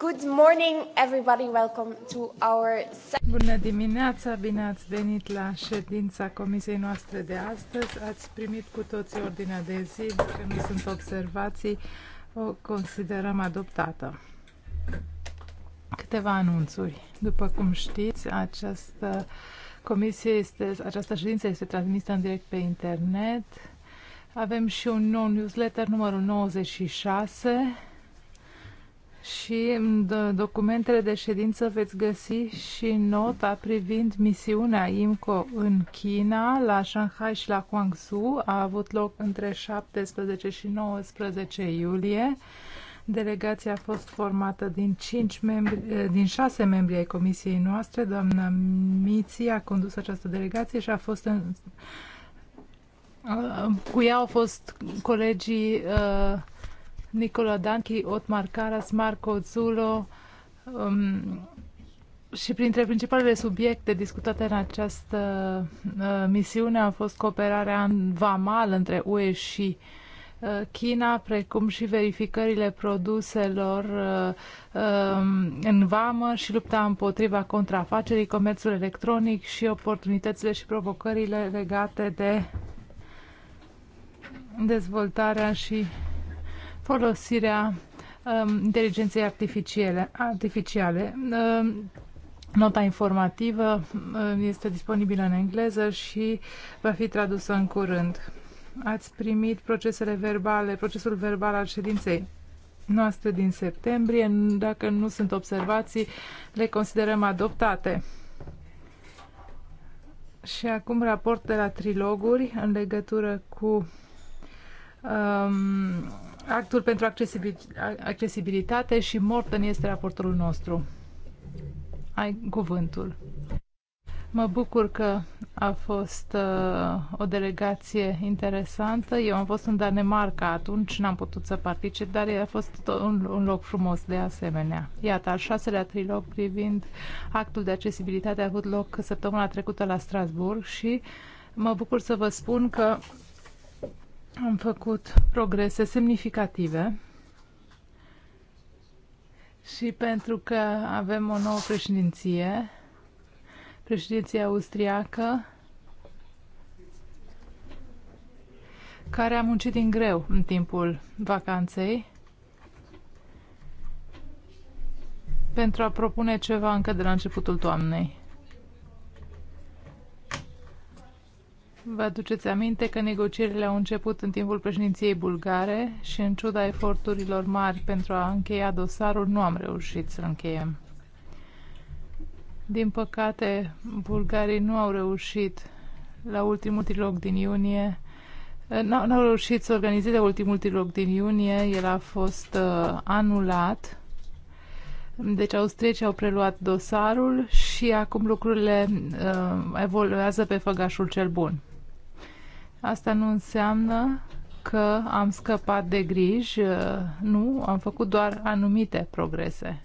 Good morning, everybody. Welcome to our... Bună dimineața, bine ați venit la ședința comisiei noastre de astăzi. Ați primit cu toții ordinea de zi, dacă nu sunt observații, o considerăm adoptată. Câteva anunțuri. După cum știți, această comisie este, această ședință este transmisă în direct pe internet. Avem și un nou newsletter numărul 96 și în documentele de ședință veți găsi și nota privind misiunea IMCO în China, la Shanghai și la Guangzhou. A avut loc între 17 și 19 iulie. Delegația a fost formată din, 5 membri, eh, din 6 membri ai comisiei noastre. Doamna Miți a condus această delegație și a fost în, cu ea au fost colegii uh, Nicola Danchi, Otmar Caras, Marco Zulo um, și printre principalele subiecte discutate în această uh, misiune a fost cooperarea în vamal între UE și uh, China, precum și verificările produselor uh, uh, în vamă și lupta împotriva contrafacerii, comerțul electronic și oportunitățile și provocările legate de dezvoltarea și folosirea um, inteligenței artificiale. artificiale. Um, Nota informativă um, este disponibilă în engleză și va fi tradusă în curând. Ați primit procesele verbale, procesul verbal al ședinței noastre din septembrie. Dacă nu sunt observații, le considerăm adoptate. Și acum raport de la triloguri în legătură cu um, actul pentru accesibilitate și Morton este raportorul nostru. Ai cuvântul. Mă bucur că a fost uh, o delegație interesantă. Eu am fost în Danemarca atunci, n-am putut să particip, dar a fost un, un loc frumos de asemenea. Iată, al șaselea trilog privind actul de accesibilitate a avut loc săptămâna trecută la Strasburg și mă bucur să vă spun că am făcut progrese semnificative și pentru că avem o nouă președinție, președinția austriacă, care a muncit din greu în timpul vacanței pentru a propune ceva încă de la începutul toamnei. Vă aduceți aminte că negocierile au început în timpul președinției bulgare și în ciuda eforturilor mari pentru a încheia dosarul, nu am reușit să încheiem. Din păcate, bulgarii nu au reușit la ultimul trilog din iunie Nu au reușit să organizeze ultimul trilog din iunie, el a fost uh, anulat. Deci austriecii au preluat dosarul și acum lucrurile uh, evoluează pe făgașul cel bun. Asta nu înseamnă că am scăpat de griji, uh, nu, am făcut doar anumite progrese.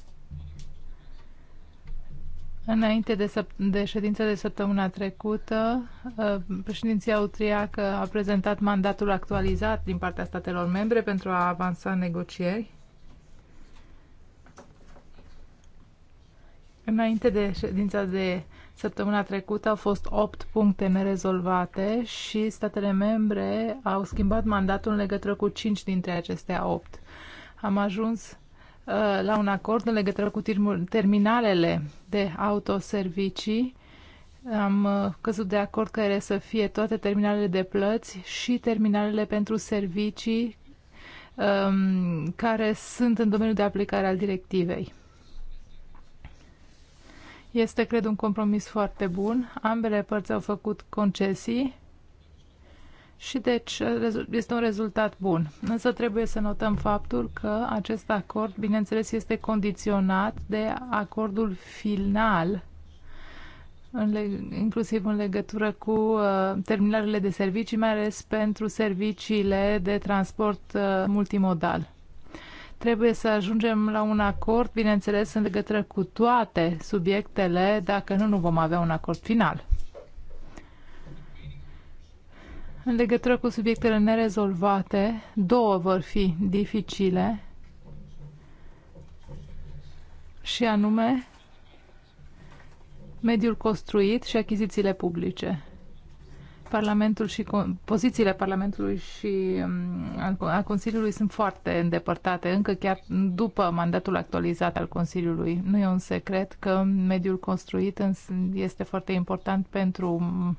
Înainte de, săp- de ședința de săptămâna trecută, uh, președinția austriacă a prezentat mandatul actualizat din partea statelor membre pentru a avansa negocieri. Înainte de ședința de Săptămâna trecută au fost 8 puncte nerezolvate și statele membre au schimbat mandatul în legătură cu 5 dintre acestea 8. Am ajuns uh, la un acord în legătură cu terminalele de autoservicii. Am uh, căzut de acord că ele să fie toate terminalele de plăți și terminalele pentru servicii um, care sunt în domeniul de aplicare al directivei. Este, cred, un compromis foarte bun. Ambele părți au făcut concesii și deci este un rezultat bun. Însă trebuie să notăm faptul că acest acord, bineînțeles, este condiționat de acordul final, în inclusiv în legătură cu uh, terminalele de servicii, mai ales pentru serviciile de transport uh, multimodal. Trebuie să ajungem la un acord, bineînțeles, în legătură cu toate subiectele, dacă nu, nu vom avea un acord final. În legătură cu subiectele nerezolvate, două vor fi dificile și anume mediul construit și achizițiile publice. Parlamentul și pozițiile Parlamentului și um, a Consiliului sunt foarte îndepărtate, încă chiar după mandatul actualizat al Consiliului. Nu e un secret că mediul construit este foarte important pentru um,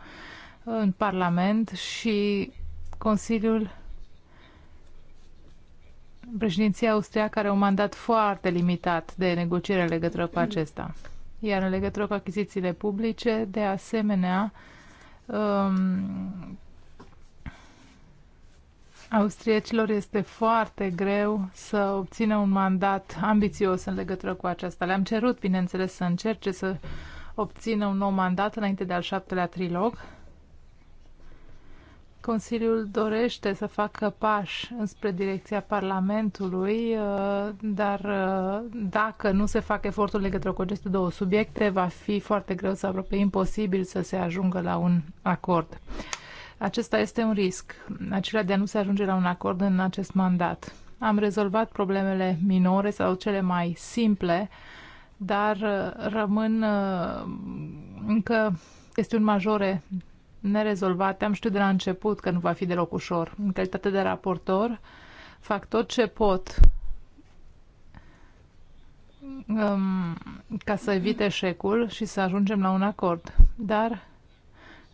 în Parlament și Consiliul președinția austriacă are un mandat foarte limitat de negociere în legătură cu acesta. Iar în legătură cu achizițiile publice, de asemenea, um, austriecilor este foarte greu să obțină un mandat ambițios în legătură cu aceasta. Le-am cerut, bineînțeles, să încerce să obțină un nou mandat înainte de al șaptelea trilog Consiliul dorește să facă pași înspre direcția Parlamentului, uh, dar uh, dacă nu se fac efortul legătură cu aceste două subiecte, va fi foarte greu sau aproape imposibil să se ajungă la un acord. Acesta este un risc, acela de a nu se ajunge la un acord în acest mandat. Am rezolvat problemele minore sau cele mai simple, dar uh, rămân încă chestiuni majore nerezolvate. Am știut de la început că nu va fi deloc ușor. În calitate de raportor, fac tot ce pot um, ca să evit eșecul și să ajungem la un acord. Dar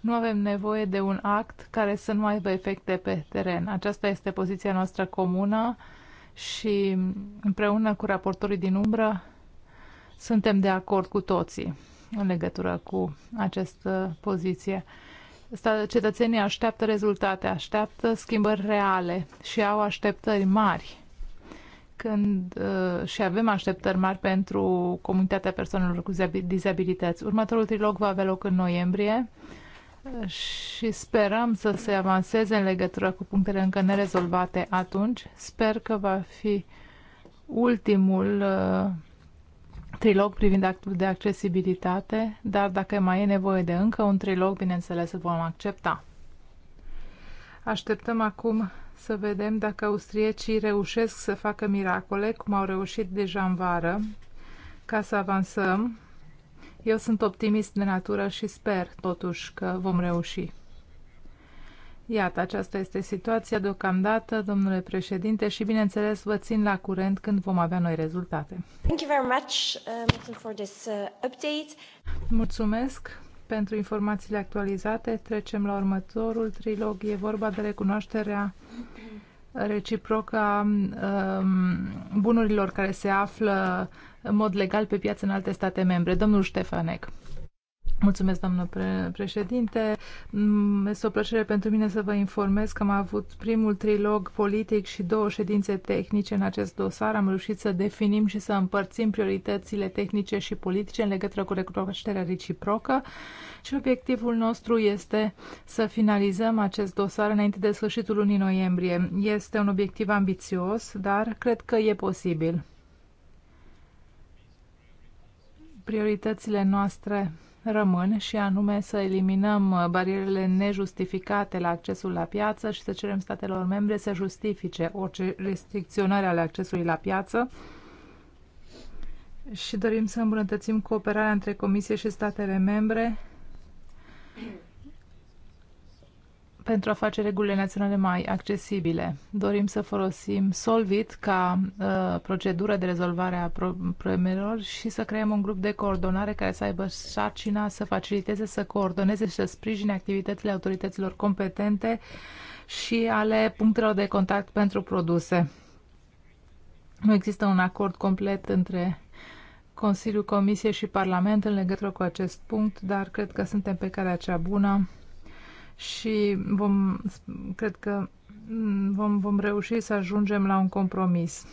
nu avem nevoie de un act care să nu aibă efecte pe teren. Aceasta este poziția noastră comună și împreună cu raportorii din umbră suntem de acord cu toții în legătură cu această poziție cetățenii așteaptă rezultate, așteaptă schimbări reale și au așteptări mari când uh, și avem așteptări mari pentru comunitatea persoanelor cu dizabilități. Următorul trilog va avea loc în noiembrie și sperăm să se avanseze în legătură cu punctele încă nerezolvate atunci. Sper că va fi ultimul uh, trilog privind actul de accesibilitate, dar dacă mai e nevoie de încă un trilog, bineînțeles, vom accepta. Așteptăm acum să vedem dacă austriecii reușesc să facă miracole, cum au reușit deja în vară, ca să avansăm. Eu sunt optimist de natură și sper, totuși, că vom reuși. Iată, aceasta este situația deocamdată, domnule președinte, și bineînțeles vă țin la curent când vom avea noi rezultate. Thank you very much uh, for this uh, update. Mulțumesc pentru informațiile actualizate. Trecem la următorul trilog. E vorba de recunoașterea reciprocă um, bunurilor care se află în mod legal pe piață în alte state membre. Domnul Ștefanec. Mulțumesc, doamnă pre președinte. Mm, este o plăcere pentru mine să vă informez că am avut primul trilog politic și două ședințe tehnice în acest dosar. Am reușit să definim și să împărțim prioritățile tehnice și politice în legătură cu recunoașterea reciprocă și obiectivul nostru este să finalizăm acest dosar înainte de sfârșitul lunii noiembrie. Este un obiectiv ambițios, dar cred că e posibil. Prioritățile noastre rămân și anume să eliminăm uh, barierele nejustificate la accesul la piață și să cerem statelor membre să justifice orice restricționare ale accesului la piață și dorim să îmbunătățim cooperarea între Comisie și statele membre pentru a face regulile naționale mai accesibile. Dorim să folosim Solvit ca uh, procedură de rezolvare a problemelor și să creăm un grup de coordonare care să aibă sarcina să faciliteze, să coordoneze și să sprijine activitățile autorităților competente și ale punctelor de contact pentru produse. Nu există un acord complet între Consiliul, Comisie și Parlament în legătură cu acest punct, dar cred că suntem pe calea cea bună și vom, cred că mm, vom, vom reuși să ajungem la un compromis.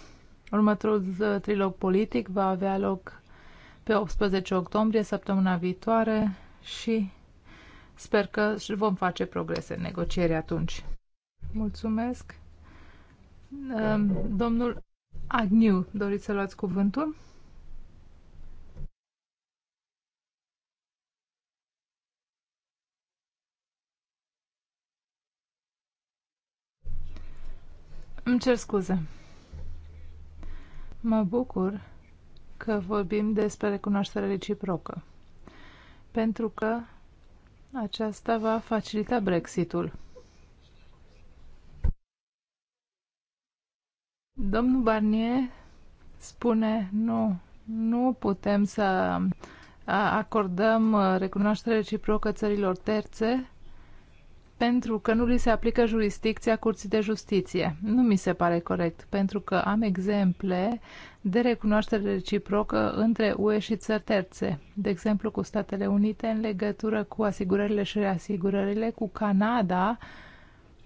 Următorul uh, trilog politic va avea loc pe 18 octombrie, săptămâna viitoare și sper că vom face progrese în negocieri atunci. Mulțumesc. Uh, domnul Agniu, doriți să luați cuvântul? Îmi cer scuze. Mă bucur că vorbim despre recunoaștere reciprocă, pentru că aceasta va facilita Brexitul. Domnul Barnier spune nu, nu putem să acordăm recunoaștere reciprocă țărilor terțe pentru că nu li se aplică jurisdicția Curții de Justiție. Nu mi se pare corect, pentru că am exemple de recunoaștere reciprocă între UE și țări terțe, de exemplu cu Statele Unite în legătură cu asigurările și reasigurările, cu Canada,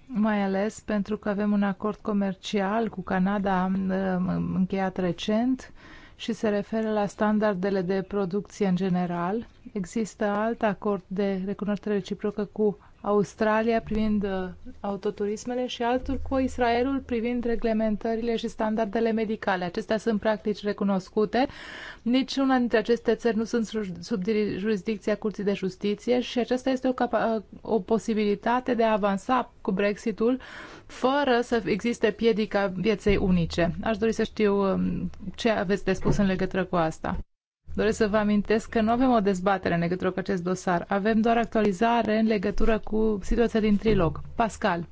mai ales pentru că avem un acord comercial cu Canada uh, încheiat recent și se referă la standardele de producție în general. Există alt acord de recunoaștere reciprocă cu Australia privind uh, autoturismele și altul cu Israelul privind reglementările și standardele medicale. Acestea sunt practici recunoscute. Nici una dintre aceste țări nu sunt sub jurisdicția Curții de Justiție și aceasta este o, uh, o posibilitate de a avansa cu Brexitul fără să existe piedica vieței unice. Aș dori să știu um, ce aveți de spus în legătură cu asta. Doresc să vă amintesc că nu avem o dezbatere în legătură cu acest dosar. Avem doar actualizare în legătură cu situația din trilog. Pascal.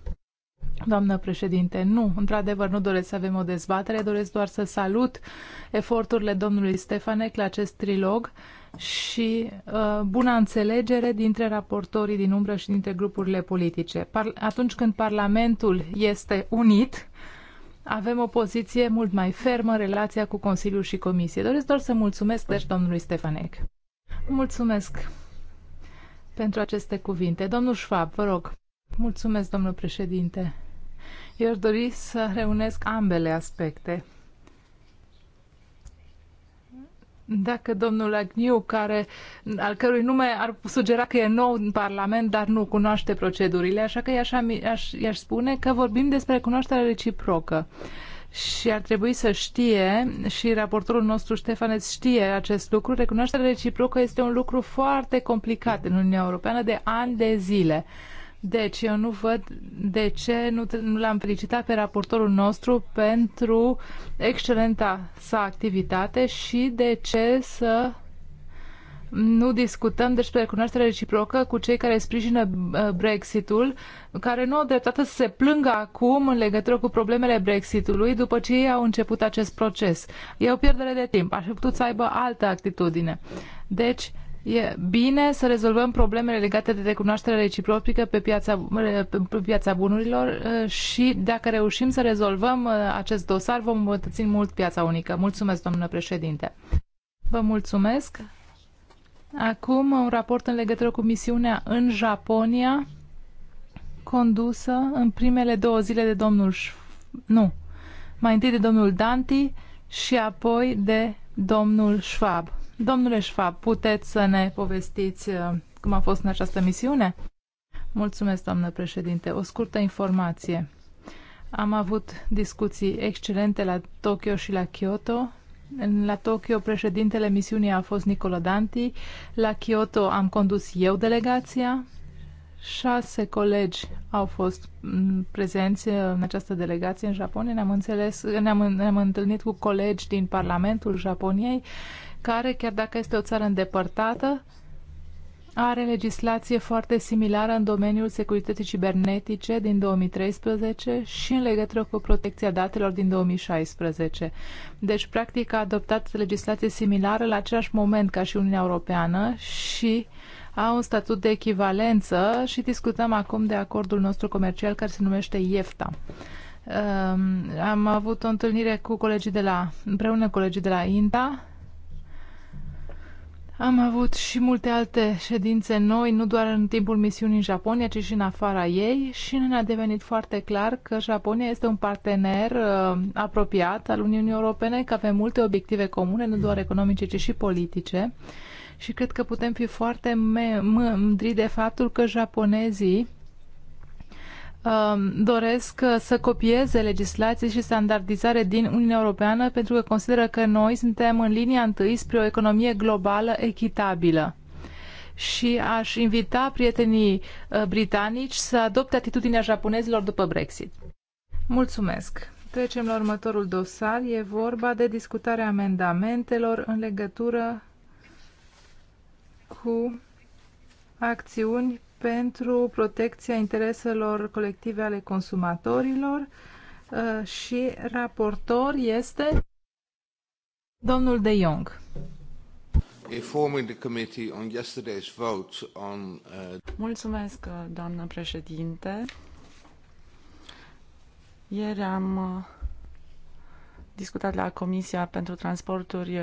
Doamnă președinte, nu, într-adevăr nu doresc să avem o dezbatere, doresc doar să salut eforturile domnului Stefanec la acest trilog și uh, buna înțelegere dintre raportorii din umbră și dintre grupurile politice. Par- atunci când Parlamentul este unit, avem o poziție mult mai fermă în relația cu Consiliul și Comisie. Doresc doar să mulțumesc, deci, domnului Stefanec. Mulțumesc pentru aceste cuvinte. Domnul Schwab, vă rog. Mulțumesc, domnul președinte. Eu aș dori să reunesc ambele aspecte Dacă domnul Agniu, care, al cărui nume ar sugera că e nou în Parlament, dar nu cunoaște procedurile, așa că i-aș, aș aș spune că vorbim despre cunoașterea reciprocă. Și ar trebui să știe, și raportorul nostru Ștefaneț știe acest lucru, recunoașterea reciprocă este un lucru foarte complicat în Uniunea Europeană de ani de zile. Deci eu nu văd de ce nu, nu l-am felicitat pe raportorul nostru pentru excelenta sa activitate și de ce să nu discutăm despre recunoaștere reciprocă cu cei care sprijină uh, Brexitul, care nu au dreptate să se plângă acum în legătură cu problemele Brexitului după ce ei au început acest proces. E o pierdere de timp. Aș fi putut să aibă altă actitudine. Deci, E bine să rezolvăm problemele legate de recunoaștere reciprocă pe piața, pe piața bunurilor și dacă reușim să rezolvăm acest dosar, vom îmbunătăți mult piața unică. Mulțumesc, domnule președinte. Vă mulțumesc. Acum un raport în legătură cu misiunea în Japonia condusă în primele două zile de domnul... Nu, mai întâi de domnul Danti și apoi de domnul Schwab. Domnule Șfab, puteți să ne povestiți uh, cum a fost în această misiune? Mulțumesc, doamnă președinte. O scurtă informație. Am avut discuții excelente la Tokyo și la Kyoto. La Tokyo, președintele misiunii a fost Nicolo Danti. La Kyoto am condus eu delegația. Șase colegi au fost mm, prezenți uh, în această delegație în Japonia. Ne-am, ne ne întâlnit cu colegi din Parlamentul Japoniei care, chiar dacă este o țară îndepărtată, are legislație foarte similară în domeniul securității cibernetice din 2013 și în legătură cu protecția datelor din 2016. Deci, practic, a adoptat legislație similară la același moment ca și Uniunea Europeană și a un statut de echivalență și discutăm acum de acordul nostru comercial care se numește IEFTA. Um, am avut o întâlnire cu colegii de la, împreună cu colegii de la INTA am avut și multe alte ședințe noi, nu doar în timpul misiunii în Japonia, ci și în afara ei și ne-a devenit foarte clar că Japonia este un partener uh, apropiat al Uniunii Europene, că avem multe obiective comune, nu doar economice, ci și politice. Și cred că putem fi foarte mândri de faptul că japonezii Um, doresc uh, să copieze legislație și standardizare din Uniunea Europeană pentru că consideră că noi suntem în linia întâi spre o economie globală echitabilă. Și aș invita prietenii uh, britanici să adopte atitudinea japonezilor după Brexit. Mulțumesc! Trecem la următorul dosar. E vorba de discutarea amendamentelor în legătură cu acțiuni pentru protecția intereselor colective ale consumatorilor uh, și raportor este domnul De Jong. Uh, Mulțumesc, uh, doamnă președinte. Ieri am discutat la Comisia pentru Transporturi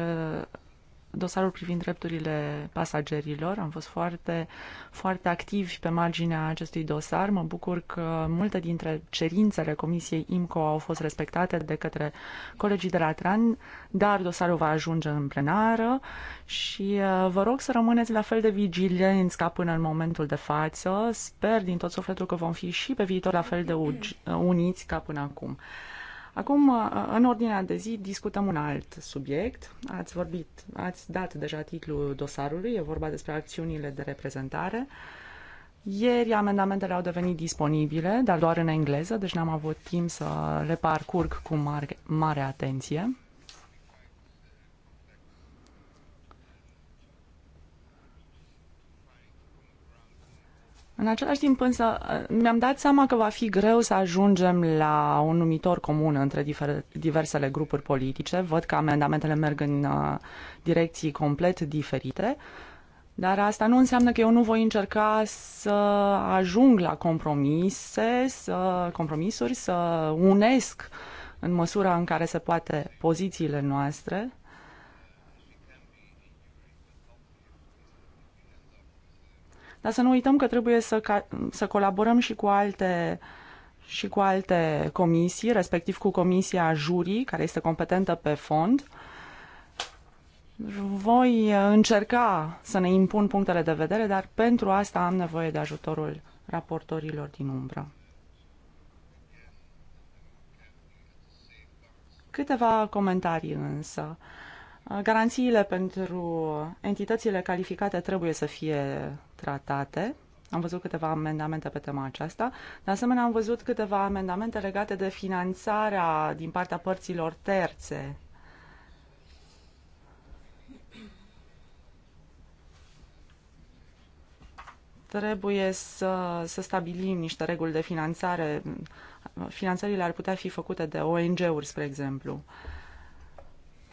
dosarul privind drepturile pasagerilor. Am fost foarte, foarte activi pe marginea acestui dosar. Mă bucur că multe dintre cerințele Comisiei IMCO au fost respectate de către colegii de la TRAN, dar dosarul va ajunge în plenară și uh, vă rog să rămâneți la fel de vigilenți ca până în momentul de față. Sper din tot sufletul că vom fi și pe viitor la fel de uh, uniți ca până acum. Acum, uh, în ordinea de zi, discutăm un alt subiect. Ați vorbit, ați dat deja titlul dosarului, e vorba despre acțiunile de reprezentare. Ieri amendamentele au devenit disponibile, dar doar în engleză, deci n-am avut timp să le parcurg cu mare, mare atenție. În același timp însă mi-am dat seama că va fi greu să ajungem la un numitor comun între diversele grupuri politice. Văd că amendamentele merg în uh, direcții complet diferite, dar asta nu înseamnă că eu nu voi încerca să ajung la compromise, să, compromisuri, să unesc în măsura în care se poate pozițiile noastre Dar să nu uităm că trebuie să, să colaborăm și cu alte și cu alte comisii, respectiv cu Comisia Jurii, care este competentă pe fond. Voi încerca să ne impun punctele de vedere, dar pentru asta am nevoie de ajutorul raportorilor din umbră. Câteva comentarii însă. Garanțiile pentru entitățile calificate trebuie să fie tratate. Am văzut câteva amendamente pe tema aceasta. De asemenea, am văzut câteva amendamente legate de finanțarea din partea părților terțe. Trebuie să, să stabilim niște reguli de finanțare. Finanțările ar putea fi făcute de ONG-uri, spre exemplu. Uh,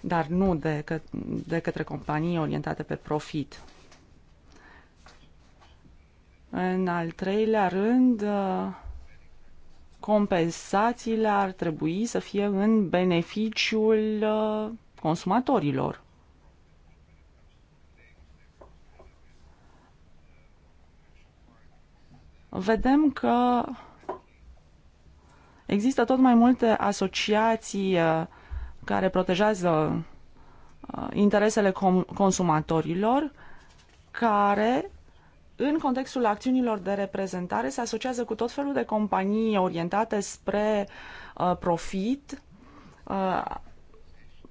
dar nu de, că, de către companii orientate pe profit. În al treilea rând, uh, compensațiile ar trebui să fie în beneficiul uh, consumatorilor. Vedem că există tot mai multe asociații uh, care protejează uh, interesele consumatorilor, care în contextul acțiunilor de reprezentare se asociază cu tot felul de companii orientate spre uh, profit, uh,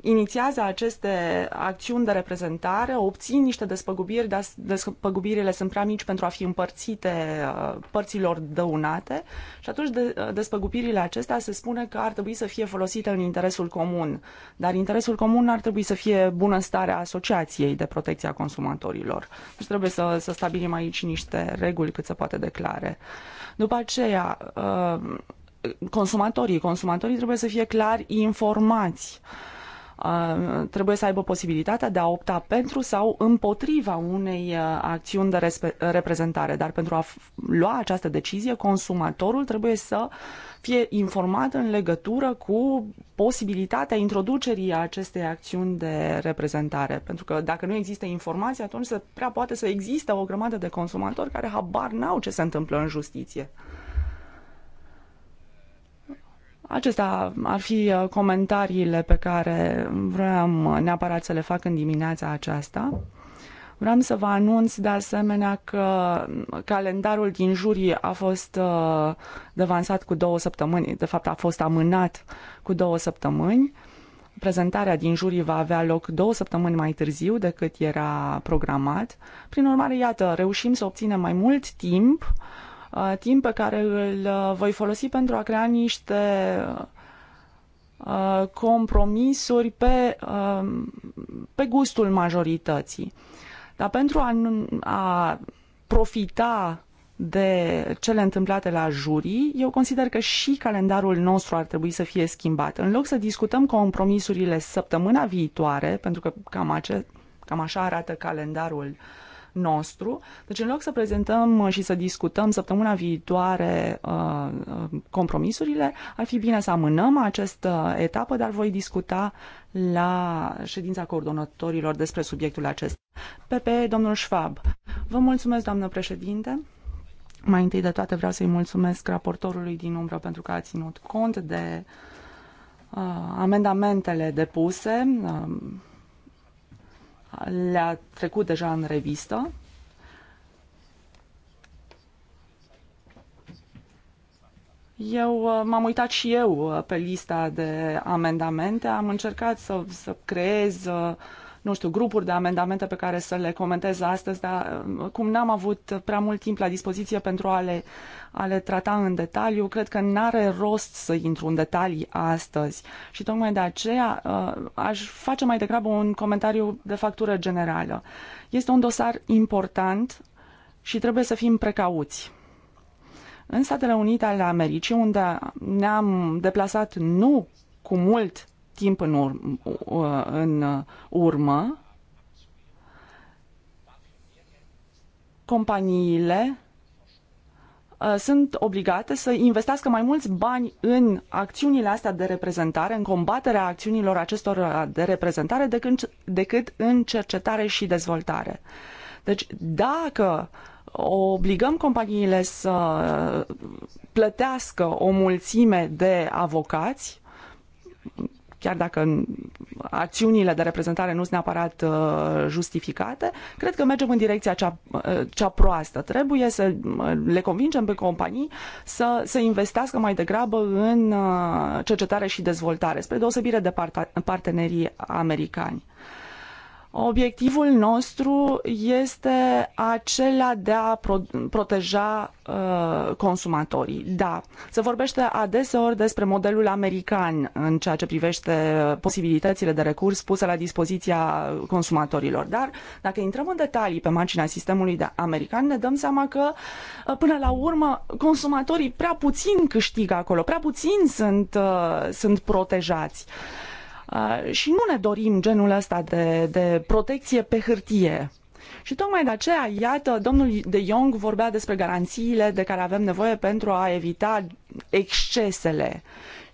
inițiază aceste acțiuni de reprezentare, obțin niște despăgubiri, dar despăgubirile sunt prea mici pentru a fi împărțite uh, părților dăunate și atunci uh, despăgubirile acestea se spune că ar trebui să fie folosite în interesul comun, dar interesul comun ar trebui să fie bunăstarea asociației de protecție a consumatorilor. Deci trebuie să, să stabilim aici niște reguli cât se poate declare. După aceea, uh, consumatorii, consumatorii trebuie să fie clar informați Uh, trebuie să aibă posibilitatea de a opta pentru sau împotriva unei uh, acțiuni de reprezentare. Dar pentru a lua această decizie, consumatorul trebuie să fie informat în legătură cu posibilitatea introducerii acestei acțiuni de reprezentare. Pentru că dacă nu există informații, atunci se prea poate să existe o grămadă de consumatori care habar n-au ce se întâmplă în justiție. Acestea ar fi uh, comentariile pe care vreau uh, neapărat să le fac în dimineața aceasta. Vreau să vă anunț de asemenea că uh, calendarul din jurii a fost devansat cu două săptămâni, de fapt a fost amânat cu două săptămâni. Prezentarea din jurii va avea loc două săptămâni mai târziu decât era programat. Prin urmare, iată, reușim să obținem mai mult timp uh, Uh, timp pe care îl uh, voi folosi pentru a crea niște uh, compromisuri pe, um, pe gustul majorității. Dar pentru a, a profita de cele întâmplate la jurii, eu consider că și calendarul nostru ar trebui să fie schimbat. În loc să discutăm compromisurile săptămâna viitoare, pentru că cam, ace- cam așa arată calendarul uh, nostru. Deci, în loc să prezentăm și să discutăm săptămâna viitoare uh, uh, compromisurile, ar fi bine să amânăm această etapă, dar voi discuta la ședința coordonatorilor despre subiectul acesta. PP, domnul Schwab. Vă mulțumesc, doamnă președinte. Mai întâi de toate vreau să-i mulțumesc raportorului din umbră pentru că a ținut cont de uh, amendamentele depuse. Uh, le-a trecut deja în revistă. Eu uh, m-am uitat și eu uh, pe lista de amendamente, am încercat să, să creez uh, nu știu, grupuri de amendamente pe care să le comentez astăzi, dar uh, cum n-am avut prea mult timp la dispoziție pentru a le, a le trata în detaliu, cred că n-are rost să intru în detalii astăzi. Și tocmai de aceea uh, aș face mai degrabă un comentariu de factură generală. Este un dosar important și trebuie să fim precauți. În Statele Unite ale Americii, unde ne-am deplasat nu cu mult timp în urmă, uh, în uh, urmă companiile uh, sunt obligate să investească mai mulți bani în acțiunile astea de reprezentare, în combaterea acțiunilor acestor de reprezentare, decât, decât în cercetare și dezvoltare. Deci, dacă obligăm companiile să plătească o mulțime de avocați, chiar dacă acțiunile de reprezentare nu sunt neapărat uh, justificate, cred că mergem în direcția cea, uh, cea proastă. Trebuie să uh, le convingem pe companii să, să investească mai degrabă în cercetare și dezvoltare, spre deosebire de partenerii americani. Obiectivul nostru este acela de a proteja uh, consumatorii. Da, se vorbește adeseori despre modelul american în ceea ce privește posibilitățile de recurs puse la dispoziția consumatorilor, dar dacă intrăm în detalii pe marginea sistemului de american, ne dăm seama că uh, până la urmă consumatorii prea puțin câștigă acolo, prea puțin sunt, uh, sunt protejați. Uh, Uh, și nu ne dorim genul ăsta de, de protecție pe hârtie. Și tocmai de aceea, iată, domnul de Jong vorbea despre garanțiile de care avem nevoie pentru a evita excesele.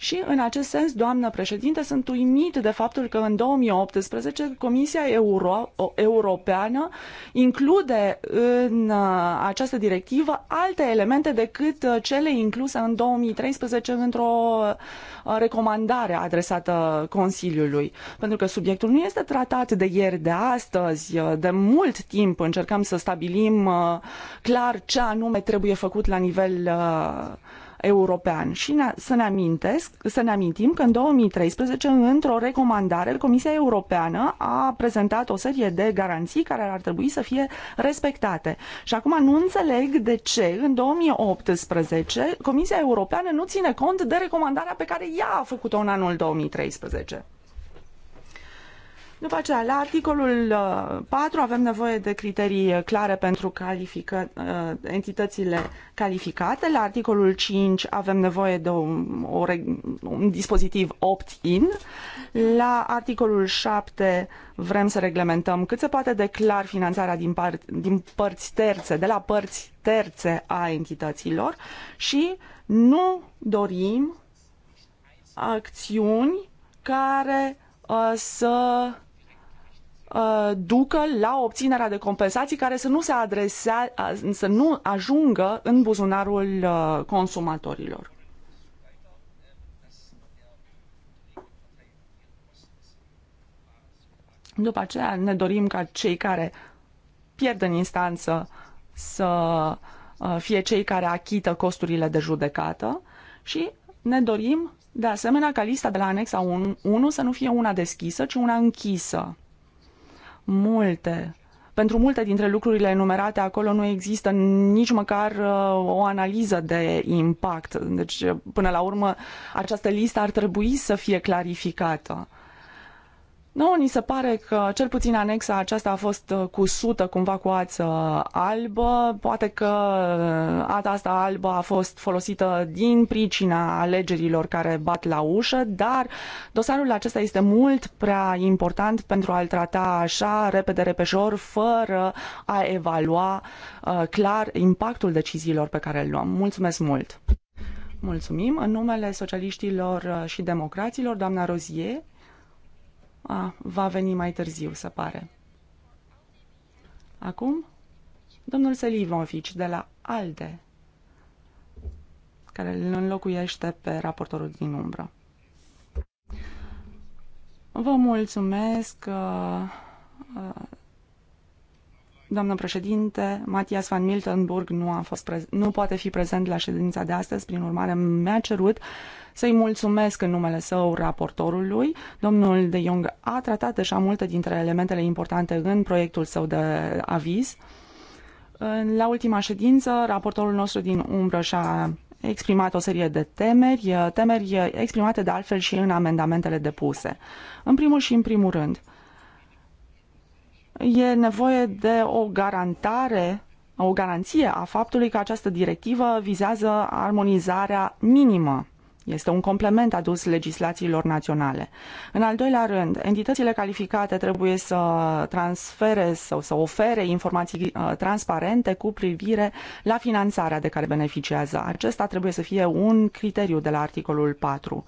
Și în acest sens, doamnă președinte, sunt uimit de faptul că în 2018 Comisia Euro- Europeană include în uh, această directivă alte elemente decât uh, cele incluse în 2013 într-o uh, recomandare adresată Consiliului. Pentru că subiectul nu este tratat de ieri, de astăzi, de mult timp încercăm să stabilim clar ce anume trebuie făcut la nivel european. Și ne, să, ne amintesc, să ne amintim că în 2013, într-o recomandare, Comisia Europeană a prezentat o serie de garanții care ar trebui să fie respectate. Și acum nu înțeleg de ce în 2018 Comisia Europeană nu ține cont de recomandarea pe care ea a făcut-o în anul 2013. După aceea, la articolul 4 uh, avem nevoie de criterii uh, clare pentru califică, uh, entitățile calificate. La articolul 5 avem nevoie de un, un dispozitiv opt-in. La articolul 7 vrem să reglementăm cât se poate de clar finanțarea din, par, din părți terțe, de la părți terțe a entităților și nu dorim acțiuni care să Uh, ducă la obținerea de compensații care să nu se adresea, uh, să nu ajungă în buzunarul uh, consumatorilor. După aceea ne dorim ca cei care pierd în instanță să fie cei care achită costurile de judecată și ne dorim de asemenea ca lista de la anexa 1 să nu fie una deschisă, ci una închisă multe pentru multe dintre lucrurile enumerate acolo nu există nici măcar uh, o analiză de impact. Deci, până la urmă, această listă ar trebui să fie clarificată. Nouă ni se pare că cel puțin anexa aceasta a fost uh, cusută cumva cu ață albă. Poate că ata uh, asta albă a fost folosită din pricina alegerilor care bat la ușă, dar dosarul acesta este mult prea important pentru a-l trata așa, repede, repejor, fără a evalua uh, clar impactul deciziilor pe care le luăm. Mulțumesc mult! Mulțumim. În numele socialiștilor uh, și democraților, doamna Rozie, a, va veni mai târziu, se pare. Acum, domnul Selivovici de la ALDE, care îl înlocuiește pe raportorul din umbră. Vă mulțumesc, uh, uh, doamnă președinte. Matias van Miltenburg nu, a fost nu poate fi prezent la ședința de astăzi, prin urmare mi-a cerut să-i mulțumesc în numele său raportorului. Domnul de Jong a tratat deja multe dintre elementele importante în proiectul său de aviz. La ultima ședință, raportorul nostru din umbră și-a exprimat o serie de temeri, temeri exprimate de altfel și în amendamentele depuse. În primul și în primul rând, e nevoie de o garantare, o garanție a faptului că această directivă vizează armonizarea minimă este un complement adus legislațiilor naționale. În al doilea rând, entitățile calificate trebuie să transfere sau să ofere informații uh, transparente cu privire la finanțarea de care beneficiază. Acesta trebuie să fie un criteriu de la articolul 4.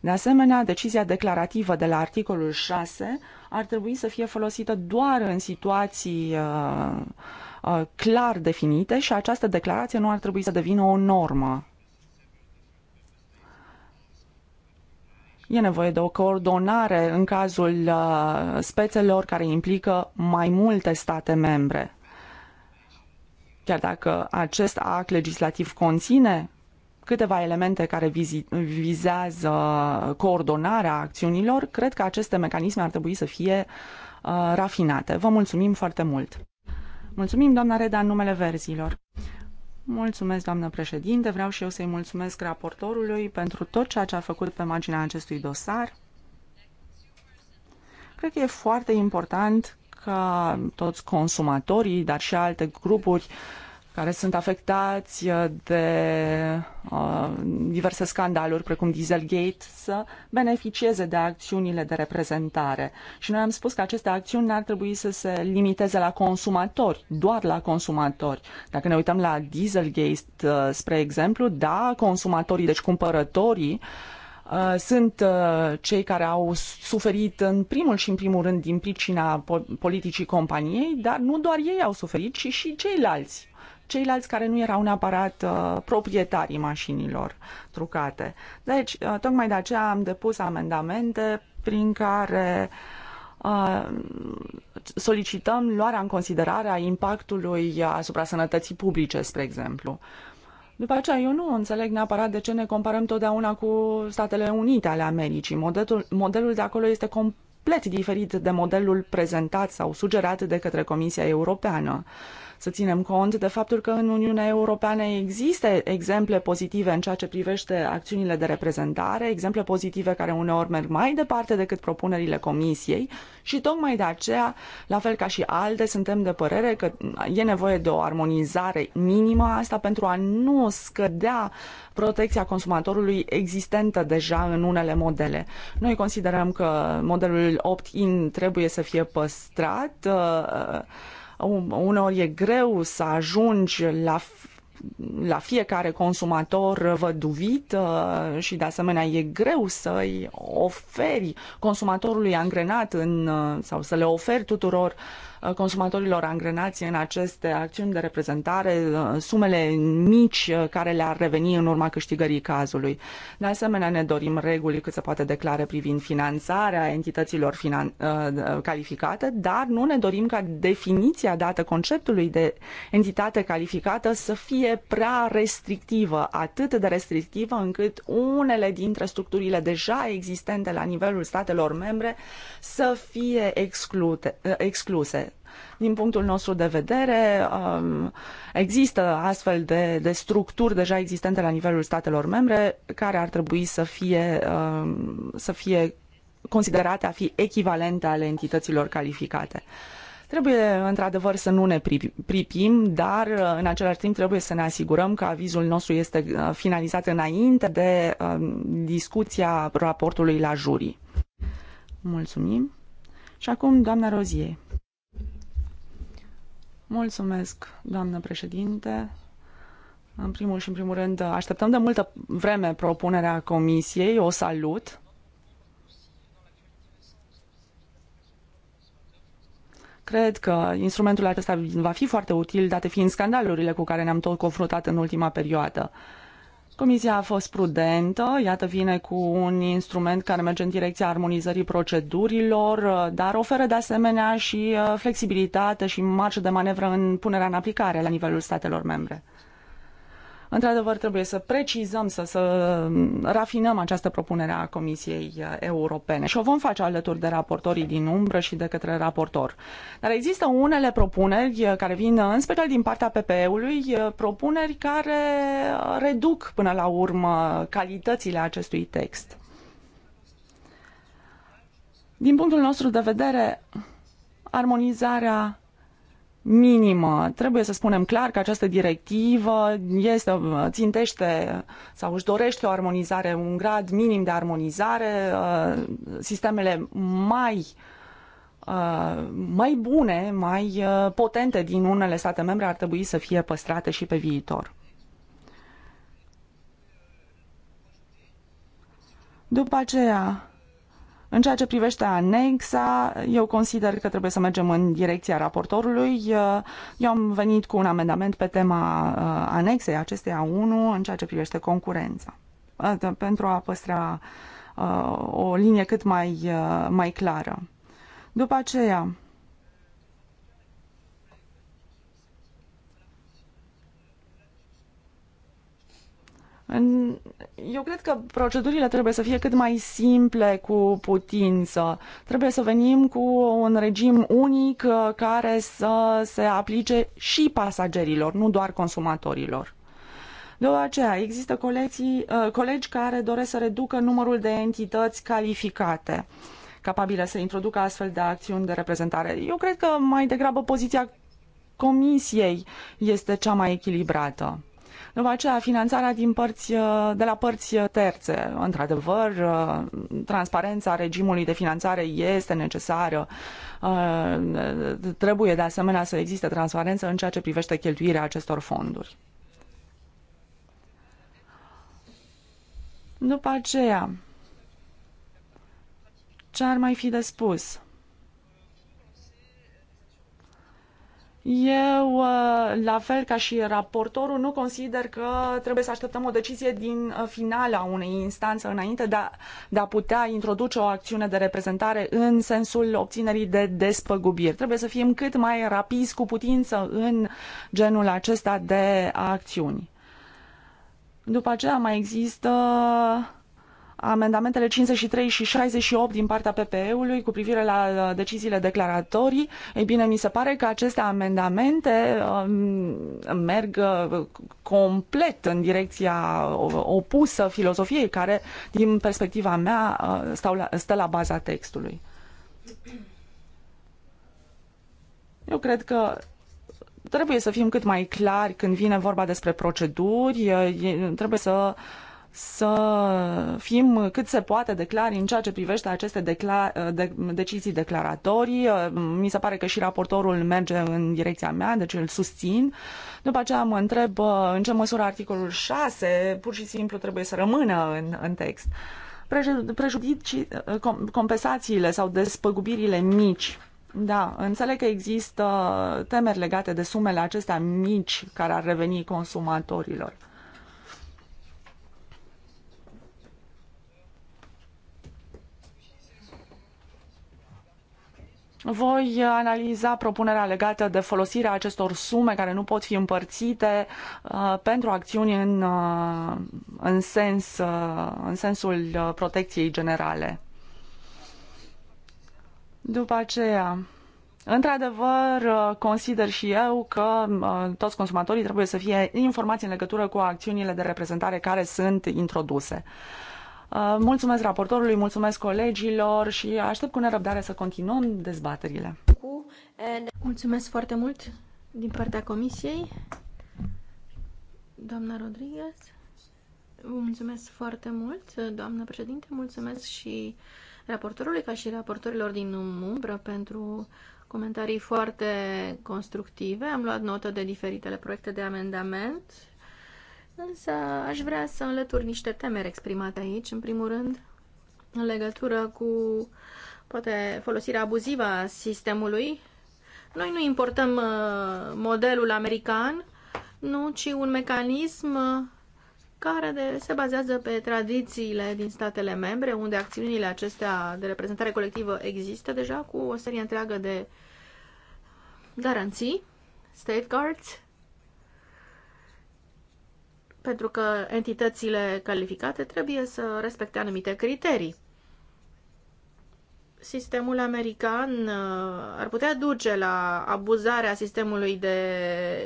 De asemenea, decizia declarativă de la articolul 6 ar trebui să fie folosită doar în situații uh, uh, clar definite și această declarație nu ar trebui să devină o normă. E nevoie de o coordonare în cazul uh, spețelor care implică mai multe state membre. Chiar dacă acest act legislativ conține câteva elemente care vizează coordonarea acțiunilor, cred că aceste mecanisme ar trebui să fie uh, rafinate. Vă mulțumim foarte mult! Mulțumim, doamna Reda, în numele verzilor. Mulțumesc, doamnă președinte. Vreau și eu să-i mulțumesc raportorului pentru tot ceea ce a făcut pe marginea acestui dosar. Cred că e foarte important ca toți consumatorii, dar și alte grupuri uh, care sunt afectați uh, de uh, diverse scandaluri, precum Dieselgate, să beneficieze de acțiunile de reprezentare. Și noi am spus că aceste acțiuni n-ar trebui să se limiteze la consumatori, doar la consumatori. Dacă ne uităm la Dieselgate, uh, spre exemplu, da, consumatorii, deci cumpărătorii, uh, sunt uh, cei care au suferit în primul și în primul rând din pricina politicii companiei, dar nu doar ei au suferit, ci și ceilalți ceilalți care nu erau neapărat uh, proprietarii mașinilor trucate. Deci, uh, tocmai de aceea am depus amendamente prin care uh, solicităm luarea în considerare a impactului asupra sănătății publice, spre exemplu. După aceea, eu nu înțeleg neapărat de ce ne comparăm totdeauna cu Statele Unite ale Americii. Modelul, modelul de acolo este complet diferit de modelul prezentat sau sugerat de către Comisia Europeană. Uh, să ținem cont de faptul că în Uniunea Europeană există exemple pozitive în ceea ce privește acțiunile de reprezentare, exemple pozitive care uneori merg mai departe decât propunerile Comisiei și tocmai de aceea, la fel ca și alte, suntem de părere că e nevoie de o armonizare minimă asta pentru a nu scădea protecția consumatorului existentă deja în unele modele. Noi considerăm că modelul opt-in trebuie să fie păstrat uh, Uneori e greu să ajungi la la fiecare consumator văduvit uh, și de asemenea e greu să-i oferi consumatorului angrenat în, uh, sau să le oferi tuturor uh, Uh, consumatorilor angrenați în aceste acțiuni de reprezentare, uh, sumele mici uh, care le-ar reveni în urma câștigării cazului. De asemenea, ne dorim reguli cât se poate declare privind finanțarea entităților finan- calificate, dar nu ne dorim ca definiția dată conceptului de entitate calificată să fie prea restrictivă, atât de restrictivă încât unele dintre structurile deja existente la nivelul statelor membre să fie exclute, excluse. Din punctul nostru de vedere, um, există astfel de, de structuri deja existente la nivelul statelor membre care ar trebui să fie, um, să fie considerate a fi echivalente ale entităților calificate. Trebuie, într-adevăr, să nu ne pripim, dar, uh, în același timp, trebuie să ne asigurăm că avizul nostru este uh, finalizat înainte de um, discuția raportului la juri. Mulțumim. Și acum, doamna Rozie. Mulțumesc, doamnă președinte. În primul și în primul rând, așteptăm de multă vreme propunerea comisiei, o salut. Cred că instrumentul acesta va fi foarte util, date fiind scandalurile cu care ne-am tot confruntat în ultima perioadă. Comisia a fost prudentă, iată vine cu un instrument care merge în direcția armonizării procedurilor, uh, dar oferă de asemenea și uh, flexibilitate și marge de manevră în punerea în aplicare la nivelul statelor membre. Într-adevăr, trebuie să precizăm, să, să rafinăm această propunere a Comisiei uh, Europene și o vom face alături de raportorii din umbră și de către raportor. Dar există unele propuneri uh, care vin uh, în special din partea PPE-ului, propuneri care reduc până la urmă calitățile acestui text. Din punctul nostru de vedere, armonizarea minimă. Trebuie să spunem clar că această directivă este, țintește sau își dorește o armonizare, un grad minim de armonizare, uh, sistemele mai uh, mai bune, mai uh, potente din unele state membre ar trebui să fie păstrate și pe viitor. După aceea, în ceea ce privește anexa, eu consider că trebuie să mergem în direcția raportorului. Eu am venit cu un amendament pe tema uh, anexei acesteia 1 în ceea ce privește concurența. Pentru a păstra uh, o linie cât mai, uh, mai clară. După aceea, Eu cred că procedurile trebuie să fie cât mai simple cu putință. Trebuie să venim cu un regim unic uh, care să se aplice și pasagerilor, nu doar consumatorilor. De aceea există colegii, uh, colegi care doresc să reducă numărul de entități calificate capabile să introducă astfel de acțiuni de reprezentare. Eu cred că mai degrabă poziția Comisiei este cea mai echilibrată. După aceea, finanțarea din părți, uh, de la părți uh, terțe. Într-adevăr, uh, transparența regimului de finanțare este necesară. Trebuie de asemenea să existe transparență în ceea ce privește cheltuirea acestor fonduri. După aceea, ce ar mai fi de spus? Eu, uh, la fel ca și raportorul, nu consider că trebuie să așteptăm o decizie din uh, finala unei instanțe înainte de a, de a putea introduce o acțiune de reprezentare în sensul obținerii de despăgubiri. Trebuie să fim cât mai rapizi cu putință în genul acesta de acțiuni. După aceea mai există amendamentele 53 și 68 din partea PPE-ului cu privire la uh, deciziile declaratorii, ei bine, mi se pare că aceste amendamente um, merg uh, complet în direcția uh, opusă filozofiei care, din perspectiva mea, stau la, stă la baza textului. Eu cred că trebuie să fim cât mai clari când vine vorba despre proceduri, trebuie să uh, să fim cât se poate de clari în ceea ce privește aceste decla- de- decizii declaratorii. Mi se pare că și raportorul merge în direcția mea, deci îl susțin. După aceea mă întreb uh, în ce măsură articolul 6 pur și simplu trebuie să rămână în, în text. Prejudicii, uh, compensațiile sau despăgubirile mici da, înțeleg că există temeri legate de sumele acestea mici care ar reveni consumatorilor. Voi analiza propunerea legată de folosirea acestor sume care nu pot fi împărțite uh, pentru acțiuni în, uh, în, sens, uh, în sensul uh, protecției generale. După aceea, Într-adevăr, uh, consider și eu că uh, toți consumatorii trebuie să fie informați în legătură cu acțiunile de reprezentare care sunt introduse. Uh, mulțumesc raportorului, mulțumesc colegilor și aștept cu nerăbdare să continuăm dezbaterile. Mulțumesc foarte mult din partea comisiei. Doamna Rodriguez, mulțumesc foarte mult, doamnă președinte, mulțumesc și raportorului ca și raportorilor din umbră pentru comentarii foarte constructive. Am luat notă de diferitele proiecte de amendament Însă aș vrea să înlătur niște temeri exprimate aici, în primul rând, în legătură cu poate folosirea abuzivă a sistemului. Noi nu importăm uh, modelul american, nu, ci un mecanism uh, care de, se bazează pe tradițiile din statele membre, unde acțiunile acestea de reprezentare colectivă există deja cu o serie întreagă de garanții, safeguards, pentru că entitățile calificate trebuie să respecte anumite criterii. Sistemul american uh, ar putea duce la abuzarea sistemului de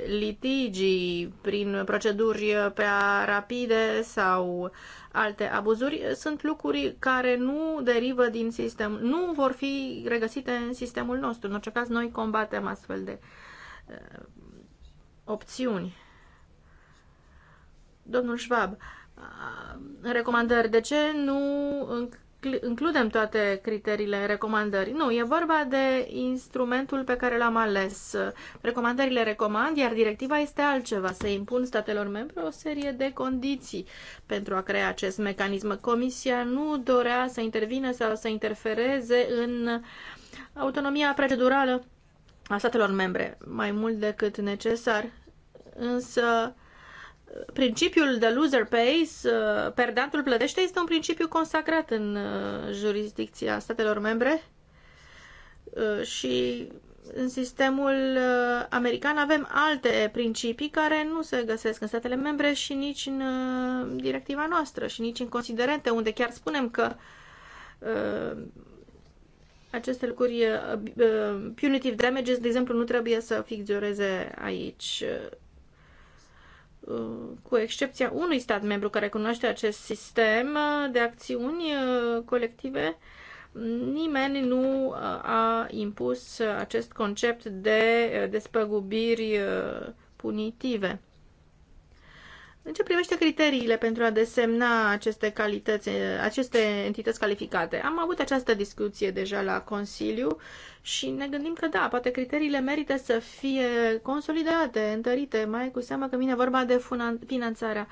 litigi prin proceduri prea rapide sau alte abuzuri. Sunt lucruri care nu derivă din sistem, nu vor fi regăsite în sistemul nostru. În orice caz, noi combatem astfel de uh, opțiuni domnul Schwab, recomandări. De ce nu includem toate criteriile recomandării? Nu, e vorba de instrumentul pe care l-am ales. Recomandările recomand, iar directiva este altceva. Se impun statelor membre o serie de condiții pentru a crea acest mecanism. Comisia nu dorea să intervine, sau să interfereze în autonomia procedurală a statelor membre, mai mult decât necesar. Însă, principiul de loser pays, uh, perdantul plătește, este un principiu consacrat în uh, jurisdicția statelor membre uh, și în sistemul american avem alte principii care nu se găsesc în statele membre și nici în directiva noastră și nici în considerente, unde chiar spunem că aceste lucruri, punitive damages, de exemplu, nu trebuie să figureze aici. Uh, cu excepția unui stat membru care cunoaște acest sistem uh, de acțiuni uh, colective, nimeni nu a impus acest concept de despăgubiri punitive. În ce privește criteriile pentru a desemna aceste, calități, aceste entități calificate? Am avut această discuție deja la Consiliu și ne gândim că da, poate criteriile merită să fie consolidate, întărite, mai cu seamă că vine vorba de finanțarea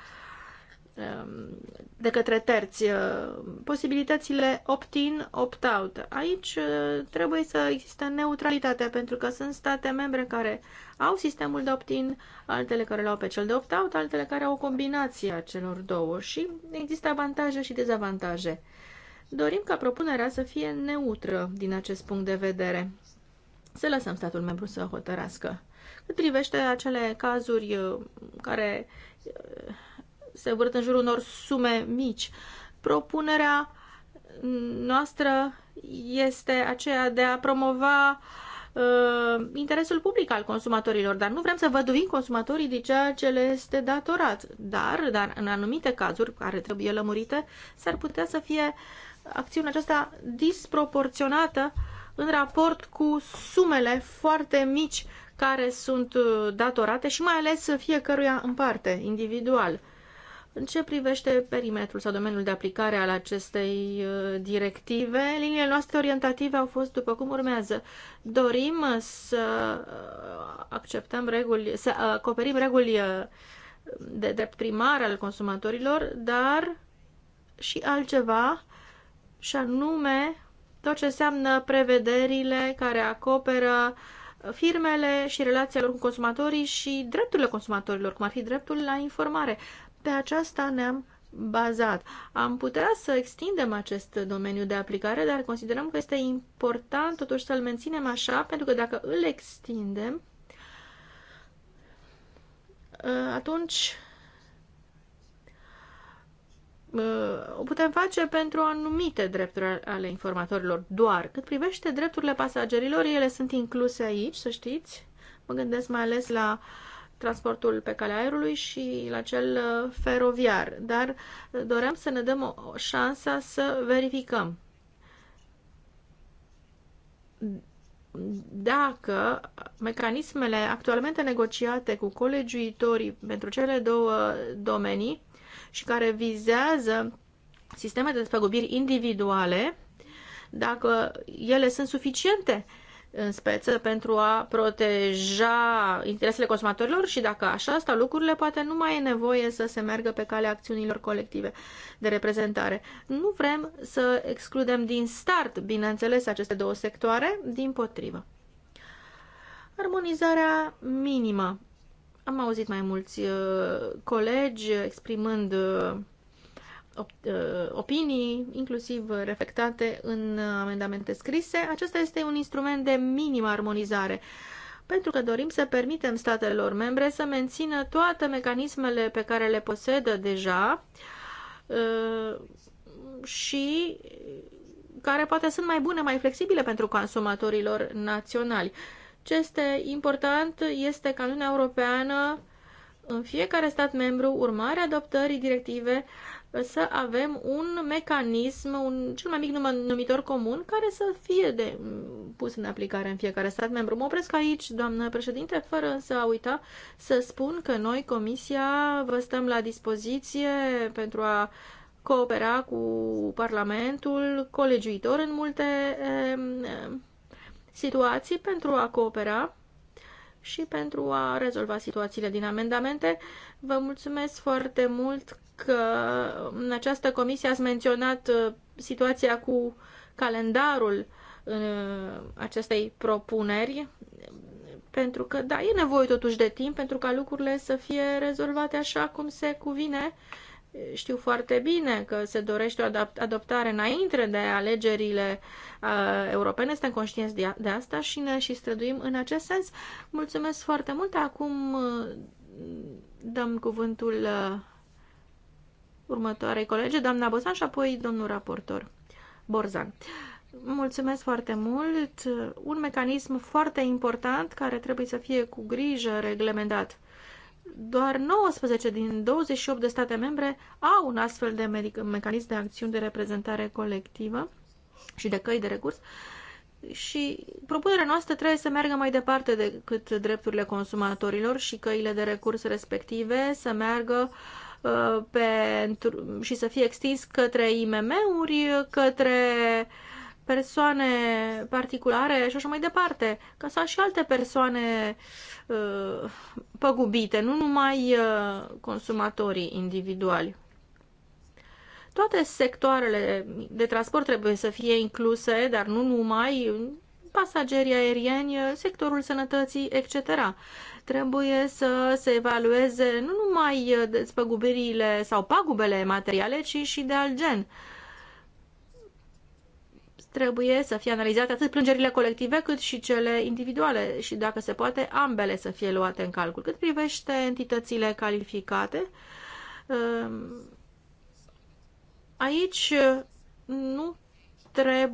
Um, de către terți, uh, posibilitățile opt-in, opt-out. Aici uh, trebuie să existe neutralitate, pentru că sunt state membre care au sistemul de opt-in, altele care l-au pe cel de opt-out, altele care au o combinație a celor două și există avantaje și dezavantaje. Dorim ca propunerea să fie neutră din acest punct de vedere. Să lăsăm statul membru să hotărască. Cât privește acele cazuri uh, care se vârt în jurul unor sume mici. Propunerea noastră este aceea de a promova uh, interesul public al consumatorilor, dar nu vrem să văduim consumatorii de ceea ce le este datorat. Dar, dar în anumite cazuri care trebuie lămurite, s-ar putea să fie acțiunea aceasta disproporționată în raport cu sumele foarte mici care sunt uh, datorate și mai ales fiecăruia în parte, individual. În ce privește perimetrul sau domeniul de aplicare al acestei uh, directive, liniile noastre orientative au fost după cum urmează. Dorim să uh, acceptăm reguli, să uh, acoperim reguli de drept primar al consumatorilor, dar și altceva, și anume tot ce înseamnă prevederile care acoperă firmele și relația lor cu consumatorii și drepturile consumatorilor, cum ar fi dreptul la informare. Pe aceasta ne-am bazat. Am putea să extindem acest domeniu de aplicare, dar considerăm că este important totuși să-l menținem așa, pentru că dacă îl extindem, uh, atunci uh, o putem face pentru anumite drepturi ale informatorilor doar. Cât privește drepturile pasagerilor, ele sunt incluse aici, să știți. Mă gândesc mai ales la uh, transportul pe calea aerului și la cel uh, feroviar, dar uh, doream să ne dăm o șansa să verificăm dacă mecanismele actualmente negociate cu colegiuitorii pentru cele două domenii și care vizează sisteme de despăgubiri individuale, dacă ele sunt suficiente în speță pentru a proteja interesele consumatorilor și dacă așa stau lucrurile, poate nu mai e nevoie să se meargă pe calea acțiunilor colective de reprezentare. Nu vrem să excludem din start, bineînțeles, aceste două sectoare, din potrivă. Armonizarea minimă. Am auzit mai mulți uh, colegi exprimând uh, Uh, opinii, inclusiv reflectate în amendamente scrise. Acesta este un instrument de minimă armonizare, pentru că dorim să permitem statelor membre să mențină toate mecanismele pe care le posedă deja uh, și care poate sunt mai bune, mai flexibile pentru consumatorilor naționali. Ce este important este ca Uniunea Europeană în fiecare stat membru, urmare adoptării directive, să avem un mecanism, un cel mai mic numitor comun, care să fie de, pus în aplicare în fiecare stat membru. Mă opresc aici, doamnă președinte, fără să a uita să spun că noi, Comisia, vă stăm la dispoziție pentru a coopera cu Parlamentul, colegiuitor în multe e, situații, pentru a coopera și pentru a rezolva situațiile din amendamente. Vă mulțumesc foarte mult că în această comisie ați menționat uh, situația cu calendarul în uh, acestei propuneri, pentru că, da, e nevoie totuși de timp pentru ca lucrurile să fie rezolvate așa cum se cuvine știu foarte bine că se dorește o adoptare înainte de alegerile uh, europene, suntem conștienți de, de asta și ne și străduim în acest sens. Mulțumesc foarte mult. Acum uh, dăm cuvântul uh, următoarei colege, doamna Bozan și apoi domnul raportor Borzan. Mulțumesc foarte mult. Un mecanism foarte important care trebuie să fie cu grijă reglementat doar 19 din 28 de state membre au un astfel de mecanism de acțiuni de reprezentare colectivă și de căi de recurs și propunerea noastră trebuie să meargă mai departe decât drepturile consumatorilor și căile de recurs respective, să meargă uh, pentru, și să fie extins către IMM-uri, către uh, persoane particulare și așa mai departe, ca să și alte persoane uh, păgubite, nu numai uh, consumatorii individuali. Toate sectoarele de transport trebuie să fie incluse, dar nu numai pasagerii aerieni, sectorul sănătății, etc. Trebuie să se evalueze nu numai despăgubirile sau pagubele materiale, ci și de alt gen. Uh, trebuie să fie analizate atât plângerile colective cât și cele individuale și, dacă se poate, ambele să fie luate în calcul. Cât privește entitățile calificate, um, aici uh, nu trebuie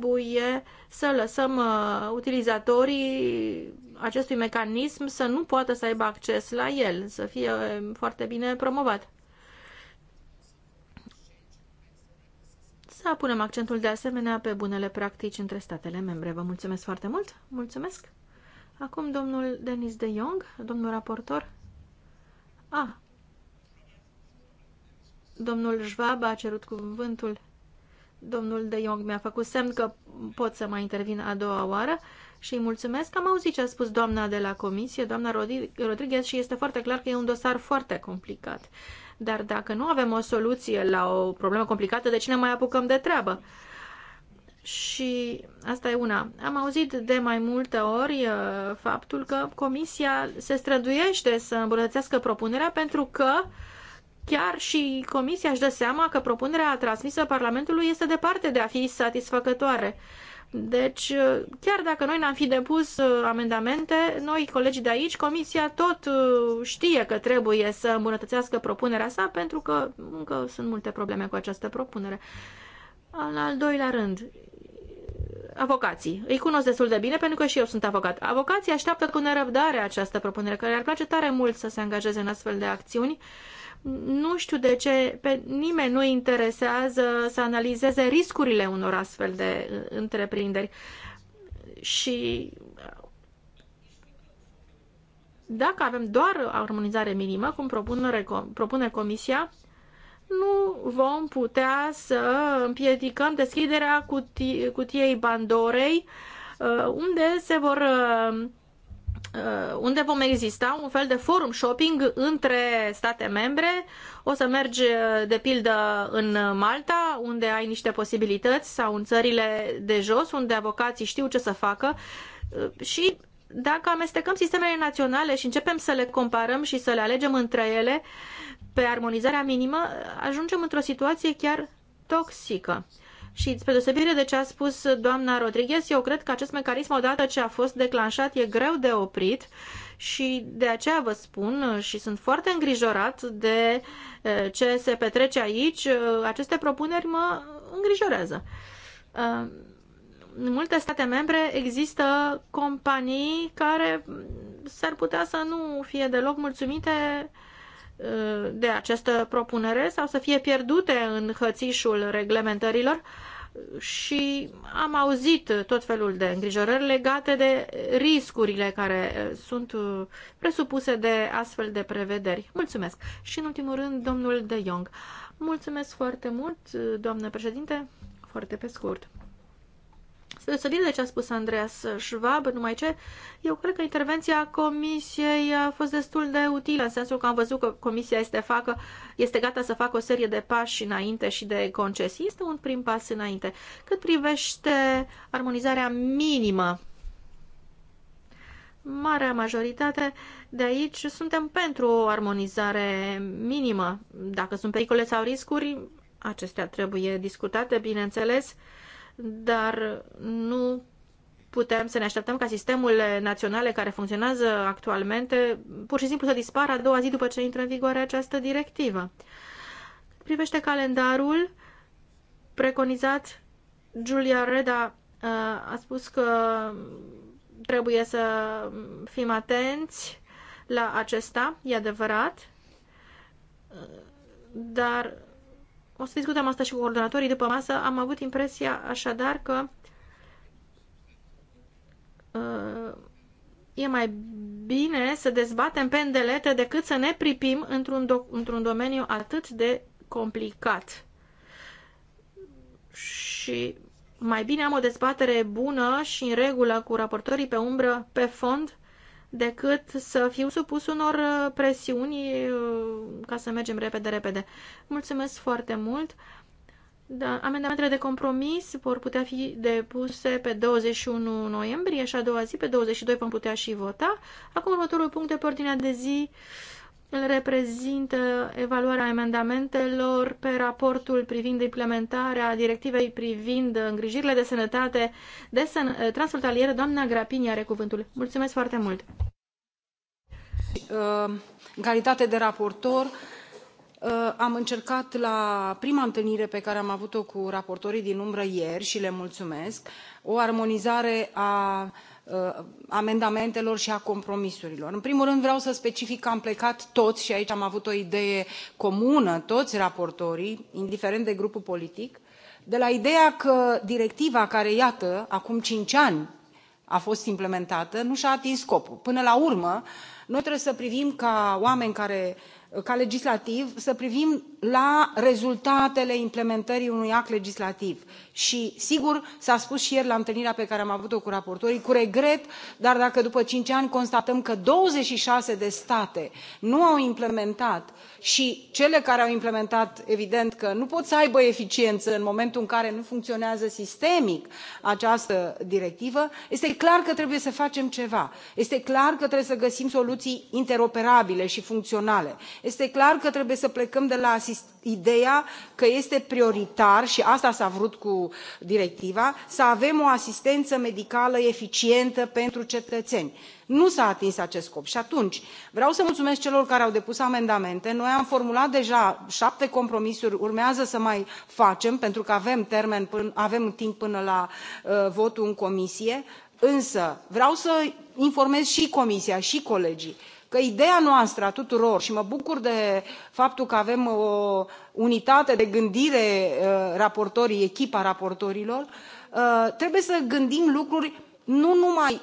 să lăsăm uh, utilizatorii acestui mecanism să nu poată să aibă acces la el, să fie um, foarte bine promovat. să punem accentul de asemenea pe bunele practici între statele membre. Vă mulțumesc foarte mult! Mulțumesc! Acum domnul Denis de Jong, domnul raportor. A, domnul Schwab a cerut cuvântul. Domnul de Jong mi-a făcut semn că pot să mai intervin a doua oară și îi mulțumesc. Am auzit ce a spus doamna de la comisie, doamna Rodriguez, și este foarte clar că e un dosar foarte complicat. Uh, dar dacă nu avem o soluție la o problemă complicată, de ce ne mai apucăm de treabă? Și asta e una. Am auzit de mai multe ori uh, faptul că Comisia se străduiește să îmbunătățească propunerea pentru că chiar și Comisia își dă seama că propunerea transmisă Parlamentului este departe de a fi satisfăcătoare. Uh, deci, chiar dacă noi n-am fi depus uh, amendamente, noi, colegii de aici, Comisia tot uh, știe că trebuie să îmbunătățească propunerea sa, pentru că încă sunt multe probleme cu această propunere. În al doilea rând, avocații. Îi cunosc destul de bine pentru că și eu sunt avocat. Avocații așteaptă cu nerăbdare această propunere, care ar place tare mult să se angajeze în astfel de acțiuni. Uh, nu știu de ce pe nimeni nu interesează să analizeze riscurile unor astfel de uh, întreprinderi. Și uh, dacă avem doar armonizare minimă, cum propune, propune Comisia, nu vom putea să împiedicăm deschiderea cutiei Bandorei, uh, unde se vor Uh, unde vom exista un fel de forum shopping între state membre. O să mergi, uh, de pildă, în Malta, unde ai niște posibilități, sau în țările de jos, unde avocații știu ce să facă. Uh, și dacă amestecăm sistemele naționale și începem să le comparăm și să le alegem între ele, pe armonizarea minimă, ajungem într-o situație chiar toxică. Și spre deosebire de ce a spus doamna Rodriguez, eu cred că acest mecanism, odată ce a fost declanșat, e greu de oprit și de aceea vă spun și sunt foarte îngrijorat de ce se petrece aici. Aceste propuneri mă îngrijorează. În multe state membre există companii care s-ar putea să nu fie deloc mulțumite de această propunere sau să fie pierdute în hățișul reglementărilor și am auzit tot felul de îngrijorări legate de riscurile care eh, sunt eh, presupuse de astfel de prevederi. Mulțumesc! Și în ultimul rând, domnul De Jong. Mulțumesc foarte mult, eh, doamnă președinte, foarte pe scurt. Să deosebire de ce a spus Andreas Schwab, numai ce, eu cred că intervenția comisiei a fost destul de utilă, în sensul că am văzut că comisia este, facă, este gata să facă o serie de pași înainte și de concesii. Este un prim pas înainte. Cât privește armonizarea minimă, marea majoritate de aici suntem pentru o armonizare minimă. Dacă sunt pericole sau riscuri, acestea trebuie discutate, bineînțeles. Uh, dar nu putem să ne așteptăm ca sistemurile naționale care funcționează actualmente pur și simplu să dispară a doua zi după ce intră în vigoare această directivă. Privește calendarul preconizat, Julia Reda uh, a spus că trebuie să fim atenți la acesta, e adevărat, uh, dar o să discutăm asta și cu coordonatorii după masă. Am avut impresia așadar că uh, e mai bine să dezbatem pendelete decât să ne pripim într-un, do- într domeniu atât de complicat. Și mai bine am o dezbatere bună și în regulă cu raportorii pe umbră, pe fond, decât să fiu supus unor uh, presiuni uh, ca să mergem repede, repede. Mulțumesc foarte mult! Da, amendamentele de compromis vor putea fi depuse pe 21 noiembrie și a doua zi, pe 22, vom putea și vota. Acum următorul punct de pe ordinea de zi el reprezintă evaluarea amendamentelor pe raportul privind implementarea directivei privind îngrijirile de sănătate de săn transfrontalieră. Doamna Grapini are cuvântul. Mulțumesc foarte mult! Uh, în calitate de raportor, uh, am încercat la prima întâlnire pe care am avut o cu raportorii din umbră ieri și le mulțumesc o armonizare a Uh, amendamentelor și a compromisurilor. în primul rând vreau să specific că am plecat toți și aici am avut o idee comună toți raportorii indiferent de grupul politic de la ideea că directiva care iată acum cinci ani a fost implementată nu și a atins scopul. până la urmă noi trebuie să privim ca oameni care ca legislativ să privim la rezultatele implementării unui act legislativ și sigur s a spus și ieri la întâlnirea pe care am avut o cu raportorii cu regret dar dacă după cinci ani constatăm că douăzeci și șase de state nu au implementat și cele care au implementat evident că nu pot să aibă eficiență în momentul în care nu funcționează sistemic această directivă este clar că trebuie să facem ceva este clar că trebuie să găsim soluții interoperabile și funcționale este clar că trebuie să plecăm de la ideea că este prioritar și asta s a vrut cu directiva să avem o asistență medicală eficientă pentru cetățeni nu s a atins acest scop și atunci vreau să mulțumesc celor care au depus amendamente noi am formulat deja șapte compromisuri urmează să mai facem pentru că avem termen avem timp până la uh, votul în comisie însă vreau să informez și comisia și colegii că ideea noastră a tuturor și mă bucur de faptul că avem o uh, unitate de gândire uh, raportorii echipa raportorilor uh, trebuie să gândim lucruri nu numai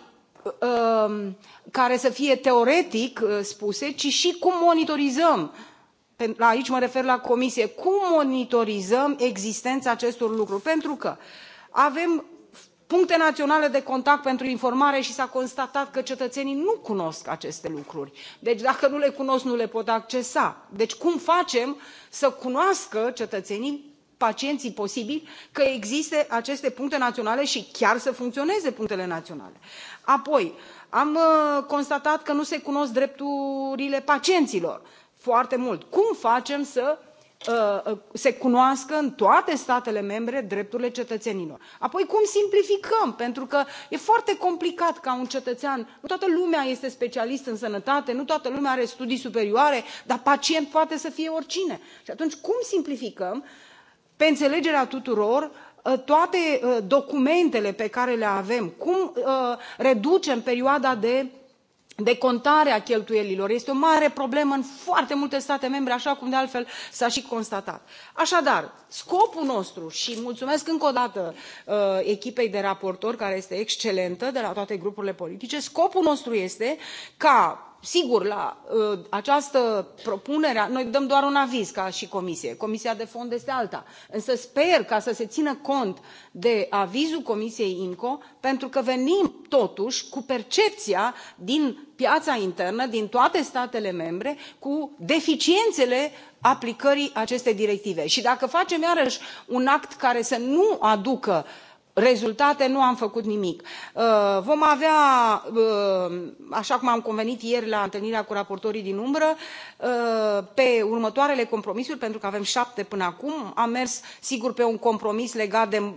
care să fie teoretic spuse ci și cum monitorizăm aici mă refer la comisie cum monitorizăm existența acestor lucruri pentru că avem puncte naționale de contact pentru informare și s a constatat că cetățenii nu cunosc aceste lucruri deci dacă nu le cunosc nu le pot accesa. deci cum facem să cunoască cetățenii pacienții posibili că există aceste puncte naționale și chiar să funcționeze punctele naționale? apoi am uh, constatat că nu se cunosc drepturile pacienților foarte mult. cum facem să Uh, uh, se cunoască în toate statele membre drepturile cetățenilor. apoi cum simplificăm pentru că e foarte complicat ca un cetățean nu toată lumea este specialist în sănătate nu toată lumea are studii superioare dar pacient poate să fie oricine și atunci cum simplificăm pe înțelegerea tuturor uh, toate documentele pe care le avem cum reducem perioada de de contare a cheltuielilor este o mare problemă în foarte multe state membre așa cum de altfel s a și constatat. așadar scopul nostru și mulțumesc încă o dată uh, echipei de raportori care este excelentă de la toate grupurile politice scopul nostru este ca sigur la ă, această propunere noi dăm doar un aviz ca și comisie comisia de fond este alta însă sper ca să se țină cont de avizul comisiei imco pentru că venim totuși cu percepția din piața internă din toate statele membre cu deficiențele aplicării acestei directive și dacă facem iarăși un act care să nu aducă rezultate nu am făcut nimic. Uh, vom avea uh, așa cum am convenit ieri la întâlnirea cu raportorii din umbră uh, pe următoarele compromisuri pentru că avem șapte până acum am mers sigur pe un compromis legat de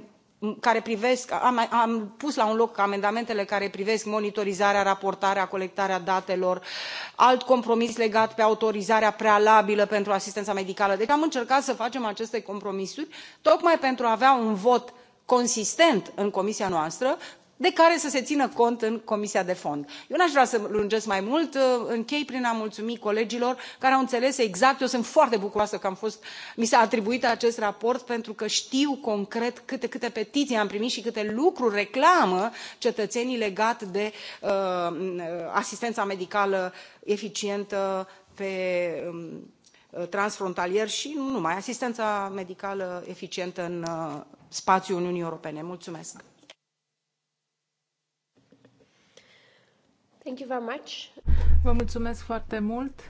care privesc am, am pus la un loc amendamentele care privesc monitorizarea raportarea colectarea datelor alt compromis legat de autorizarea prealabilă pentru asistența medicală deci am încercat să facem aceste compromisuri tocmai pentru a avea un vot consistent în comisia noastră de care să se țină cont în comisia de fond. eu nu aș vrea să lungesc mai mult uh, închei prin a mulțumi colegilor care au înțeles exact eu sunt foarte bucuroasă că am fost, mi s a atribuit acest raport pentru că știu concret câte, câte petiții am primit și câte lucruri reclamă cetățenii legat de uh, uh asistența medicală eficientă pe um, Uh, transfrontalier și nu numai asistența medicală eficientă în uh, spațiul Uniunii Europene. Mulțumesc! Thank you very much. Vă mulțumesc foarte mult.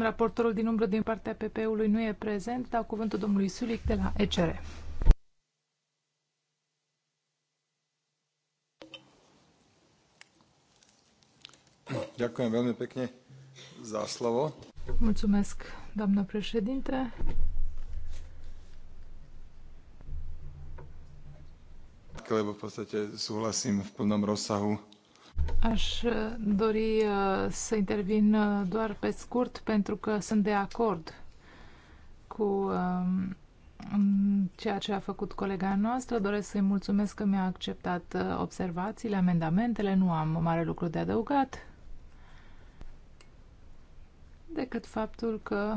Raportorul din umbră din partea PP-ului nu e prezent. Dau cuvântul domnului Sulic de la ECR. Ďakujem veľmi pekne. Zaslavo. Mulțumesc, doamnă președinte. lebo v podstate súhlasím v plnom rozsahu. Aș uh, dori uh, să intervin uh, doar pe scurt pentru că sunt de acord cu um, ceea ce a făcut colega noastră. Doresc să-i mulțumesc că mi-a acceptat observațiile, amendamentele. Nu am mare lucru de adăugat decât faptul că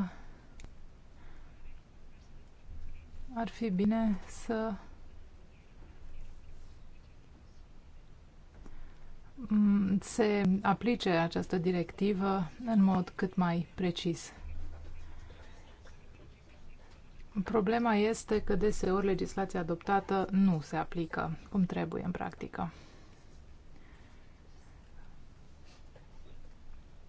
ar fi bine să se aplice această directivă în mod cât mai precis. Problema este că deseori legislația adoptată nu se aplică cum trebuie în practică.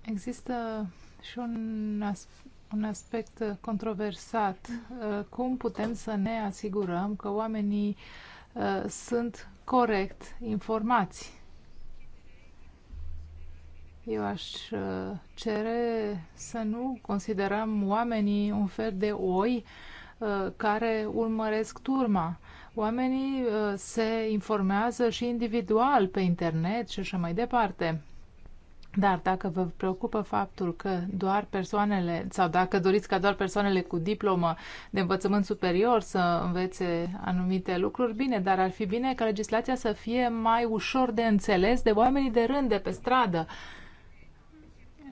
Există și un, as un aspect controversat. Uh, cum putem să ne asigurăm că oamenii uh, sunt corect informați? Eu aș uh, cere să nu considerăm oamenii un fel de oi care urmăresc turma. Oamenii se informează și individual pe internet și așa mai departe. Dar dacă vă preocupă faptul că doar persoanele, sau dacă doriți ca doar persoanele cu diplomă de învățământ superior să învețe anumite lucruri, bine, dar ar fi bine ca legislația să fie mai ușor de înțeles de oamenii de rând, de pe stradă.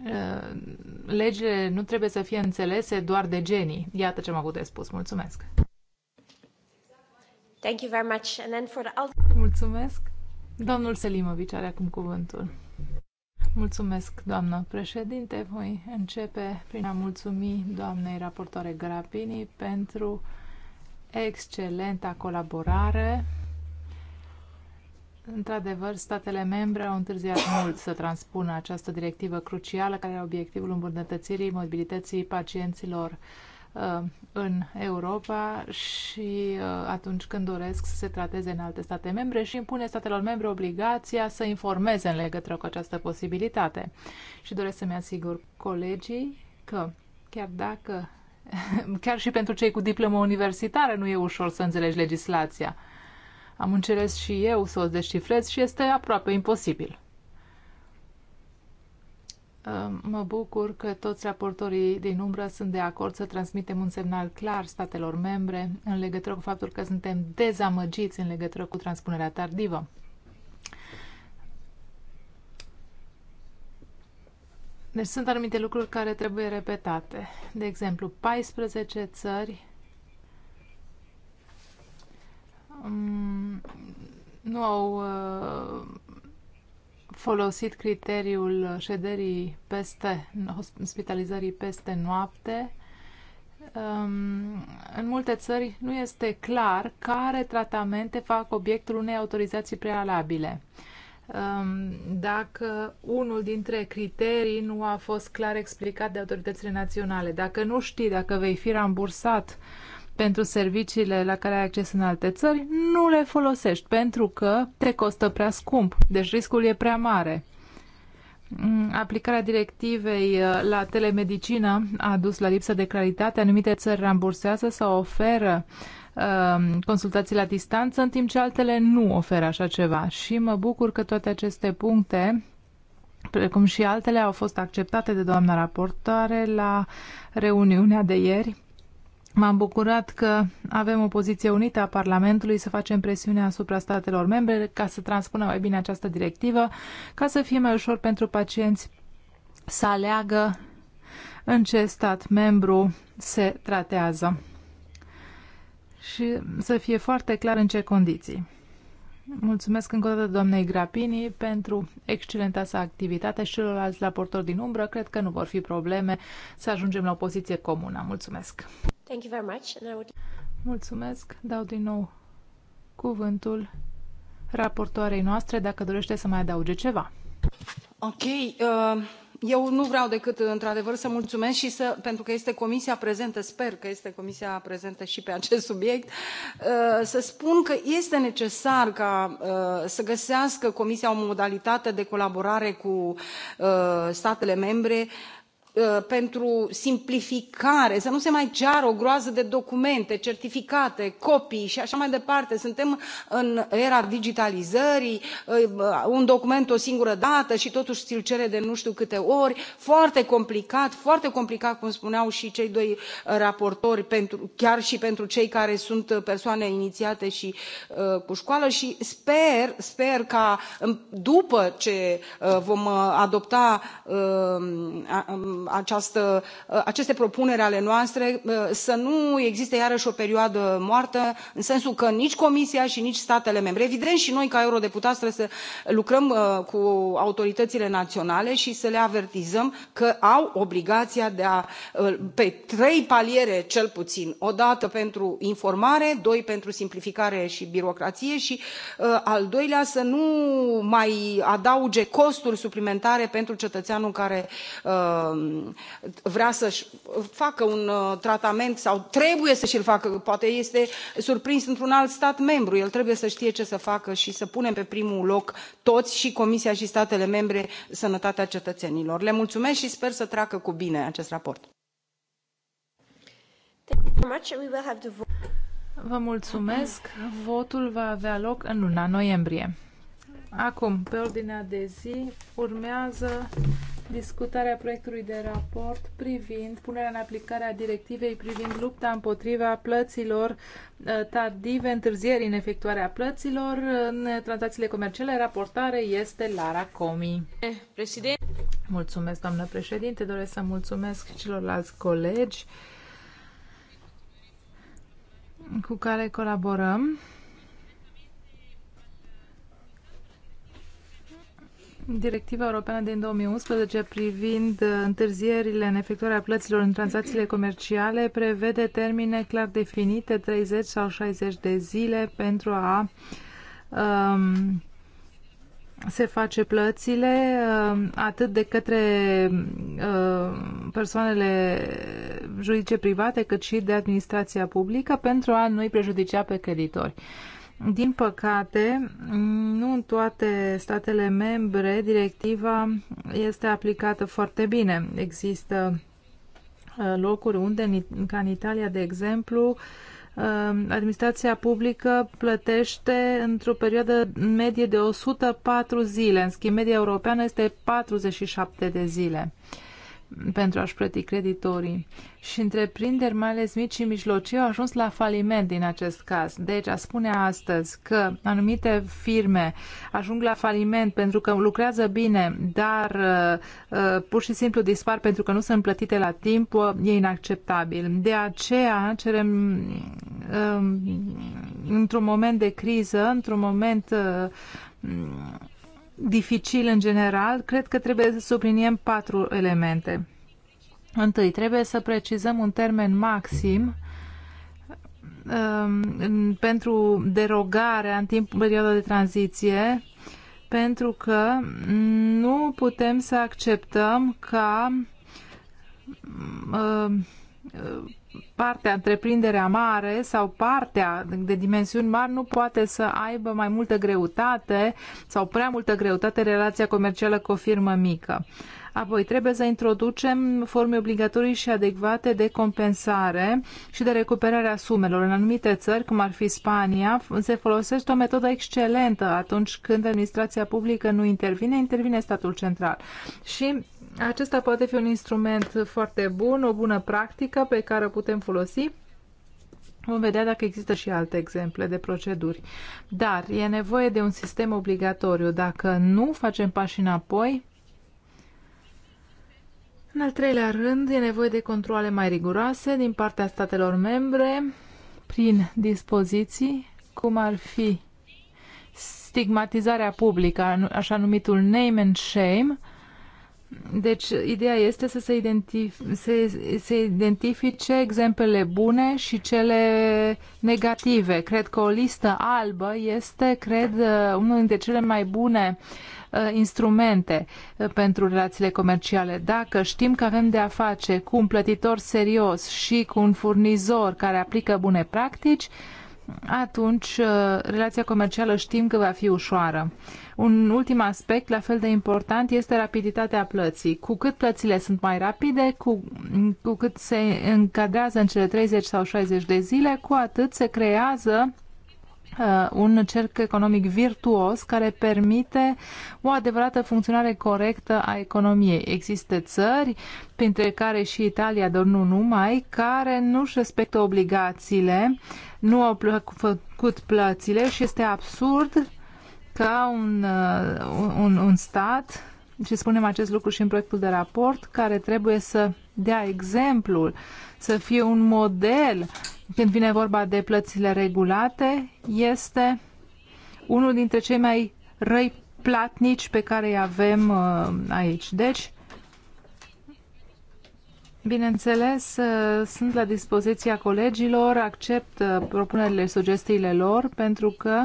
Uh, legile nu trebuie să fie înțelese doar de genii. Iată ce am avut de spus. Mulțumesc! Thank you very much. And then for the... Mulțumesc! Domnul Selimovic are acum cuvântul. Mulțumesc, doamnă președinte. Voi începe prin a mulțumi doamnei raportoare Grapini pentru excelenta colaborare. Într-adevăr, statele membre au întârziat mult să transpună această directivă crucială care are obiectivul îmbunătățirii mobilității pacienților uh, Uh, în Europa și uh, atunci când doresc să se trateze în alte state membre și impune statelor membre obligația să informeze în legătură cu această posibilitate. Și doresc să-mi asigur colegii că chiar dacă, chiar și pentru cei cu diplomă universitară nu e ușor să înțelegi legislația. Am înțeles și eu să o descifrez și este aproape imposibil. Mă bucur că toți raportorii din umbră sunt de acord să transmitem un semnal clar statelor membre în legătură cu faptul că suntem dezamăgiți în legătură cu transpunerea tardivă. Deci sunt anumite lucruri care trebuie repetate. De exemplu, 14 țări mm, nu au uh, folosit criteriul șederii peste, hospitalizării peste noapte. Um, în multe țări nu este clar care tratamente fac obiectul unei autorizații prealabile um, dacă unul dintre criterii nu a fost clar explicat de autoritățile naționale, dacă nu știi dacă vei fi rambursat pentru serviciile la care ai acces în alte țări, nu le folosești pentru că te costă prea scump, deci riscul e prea mare. Mm, aplicarea directivei uh, la telemedicină a dus la lipsă de claritate. Anumite țări rambursează sau oferă um, consultații la distanță, în timp ce altele nu oferă așa ceva. Și mă bucur că toate aceste puncte precum și altele au fost acceptate de doamna raportoare la reuniunea de ieri M-am bucurat că avem o poziție unită a Parlamentului să facem presiune asupra statelor membre ca să transpună mai bine această directivă, ca să fie mai ușor pentru pacienți să aleagă în ce stat membru se tratează și să fie foarte clar în ce condiții. Mulțumesc încă o dată doamnei Grapini pentru excelenta sa activitate și celorlalți raportori din umbră. Cred că nu vor fi probleme să ajungem la o poziție comună. Mulțumesc! Thank you very much. would... Mulțumesc. Dau din nou cuvântul raportoarei noastre dacă dorește să mai adauge ceva. Ok. Uh... Eu nu vreau decât, într-adevăr, să mulțumesc și să, pentru că este comisia prezentă, sper că este comisia prezentă și pe acest subiect, uh, să spun că este necesar ca uh, să găsească comisia o modalitate de colaborare cu uh, statele membre Uh, pentru simplificare să nu se mai ceară o groază de documente certificate copii și așa mai departe suntem în era digitalizării uh, un document o singură dată și totuși ți l cere de nu știu câte ori foarte complicat foarte complicat cum spuneau și cei doi uh, raportori chiar și pentru cei care sunt persoane inițiate și cu școală și sper sper ca um, după ce vom adopta um, um, Uh, aceste propuneri ale noastre uh, să nu existe iarăși o perioadă moartă în sensul că nici comisia și nici statele membre evident și noi ca eurodeputați trebuie să lucrăm uh, cu autoritățile naționale și să le avertizăm că au obligația de a pe trei paliere cel puțin o dată pentru informare doi pentru simplificare și birocrație și al doilea să nu mai adauge costuri suplimentare pentru cetățeanul care uh, vrea să și facă un uh, tratament sau trebuie să și l facă poate este surprins într un alt stat membru el trebuie să știe ce să facă și să punem pe primul loc toți și comisia și statele membre sănătatea cetățenilor. le mulțumesc și sper să treacă cu bine acest raport. Vă mulțumesc. Votul va avea loc în luna noiembrie. Acum, pe ordinea de zi, urmează discutarea proiectului de raport privind punerea în aplicare a directivei privind lupta împotriva plăților uh, tardive, întârzieri în efectuarea plăților în tranzacțiile comerciale. Raportare este Lara Comi. Președinte. Mulțumesc, doamnă președinte. Doresc să mulțumesc celorlalți colegi cu care colaborăm Directiva europeană din 2011 privind uh, întârzierile în efectuarea plăților în tranzacțiile comerciale prevede termine clar definite, 30 sau 60 de zile, pentru a um, se face plățile um, atât de către um, persoanele juridice private cât și de administrația publică pentru a nu-i prejudicia pe creditori. Uh, din păcate, nu în toate statele membre directiva este aplicată foarte bine. Există uh, locuri unde, ca în Italia, de exemplu, uh, administrația publică plătește într-o perioadă medie de 104 zile. În schimb, media europeană este 47 de zile pentru a-și plăti creditorii. Și întreprinderi, mai ales mici și mijlocii, au ajuns la faliment din acest caz. Deci, a spune astăzi că anumite firme ajung la faliment pentru că lucrează bine, dar uh, uh pur și simplu dispar pentru că nu sunt plătite la timp, uh, e inacceptabil. De aceea cerem uh, într-un moment de criză, într-un moment uh, dificil în general, cred că trebuie să subliniem patru elemente. Întâi, trebuie să precizăm un termen maxim um, pentru derogarea în timpul perioada de tranziție, pentru că nu putem să acceptăm ca um, partea, întreprinderea mare sau partea de dimensiuni mari nu poate să aibă mai multă greutate sau prea multă greutate relația comercială cu o firmă mică. Apoi trebuie să introducem forme obligatorii și adecvate de compensare și de recuperare a sumelor. În anumite țări, cum ar fi Spania, se folosește o metodă excelentă atunci când administrația publică nu intervine, intervine statul central. Și acesta poate fi un instrument foarte bun, o bună practică pe care o putem folosi. Vom vedea dacă există și alte exemple de proceduri. Dar e nevoie de un sistem obligatoriu. Dacă nu facem pași înapoi, în al treilea rând, e nevoie de controle mai riguroase din partea statelor membre prin dispoziții, cum ar fi stigmatizarea publică, așa numitul name and shame, deci, ideea este să se, identif- se, se identifice exemplele bune și cele negative. Cred că o listă albă este, cred, uh, unul dintre cele mai bune uh, instrumente uh, pentru relațiile comerciale. Dacă știm că avem de a face cu un plătitor serios și cu un furnizor care aplică bune practici, atunci uh, relația comercială știm că va fi ușoară. Un ultim aspect, la fel de important, este rapiditatea plății. Cu cât plățile sunt mai rapide, cu, cu cât se încadrează în cele 30 sau 60 de zile, cu atât se creează Uh, un cerc economic virtuos care permite o adevărată funcționare corectă a economiei. Există țări, printre care și Italia, dar nu numai, care nu-și respectă obligațiile, nu au făcut plățile și este absurd ca un, uh, un, un stat, și spunem acest lucru și în proiectul de raport, care trebuie să dea exemplul, să fie un model când vine vorba de plățile regulate, este unul dintre cei mai răi platnici pe care îi avem uh, aici. Deci, Bineînțeles, uh, sunt la dispoziția colegilor, accept uh, propunerile, sugestiile lor, pentru că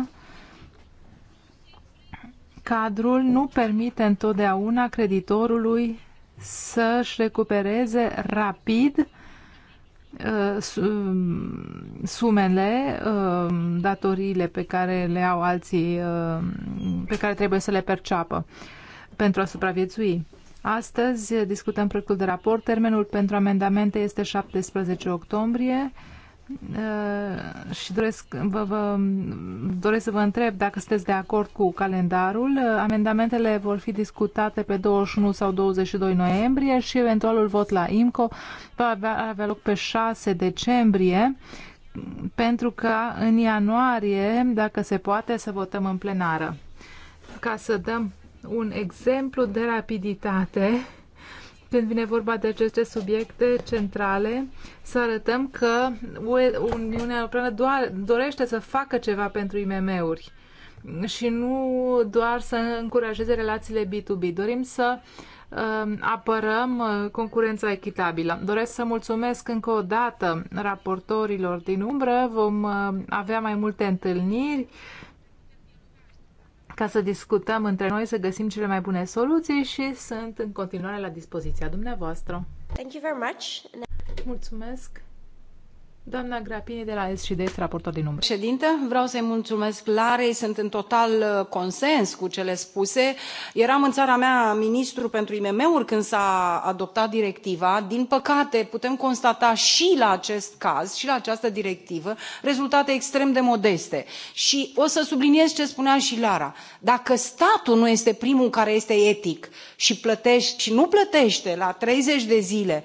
cadrul nu permite întotdeauna creditorului să-și recupereze rapid Uh, um, sumele, um, datoriile pe care le au alții, um, pe care trebuie să le perceapă pentru a supraviețui. Astăzi discutăm proiectul de raport. Termenul pentru amendamente este 17 octombrie. Uh, și doresc, vă, vă, doresc să vă întreb dacă sunteți de acord cu calendarul. Uh, amendamentele vor fi discutate pe 21 sau 22 noiembrie și eventualul vot la IMCO va avea, avea loc pe 6 decembrie pentru că în ianuarie, dacă se poate, să votăm în plenară. Ca să dăm un exemplu de rapiditate, când vine vorba de aceste subiecte centrale, să arătăm că Uniunea Europeană doar, dorește să facă ceva pentru IMM-uri și nu doar să încurajeze relațiile B2B. Dorim să um, apărăm uh, concurența echitabilă. Doresc să mulțumesc încă o dată raportorilor din umbră. Vom uh, avea mai multe întâlniri ca să discutăm între noi, să găsim cele mai bune soluții și sunt în continuare la dispoziția dumneavoastră. Thank you very much. Mulțumesc. Doamna Grapini de la SCD, raportor din număr. Președinte, vreau să-i mulțumesc Larei, sunt în total uh, consens cu cele spuse. Eram în țara mea ministru pentru IMM-uri când s-a adoptat directiva. Din păcate, putem constata și la acest caz, și la această directivă, rezultate extrem de modeste. Și o să subliniez ce spunea și Lara. Dacă statul nu este primul care este etic și plătește și nu plătește la 30 de zile,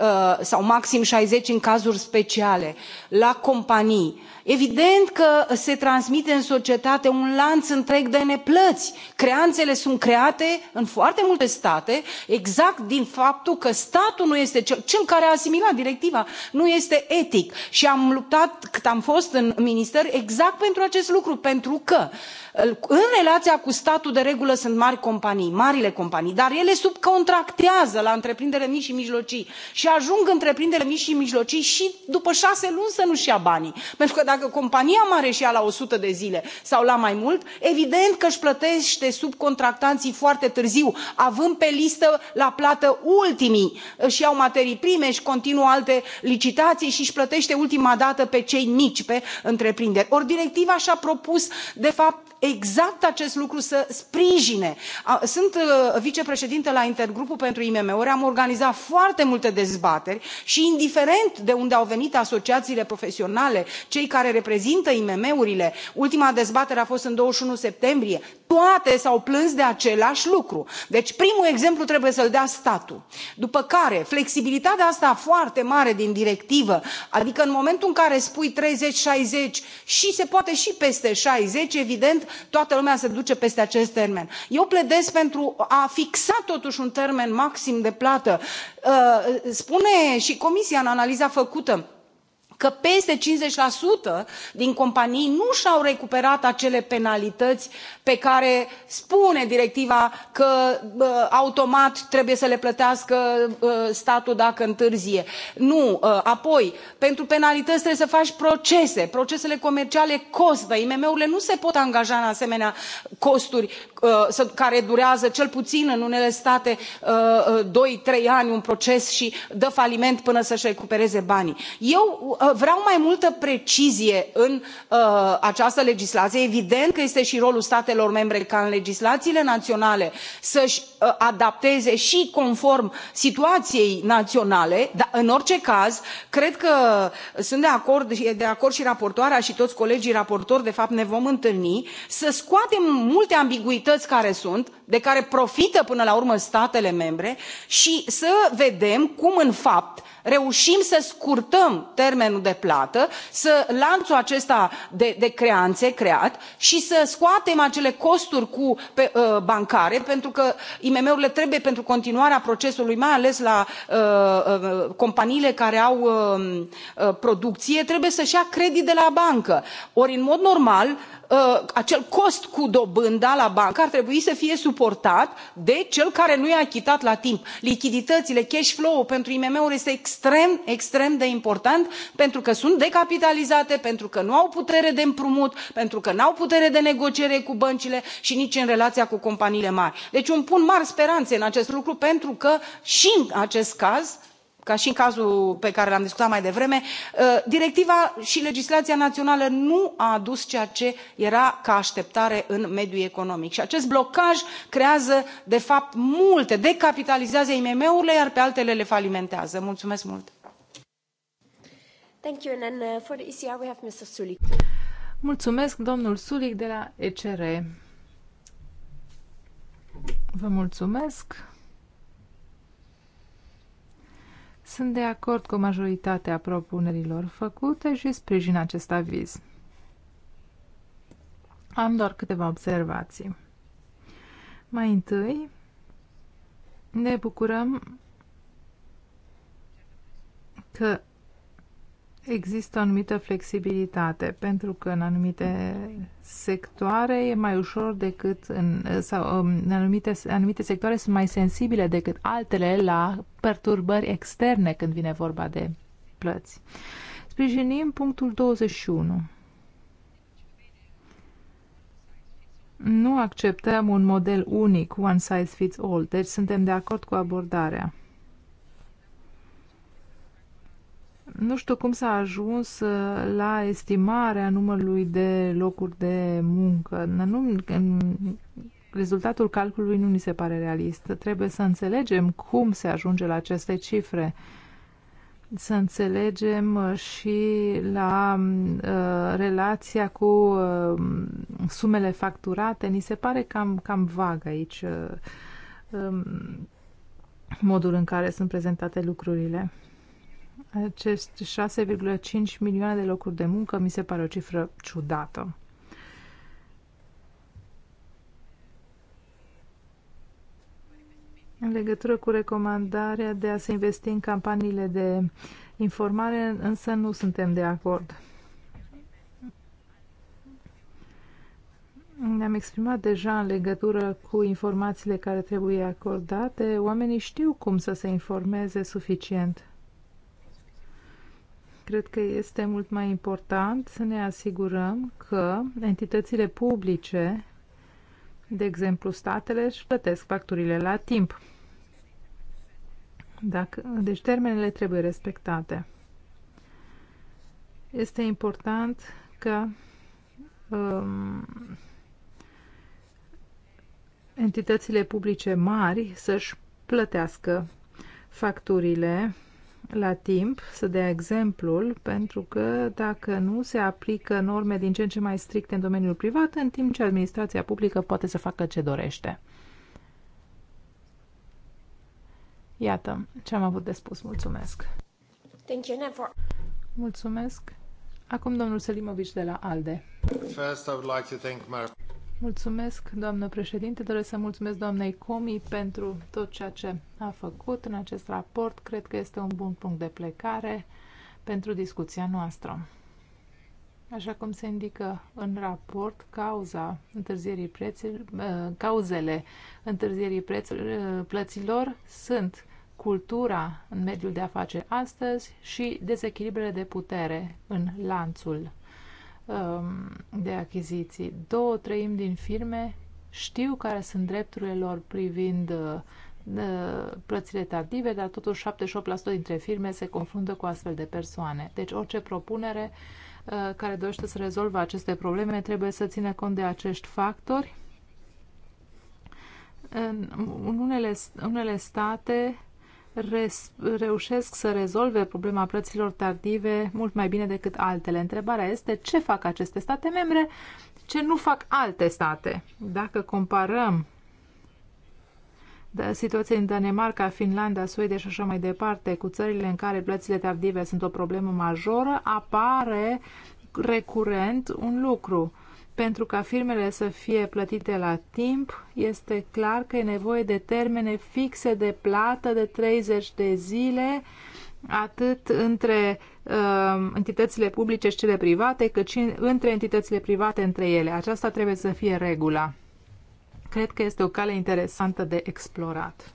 Uh, sau maxim șaizeci în cazuri speciale la companii evident că se transmite în societate un lanț întreg de neplăți creanțele sunt create în foarte multe state exact din faptul că statul nu este cel, care a asimilat directiva nu este etic și am luptat cât am fost în minister exact pentru acest lucru pentru că uh, în relația cu statul de regulă sunt mari companii marile companii dar ele subcontractează la întreprinderile mici și mijlocii și ajung întreprinderile mici și mijlocii și după șase luni să nu și ia banii pentru că dacă dacă compania mare și ia la o sută de zile sau la mai mult evident că își plătește subcontractanții foarte târziu având pe listă la plată ultimii își iau materii prime își continuă alte licitații și își plătește ultima dată pe cei mici pe întreprinderi. ori directiva și a propus de fapt exact acest lucru să sprijine. sunt uh, vicepreședintă la intergrupul pentru imm uri am organizat foarte multe dezbateri și indiferent de unde au venit asociațiile profesionale cei care reprezintă imm urile ultima dezbatere a fost în douăzeci și unu septembrie toate s au plâns de același lucru. deci primul exemplu trebuie să l dea statul după care flexibilitatea asta foarte mare din directivă adică în momentul în care spui treizeci șaizeci și se poate și peste șaizeci evident toată lumea se duce peste acest termen. eu pledez pentru a fixa totuși un termen maxim de plată uh, spune și comisia în analiza făcută că peste 50% din companii nu și au recuperat acele penalități pe care spune directiva că automat trebuie să le plătească statul dacă întârzie. Nu. Ă, apoi, pentru penalități trebuie să faci procese. Procesele comerciale costă. IMM-urile nu se pot angaja în asemenea costuri ă, care durează cel puțin în unele state ă, doi trei ani un proces și dă faliment până să și recupereze banii. eu vreau mai multă precizie în uh, această legislație evident că este și rolul statelor membre ca în legislațiile naționale să și uh, adapteze și conform situației naționale dar în orice caz cred că sunt de acord și de acord și raportoarea și toți colegii raportori de fapt ne vom întâlni să scoatem multe ambiguități care sunt de care profită până la urmă statele membre și să vedem cum în fapt reușim să scurtăm termenul de plată să lanțul acesta de, de creanțe creat și să scoatem acele costuri cu, pe, uh, bancare pentru că imm urile trebuie pentru continuarea procesului mai ales la uh, uh, companiile care au producție trebuie să și ia credit de la bancă ori în mod normal Uh, acel cost cu dobânda la bancă ar trebui să fie suportat de cel care nu i a achitat la timp. lichiditățile cash flow ul pentru imm uri este extrem extrem de important pentru că sunt decapitalizate pentru că nu au putere de împrumut pentru că nu au putere de negociere cu băncile și nici în relația cu companiile mari. deci îmi pun mari speranțe în acest lucru pentru că și în acest caz ca și în cazul pe care l am discutat mai devreme ă, directiva și legislația națională nu a adus ceea ce era ca așteptare în mediul economic și acest blocaj creează de fapt multe decapitalizează imm urile iar pe altele le falimentează. mulțumesc mult! Mulțumesc, domnul Sulik de la ECR. Vă mulțumesc. Sunt de acord cu majoritatea propunerilor făcute și sprijin acest aviz. Am doar câteva observații. Mai întâi, ne bucurăm că există o anumită flexibilitate, pentru că în anumite sectoare e mai ușor decât în, sau um, în anumite, anumite sectoare sunt mai sensibile decât altele la perturbări externe când vine vorba de plăți. Sprijinim punctul 21. Nu acceptăm un model unic, one size fits all, deci suntem de acord cu abordarea. Nu știu cum s-a ajuns uh, la estimarea numărului de locuri de muncă. Nu, rezultatul calculului nu ni se pare realist. Trebuie să înțelegem cum se ajunge la aceste cifre. Să înțelegem uh, și la uh, relația cu uh, sumele facturate. Ni se pare cam, cam vag aici uh, um, modul în care sunt prezentate lucrurile. Acest 6,5 milioane de locuri de muncă mi se pare o cifră ciudată. În legătură cu recomandarea de a se investi în campaniile de informare, însă nu suntem de acord. Ne-am exprimat deja în legătură cu informațiile care trebuie acordate. Oamenii știu cum să se informeze suficient. Cred că este mult mai important să ne asigurăm că entitățile publice, de exemplu statele, își plătesc facturile la timp. Dacă, deci termenele trebuie respectate. Este important că um, entitățile publice mari să-și plătească facturile la timp, să dea exemplul, pentru că dacă nu se aplică norme din ce în ce mai stricte în domeniul privat, în timp ce administrația publică poate să facă ce dorește. Iată ce am avut de spus. Mulțumesc! Thank you, Never. Mulțumesc! Acum domnul Selimovic de la ALDE. First, I would like to thank Mulțumesc, doamnă președinte. Doresc să mulțumesc doamnei Comi pentru tot ceea ce a făcut în acest raport. Cred că este un bun punct de plecare pentru discuția noastră. Așa cum se indică în raport, cauza întârzierii preților, eh, cauzele întârzierii preților, eh, plăților sunt cultura în mediul de afaceri astăzi și dezechilibrele de putere în lanțul Um, de achiziții. Două treimi din firme știu care sunt drepturile lor privind uh, uh, plățile tardive, dar totuși 78% dintre firme se confruntă cu astfel de persoane. Deci orice propunere uh, care dorește să rezolvă aceste probleme trebuie să țină cont de acești factori. În unele, unele state reușesc să rezolve problema plăților tardive mult mai bine decât altele. Întrebarea este ce fac aceste state membre, ce nu fac alte state. Dacă comparăm da, situația în Danemarca, Finlanda, Suedia și așa mai departe, cu țările în care plățile tardive sunt o problemă majoră, apare recurent un lucru pentru ca firmele să fie plătite la timp, este clar că e nevoie de termene fixe de plată de 30 de zile, atât între uh, entitățile publice și cele private, cât și între entitățile private între ele. Aceasta trebuie să fie regula. Cred că este o cale interesantă de explorat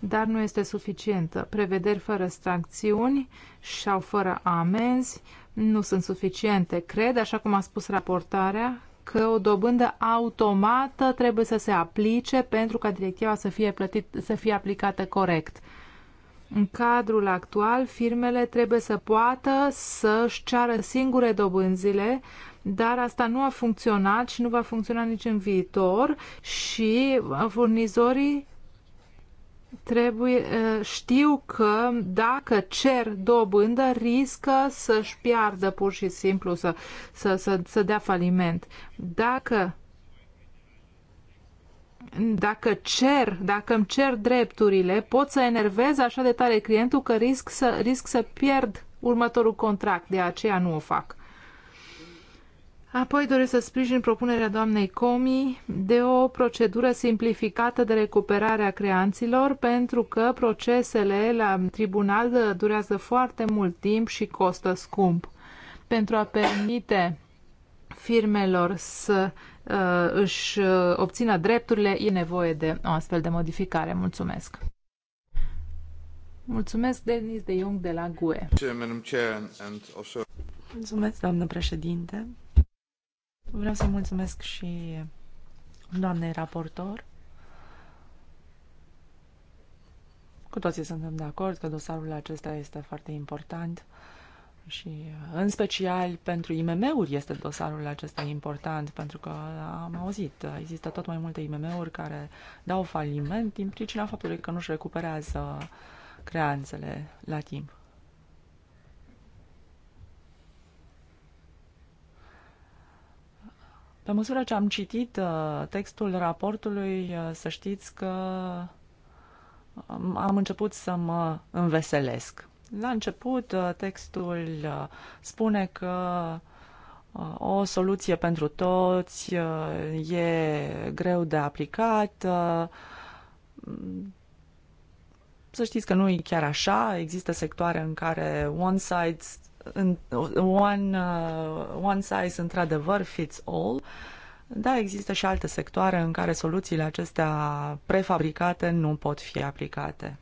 dar nu este suficientă. Prevederi fără stracțiuni sau fără amenzi nu sunt suficiente. Cred, așa cum a spus raportarea, că o dobândă automată trebuie să se aplice pentru ca directiva să fie, plătit, să fie aplicată corect. În cadrul actual, firmele trebuie să poată să-și ceară singure dobânzile, dar asta nu a funcționat și nu va funcționa nici în viitor și furnizorii trebuie, știu că dacă cer dobândă, riscă să-și piardă pur și simplu, să, să, să, să dea faliment. Dacă dacă cer, dacă îmi cer drepturile, pot să enervez așa de tare clientul că risc să, risc să pierd următorul contract, de aceea nu o fac. Apoi doresc să sprijin propunerea doamnei Comi de o procedură simplificată de recuperare a creanților, pentru că procesele la tribunal durează foarte mult timp și costă scump. Pentru a permite firmelor să uh, își uh, obțină drepturile, e nevoie de o astfel de modificare. Mulțumesc! Mulțumesc, Denis de Jung de la GUE. Mulțumesc, doamnă președinte. Vreau să mulțumesc și doamnei raportor. Cu toții suntem de acord că dosarul acesta este foarte important și în special pentru IMM-uri este dosarul acesta important pentru că am auzit, există tot mai multe IMM-uri care dau faliment din pricina faptului că nu-și recuperează creanțele la timp. Pe măsură ce am citit uh, textul raportului, uh, să știți că uh, am început să mă înveselesc. La început, textul spune că o soluție pentru toți e greu de aplicat. Să știți că nu e chiar așa. Există sectoare în care one size one, uh, one size într-adevăr fits all. Da, există și alte sectoare în care soluțiile acestea prefabricate nu pot fi aplicate.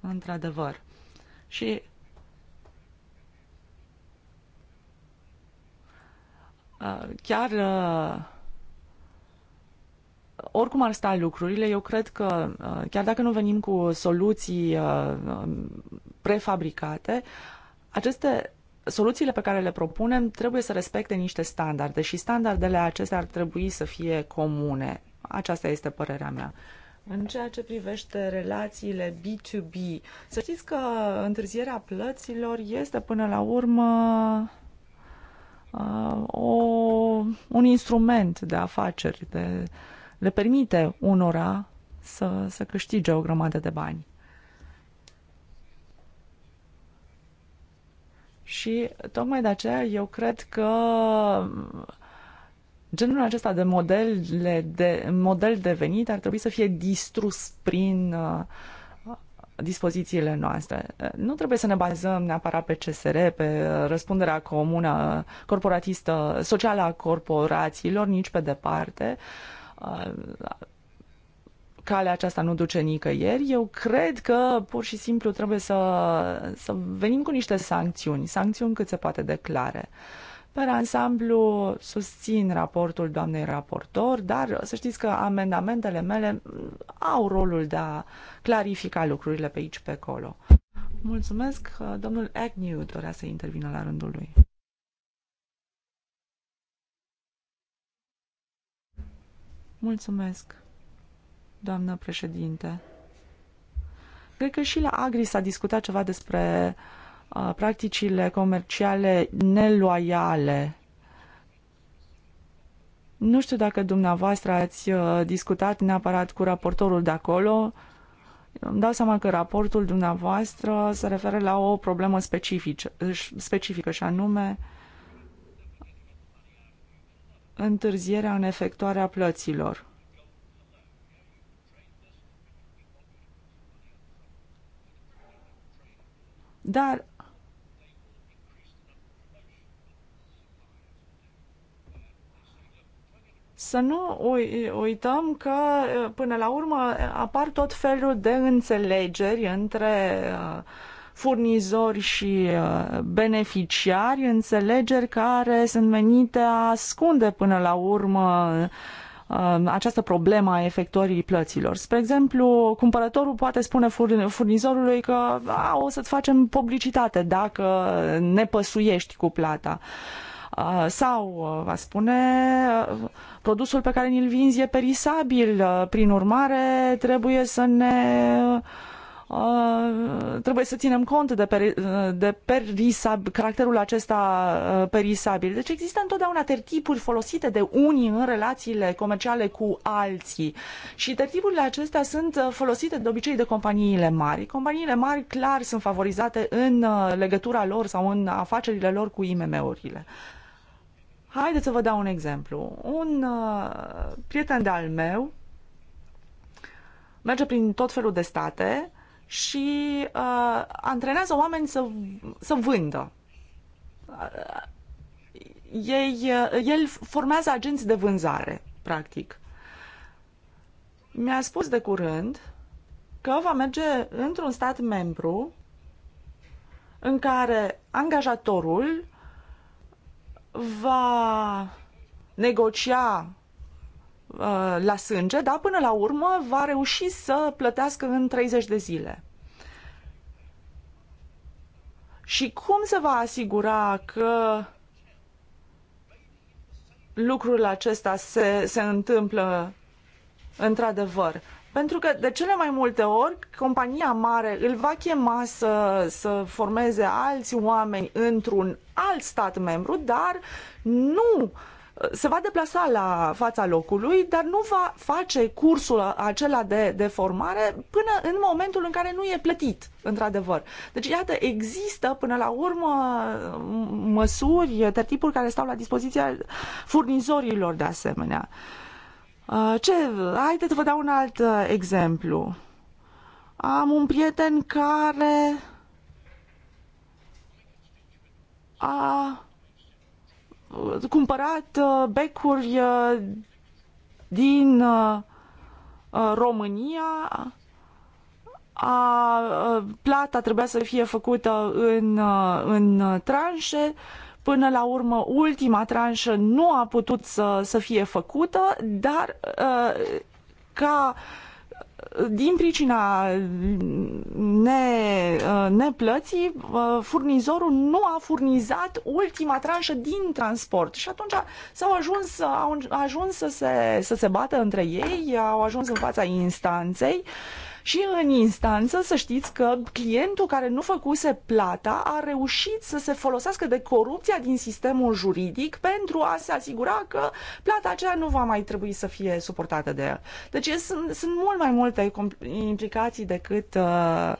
Într-adevăr. Și uh, chiar uh, oricum ar sta lucrurile, eu cred că uh, chiar dacă nu venim cu soluții uh, um, prefabricate, aceste soluțiile pe care le propunem trebuie să respecte niște standarde și standardele acestea ar trebui să fie comune. Aceasta este părerea mea. În ceea ce privește relațiile B2B, să știți că întârzierea plăților este până la urmă uh, o, un instrument de afaceri, de uh, le permite unora să, să câștige o grămadă de bani. Și tocmai de aceea eu cred că genul acesta de modele de model de venit ar trebui să fie distrus prin uh, dispozițiile noastre. Nu trebuie să ne bazăm neapărat pe CSR, pe răspunderea comună, corporatistă, socială a corporațiilor, nici pe departe. Uh, calea aceasta nu duce nicăieri. Eu cred că pur și simplu trebuie să, să venim cu niște sancțiuni, sancțiuni cât se poate declare. Pe ansamblu susțin raportul doamnei raportor, dar să știți că amendamentele mele au rolul de a clarifica lucrurile pe aici pe acolo. Mulțumesc. Domnul Agnew dorea să intervină la rândul lui. Mulțumesc, doamnă președinte. Cred că și la Agri s-a discutat ceva despre uh, practicile comerciale neloiale. Nu știu dacă dumneavoastră ați uh, discutat neapărat cu raportorul de acolo. Îmi dau seama că raportul dumneavoastră se referă la o problemă specifică, specifică și anume întârzierea în efectuarea plăților. Dar să nu uităm că până la urmă apar tot felul de înțelegeri între uh, furnizori și uh, beneficiari, înțelegeri care sunt menite a ascunde până la urmă uh, această problemă a efectuării plăților. Spre exemplu, cumpărătorul poate spune furnizorului că a, o să-ți facem publicitate dacă ne păsuiești cu plata. Uh, sau va spune produsul pe care ni-l vinzi e perisabil, prin urmare trebuie să ne Uh, trebuie să ținem cont de, peri, uh, de perisab, caracterul acesta uh, perisabil. Deci există întotdeauna tertipuri folosite de unii în relațiile comerciale cu alții și tertipurile acestea sunt folosite de obicei de companiile mari. Companiile mari clar sunt favorizate în legătura lor sau în afacerile lor cu IMM-urile. Haideți să vă dau un exemplu. Un uh, prieten de-al meu merge prin tot felul de state și uh, antrenează oameni să, să vândă. ei, uh, el formează agenți de vânzare, practic. Mi-a spus de curând că va merge într-un stat membru în care angajatorul va negocia Uh, la sânge, dar până la urmă va reuși să plătească în 30 de zile. Și cum se va asigura că lucrul acesta se, se întâmplă într-adevăr? Pentru că de cele mai multe ori compania mare îl va chema să, să formeze alți oameni într-un alt stat membru, dar nu uh, se va deplasa la fața locului, dar nu va face cursul acela de, de formare până în momentul în care nu e plătit, într-adevăr. Deci, iată, există până la urmă măsuri, tertipuri care stau la dispoziția furnizorilor de asemenea. Uh, ce? Haideți să vă dau un alt uh, exemplu. Am un prieten care a Uh, cumpărat uh, becuri uh, din România. A, plata trebuia să fie făcută în, în tranșe. Până la urmă, ultima tranșă nu a putut să, să fie făcută, dar ca uh, din pricina ne, uh, neplății, uh, furnizorul nu a furnizat ultima tranșă din transport și atunci s-au ajuns, au ajuns să, se, să se bată între ei, au ajuns în fața instanței uh, și în instanță să știți că clientul care nu făcuse plata a reușit să se folosească de corupția din sistemul juridic pentru a se asigura că plata aceea nu va mai trebui să fie suportată de el. Deci sunt, sunt mult mai multe implicații decât uh,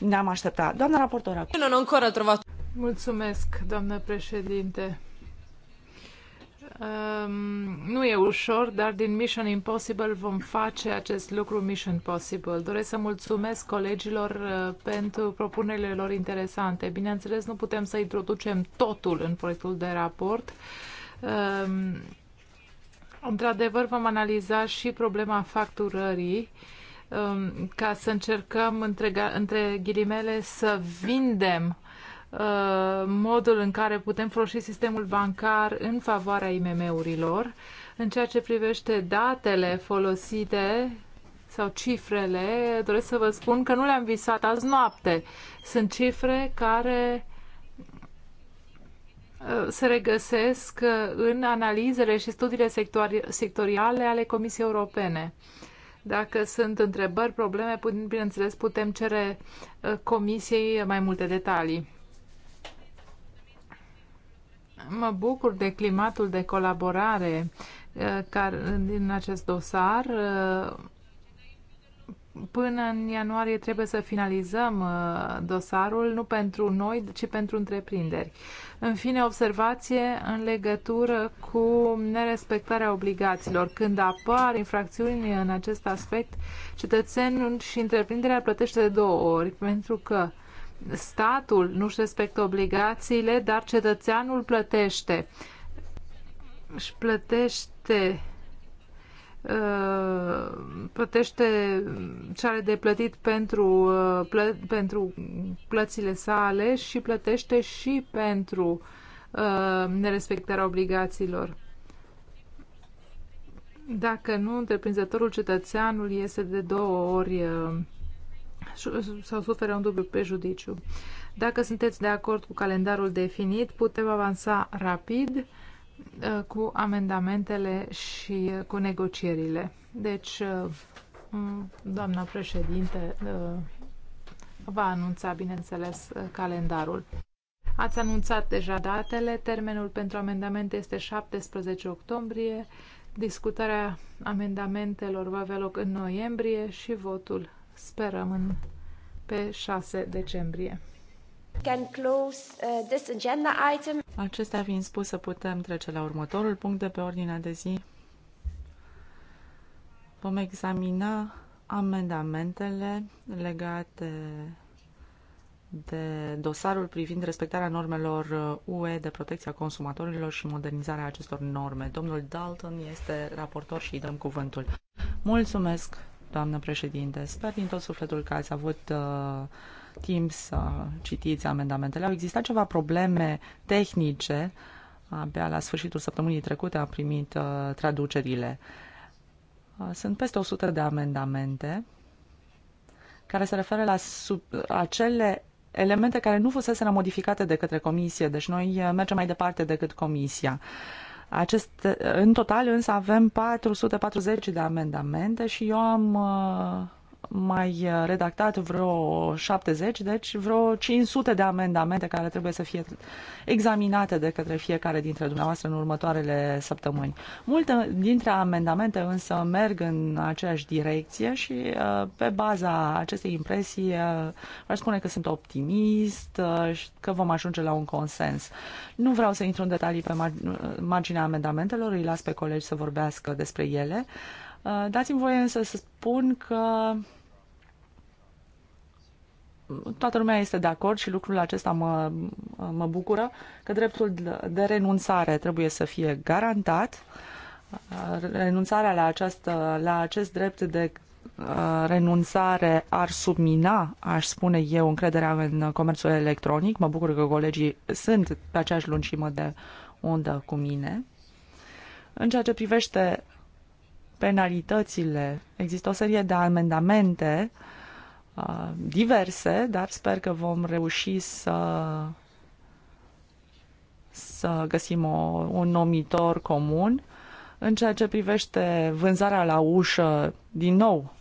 ne-am așteptat. Doamna raportor, Nu, nu, încă Mulțumesc, doamnă președinte. Um, nu e ușor, dar din Mission Impossible vom face acest lucru Mission Possible. Doresc să mulțumesc colegilor uh, pentru propunerile lor interesante. Bineînțeles, nu putem să introducem totul în proiectul de raport. Um, Într-adevăr, vom analiza și problema facturării um, ca să încercăm, între, între ghilimele, să vindem Uh, modul în care putem folosi sistemul bancar în favoarea IMM-urilor. În ceea ce privește datele folosite sau cifrele, doresc să vă spun că nu le-am visat azi noapte. Sunt cifre care uh, se regăsesc uh, în analizele și studiile sectoriale ale Comisiei Europene. Dacă sunt întrebări, probleme, bineînțeles, putem cere Comisiei mai multe detalii. Mă bucur de climatul de colaborare uh, care, din acest dosar. Uh, până în ianuarie trebuie să finalizăm uh, dosarul, nu pentru noi, ci pentru întreprinderi. În fine, observație în legătură cu nerespectarea obligațiilor. Când apar infracțiuni în acest aspect, cetățenul și întreprinderea plătește de două ori, pentru că uh, statul nu-și respectă obligațiile, dar cetățeanul plătește. Își plătește uh, plătește ce are de plătit pentru, uh, plă, pentru plățile sale și plătește și pentru uh, nerespectarea obligațiilor. Dacă nu, întreprinzătorul cetățeanul este de două ori uh, sau suferă un dublu prejudiciu. Dacă sunteți de acord cu calendarul definit, putem avansa rapid uh, cu amendamentele și uh, cu negocierile. Deci, uh, doamna președinte va anunța, bineînțeles, calendarul. Ați anunțat deja datele. Termenul pentru amendamente este 17 octombrie. Discutarea amendamentelor va avea loc în noiembrie și votul sperăm, în, pe 6 decembrie. Can close, uh, this agenda item. Acestea fiind spuse, putem trece la următorul punct de pe ordinea de zi. Vom examina amendamentele legate de dosarul privind respectarea normelor uh, UE de protecția consumatorilor și modernizarea acestor norme. Domnul Dalton este raportor și îi dăm cuvântul. Mulțumesc, doamnă președinte. Sper din tot sufletul că ați avut uh, timp să citiți amendamentele. Au existat ceva probleme tehnice. Abia la sfârșitul săptămânii trecute am primit uh, traducerile. Uh, sunt peste 100 de amendamente care se referă la sub, acele elemente care nu fusese modificate de către comisie, deci noi uh, mergem mai departe decât comisia. Uh, acest, în total însă avem 440 de amendamente și eu am uh, mai uh, redactat vreo 70, deci vreo 500 de amendamente care trebuie să fie examinate de către fiecare dintre dumneavoastră în următoarele săptămâni. Multe dintre amendamente însă merg în aceeași direcție și uh, pe baza acestei impresii uh, aș spune că sunt optimist și că vom ajunge la un consens. Nu vreau să intru în detalii pe marginea amendamentelor, îi las pe colegi să vorbească despre ele. Dați-mi voie însă să spun că toată lumea este de acord și lucrul acesta mă, mă bucură că dreptul de renunțare trebuie să fie garantat. Renunțarea la, această, la acest drept de uh, renunțare ar submina, aș spune eu, încrederea în comerțul electronic. Mă bucur că colegii sunt pe aceeași lungime de undă cu mine. În ceea ce privește penalitățile, există o serie de amendamente uh, Uh, diverse, dar sper că vom reuși să să găsim o, un nomitor comun. În ceea ce privește vânzarea la ușă, din nou,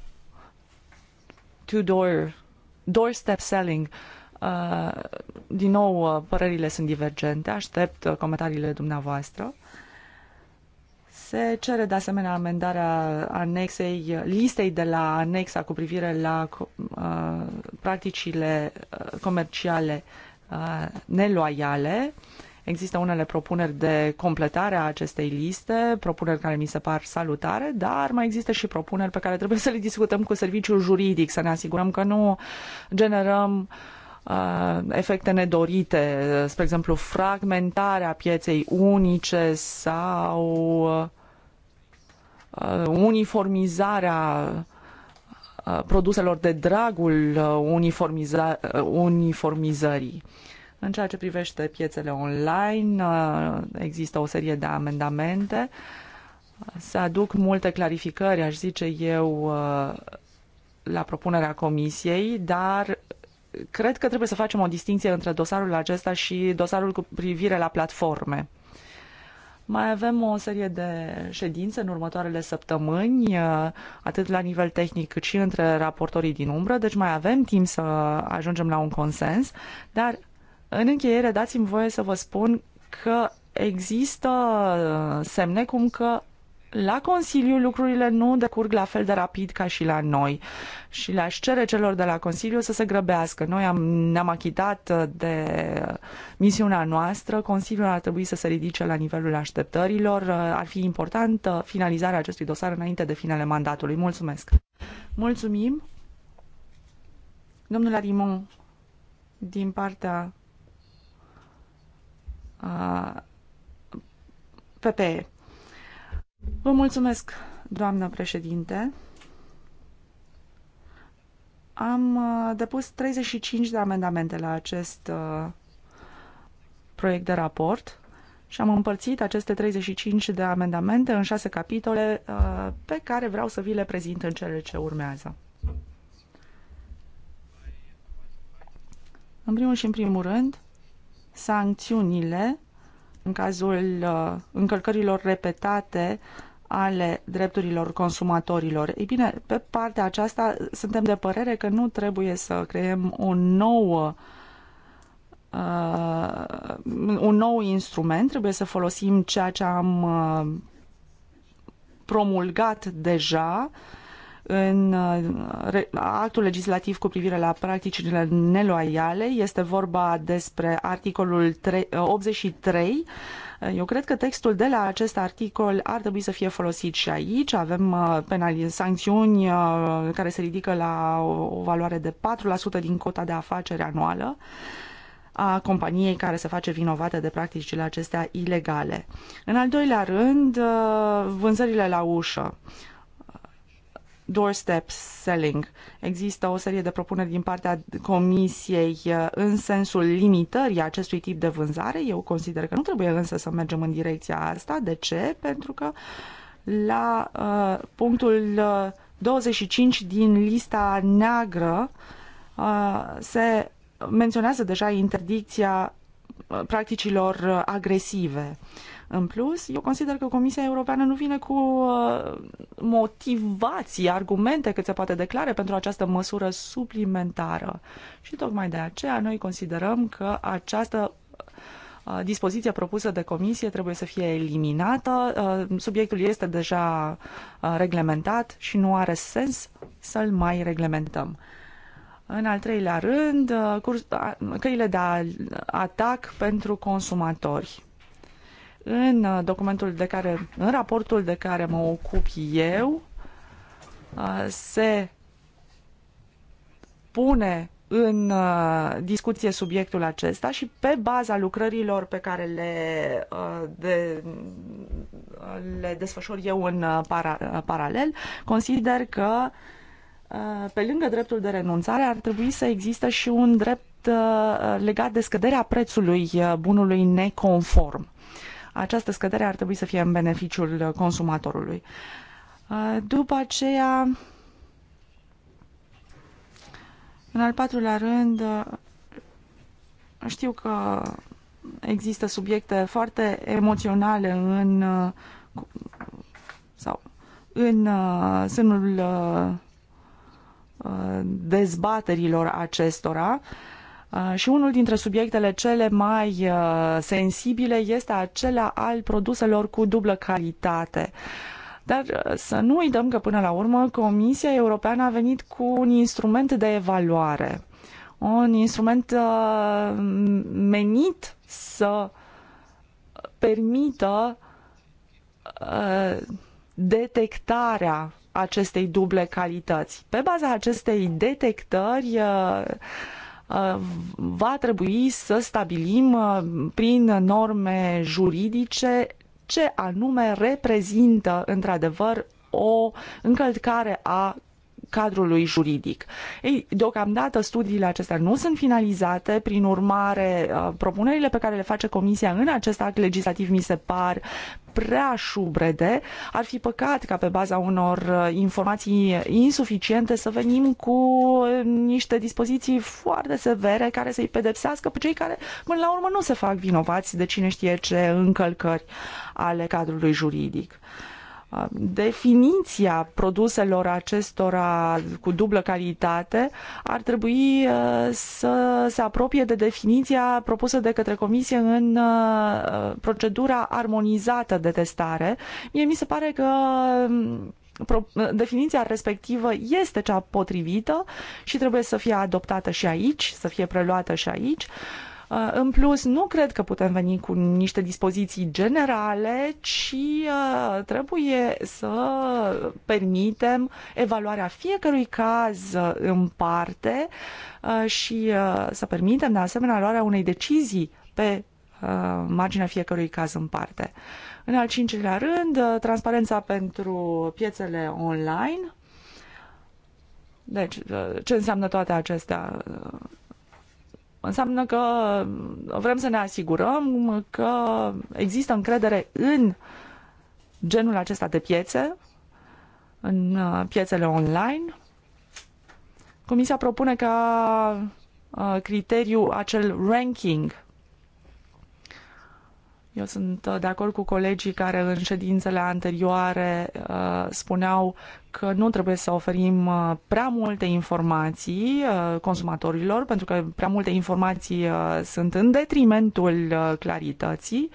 two-door, doorstep selling, uh, din nou uh, părerile sunt divergente, aștept comentariile dumneavoastră. Se cere de asemenea amendarea anexei, listei de la anexa cu privire la uh, practicile uh, comerciale uh, neloiale. Există unele propuneri de completare a acestei liste, propuneri care mi se par salutare, dar mai există și propuneri pe care trebuie să le discutăm cu serviciul juridic, să ne asigurăm că nu generăm uh, efecte nedorite, spre exemplu fragmentarea pieței unice sau uh, Uh, uniformizarea uh, produselor de dragul uh, uniformiza uniformizării. În ceea ce privește piețele online, există o serie de amendamente. Se aduc multe clarificări, aș zice eu, la propunerea comisiei, dar cred că trebuie să facem o distinție între dosarul acesta și dosarul cu privire la platforme. Mai avem o serie de ședințe în următoarele săptămâni, uh, atât la nivel tehnic cât și între raportorii din umbră, deci mai avem timp să ajungem la un consens, dar în încheiere dați-mi voie să vă spun că există uh, semne cum că la Consiliu lucrurile nu decurg la fel de rapid ca și la noi și le-aș cere celor de la Consiliu să se grăbească. Noi am, ne-am achitat uh, de misiunea noastră, Consiliul ar trebui să se ridice la nivelul așteptărilor, uh, ar fi importantă finalizarea acestui dosar înainte de finele mandatului. Mulțumesc! Mulțumim! Domnul Arimon, din partea a, uh, PPE. Vă mulțumesc, doamnă președinte. Am uh, depus 35 de amendamente la acest uh, proiect de raport și am împărțit aceste 35 de amendamente în șase capitole uh, pe care vreau să vi le prezint în cele ce urmează. În primul și în primul rând, sancțiunile în cazul uh, încălcărilor repetate ale drepturilor consumatorilor. Ei bine, pe partea aceasta suntem de părere că nu trebuie să creăm o nouă uh, un nou instrument, trebuie să folosim ceea ce am uh, promulgat deja uh, în uh, actul legislativ cu privire la practicile neloiale. Este vorba despre articolul 83. Uh, uh, eu cred că textul de la acest articol ar trebui să fie folosit și aici. Avem penali, sancțiuni care se ridică la o valoare de 4% din cota de afacere anuală a companiei care se face vinovată de practicile acestea ilegale. În al doilea rând, vânzările la ușă doorstep selling. Există o serie de propuneri din partea Comisiei uh, în sensul limitării acestui tip de vânzare. Eu consider că nu trebuie însă să mergem în direcția asta. De ce? Pentru că la uh, punctul uh, 25 din lista neagră uh, se menționează deja interdicția uh, practicilor uh, agresive. Uh, în plus, eu consider că Comisia Europeană nu vine cu uh, motivații, argumente cât se poate declare pentru această măsură suplimentară. Și tocmai de aceea noi considerăm că această uh, dispoziția propusă de comisie trebuie să fie eliminată. Uh, subiectul este deja reglementat și nu are sens să-l mai reglementăm. În al treilea rând, căile de atac pentru consumatori. În uh, documentul de care, în raportul de care mă ocup eu, uh, se pune în uh, discuție subiectul acesta și pe baza lucrărilor pe care le, de, le desfășor eu în para, paralel, consider că pe lângă dreptul de renunțare ar trebui să existe și un drept legat de scăderea prețului bunului neconform această scădere ar trebui să fie în beneficiul consumatorului. Uh, după aceea, în al patrulea rând, uh, știu că există subiecte foarte emoționale în uh, sau în sânul dezbaterilor acestora. Și unul dintre subiectele cele mai sensibile este acela al produselor cu dublă calitate. Dar să nu uităm că până la urmă Comisia Europeană a venit cu un instrument de evaluare, un instrument menit să permită detectarea acestei duble calități. Pe baza acestei detectări Uh, va trebui să stabilim uh, prin norme juridice ce anume reprezintă într-adevăr o încălcare a cadrului juridic. Ei, deocamdată studiile acestea nu sunt finalizate, prin urmare uh, propunerile pe care le face Comisia în acest act legislativ mi se par prea șubrede. Ar fi păcat ca pe baza unor uh, informații insuficiente să venim cu niște dispoziții foarte severe care să-i pedepsească pe cei care până la urmă nu se fac vinovați de cine știe ce încălcări ale cadrului juridic definiția produselor acestora cu dublă calitate ar trebui să se apropie de definiția propusă de către Comisie în procedura armonizată de testare. Mie mi se pare că definiția respectivă este cea potrivită și trebuie să fie adoptată și aici, să fie preluată și aici. Uh, în plus, nu cred că putem veni cu niște dispoziții generale, ci uh, trebuie să permitem evaluarea fiecărui caz în parte uh, și să permitem, de asemenea, luarea unei decizii pe marginea fiecărui caz în parte. În al cincilea rând, transparența pentru piețele online. Deci, ce înseamnă toate acestea? Înseamnă că vrem să ne asigurăm că există încredere în genul acesta de piețe, în uh, piețele online. Comisia propune ca uh, criteriu acel ranking eu sunt uh, de acord cu colegii care în ședințele anterioare uh, spuneau că nu trebuie să oferim uh, prea multe informații consumatorilor, pentru că prea multe informații sunt în detrimentul clarității.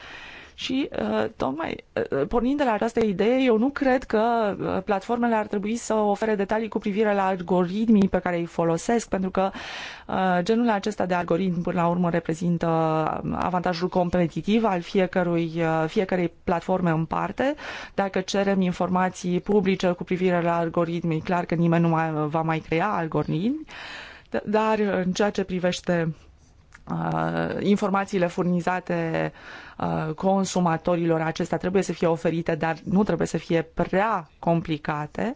Și uh, tocmai uh, pornind de la această idee, eu nu cred că uh, platformele ar trebui să ofere detalii cu privire la algoritmii pe care îi folosesc, pentru că genul acesta de algoritm până la urmă reprezintă avantajul competitiv al fiecărui, fiecarei platforme în parte. Dacă cerem informații publice cu privire la algoritmii, clar că nimeni nu mai va mai crea algoritmi, dar în ceea ce privește informațiile furnizate uh, Uh, consumatorilor acestea trebuie să fie oferite, dar nu trebuie să fie prea complicate.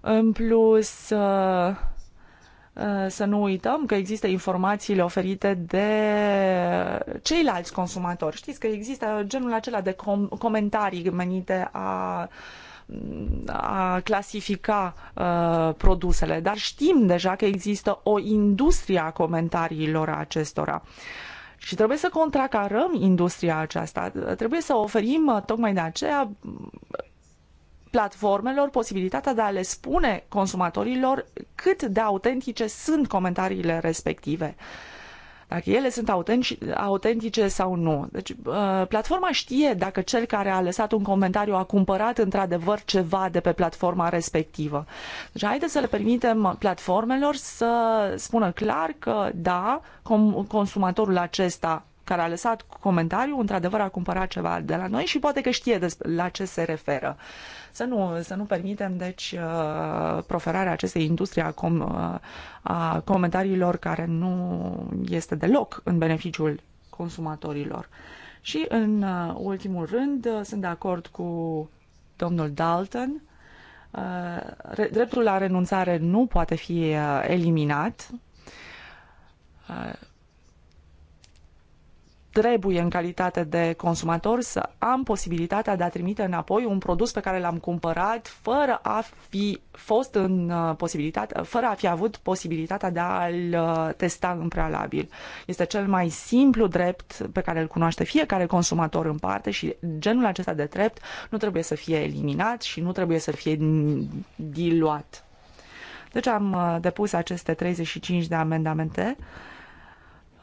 În plus, uh, uh, să nu uităm că există informațiile oferite de ceilalți consumatori. Știți că există genul acela de com- comentarii menite a a clasifica uh, produsele, dar știm deja că există o industrie a comentariilor acestora. Uh, și trebuie să contracarăm industria aceasta. Trebuie să oferim uh, tocmai de aceea platformelor posibilitatea de a le spune consumatorilor cât de autentice sunt comentariile respective. Uh, dacă ele sunt autentice sau nu. Deci, uh, platforma știe dacă cel care a lăsat un comentariu a cumpărat într-adevăr ceva de pe platforma respectivă. Deci, haideți să le permitem platformelor să spună clar că, da, consumatorul acesta care a lăsat comentariu, într-adevăr a cumpărat ceva de la noi și poate că știe la ce se referă. Uh, să nu, să nu permitem, deci, uh, proferarea acestei industrie a, com, uh, a comentariilor care nu este deloc în beneficiul consumatorilor. Și, în uh, ultimul rând, sunt de acord cu domnul Dalton. Dreptul la renunțare nu poate fi eliminat trebuie în calitate de consumator să am posibilitatea de a trimite înapoi un produs pe care l-am cumpărat fără a fi fost în uh, posibilitate, fără a fi avut posibilitatea de a-l uh, testa în prealabil. Este cel mai simplu drept pe care îl cunoaște fiecare consumator în parte și genul acesta de drept nu trebuie să fie eliminat și nu trebuie să fie diluat. Deci am uh, depus aceste 35 de amendamente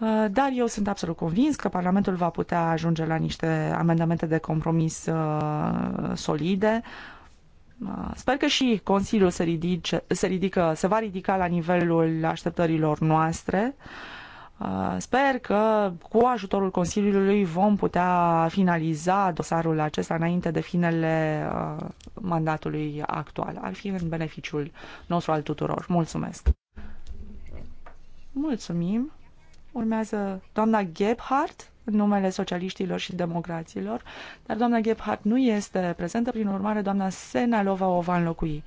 Uh, dar eu sunt absolut convins că Parlamentul va putea ajunge la niște amendamente de compromis uh, solide. Uh, sper că și Consiliul se, ridice, se, ridică, se va ridica la nivelul așteptărilor noastre. Sper că cu ajutorul Consiliului vom putea finaliza dosarul acesta înainte de finele mandatului actual. Ar fi în beneficiul nostru al tuturor. Mulțumesc! Mulțumim! Urmează doamna Gebhardt, în numele socialiștilor și democraților, dar doamna Gebhardt nu este prezentă, prin urmare doamna Senalova o va înlocui.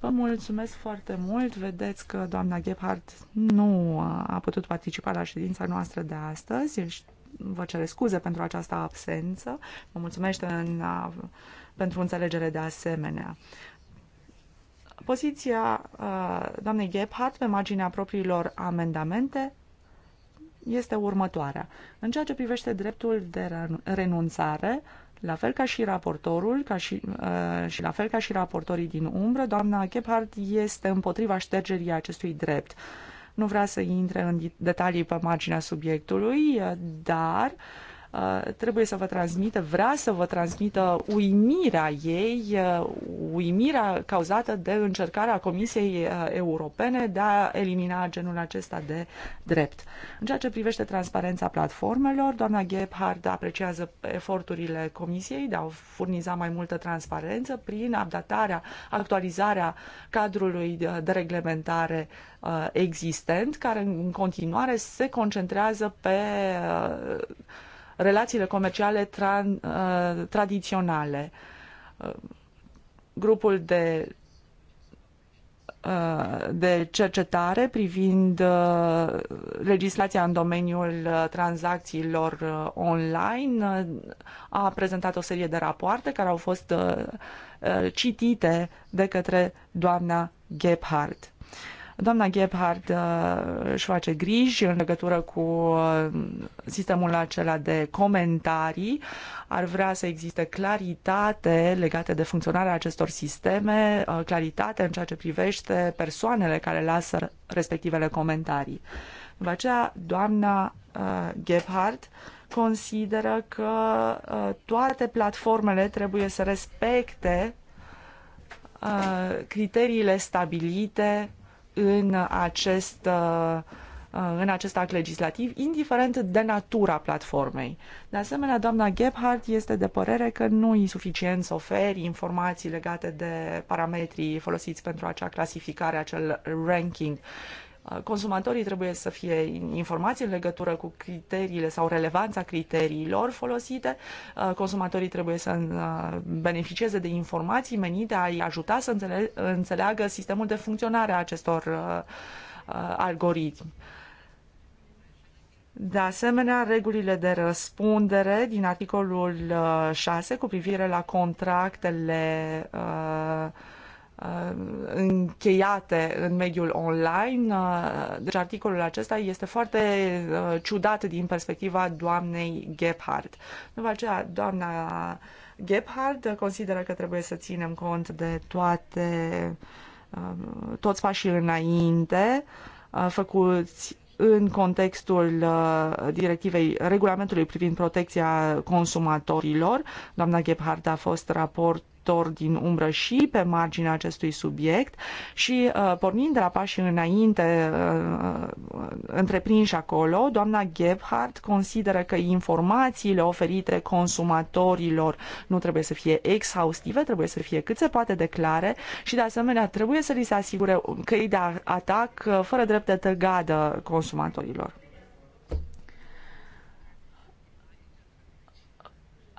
Vă mulțumesc foarte mult. Vedeți că doamna Gebhardt nu a putut participa la ședința noastră de astăzi. Vă cere scuze pentru această absență. Vă mulțumesc în, pentru înțelegere de asemenea. Poziția uh, doamnei Gebhardt pe marginea propriilor amendamente este următoarea. În ceea ce privește dreptul de renunțare, la fel ca și raportorul, ca și, uh, și la fel ca și raportorii din umbră, doamna Gebhardt este împotriva ștergerii acestui drept. Nu vrea să intre în detalii pe marginea subiectului, uh, dar uh, Uh, trebuie să vă transmită, vrea să vă transmită uimirea ei, uh, uimirea cauzată de încercarea Comisiei uh, Europene de a elimina genul acesta de drept. În ceea ce privește transparența platformelor, doamna Gebhard apreciază eforturile Comisiei de a furniza mai multă transparență prin updatarea, actualizarea cadrului de reglementare existent, care în continuare se concentrează pe relațiile comerciale tra- uh, tradiționale. Grupul de uh, de cercetare privind uh, legislația în domeniul tranzacțiilor online. A prezentat o serie de rapoarte care au fost citite de către doamna Gebhardt. Doamna Gebhardt uh, își face griji în legătură cu uh, sistemul acela de comentarii. Ar vrea să existe claritate legată de funcționarea acestor sisteme, uh, claritate în ceea ce privește persoanele care lasă respectivele comentarii. După aceea, doamna uh, Gebhardt consideră că uh, toate platformele trebuie să respecte uh, criteriile stabilite în acest uh, în acest act legislativ, indiferent de natura platformei. De asemenea, doamna Gebhardt este de părere că nu e suficient să oferi informații legate de parametrii folosiți pentru acea clasificare, acel ranking consumatorii trebuie să fie informați în legătură cu criteriile sau relevanța criteriilor folosite, uh, consumatorii trebuie să uh, beneficieze de informații menite a-i ajuta să înțeleagă sistemul de funcționare a acestor uh, algoritmi. De asemenea, regulile de răspundere din articolul 6 cu privire la contractele uh, Uh, încheiate în mediul online. Uh, deci articolul acesta este foarte uh, ciudat din perspectiva doamnei Gebhardt. După aceea, doamna Gebhardt consideră că trebuie să ținem cont de toate, toți pașii înainte făcuți în contextul directivei regulamentului privind protecția consumatorilor. Doamna Gebhardt a fost raport raportor din umbră și pe marginea acestui subiect și uh, pornind de la pașii înainte uh, uh, întreprinși acolo, doamna Gebhardt consideră că informațiile oferite consumatorilor nu trebuie să fie exhaustive, trebuie să fie cât se poate de clare și de asemenea trebuie să li se asigure căi de atac fără drept de tăgadă consumatorilor.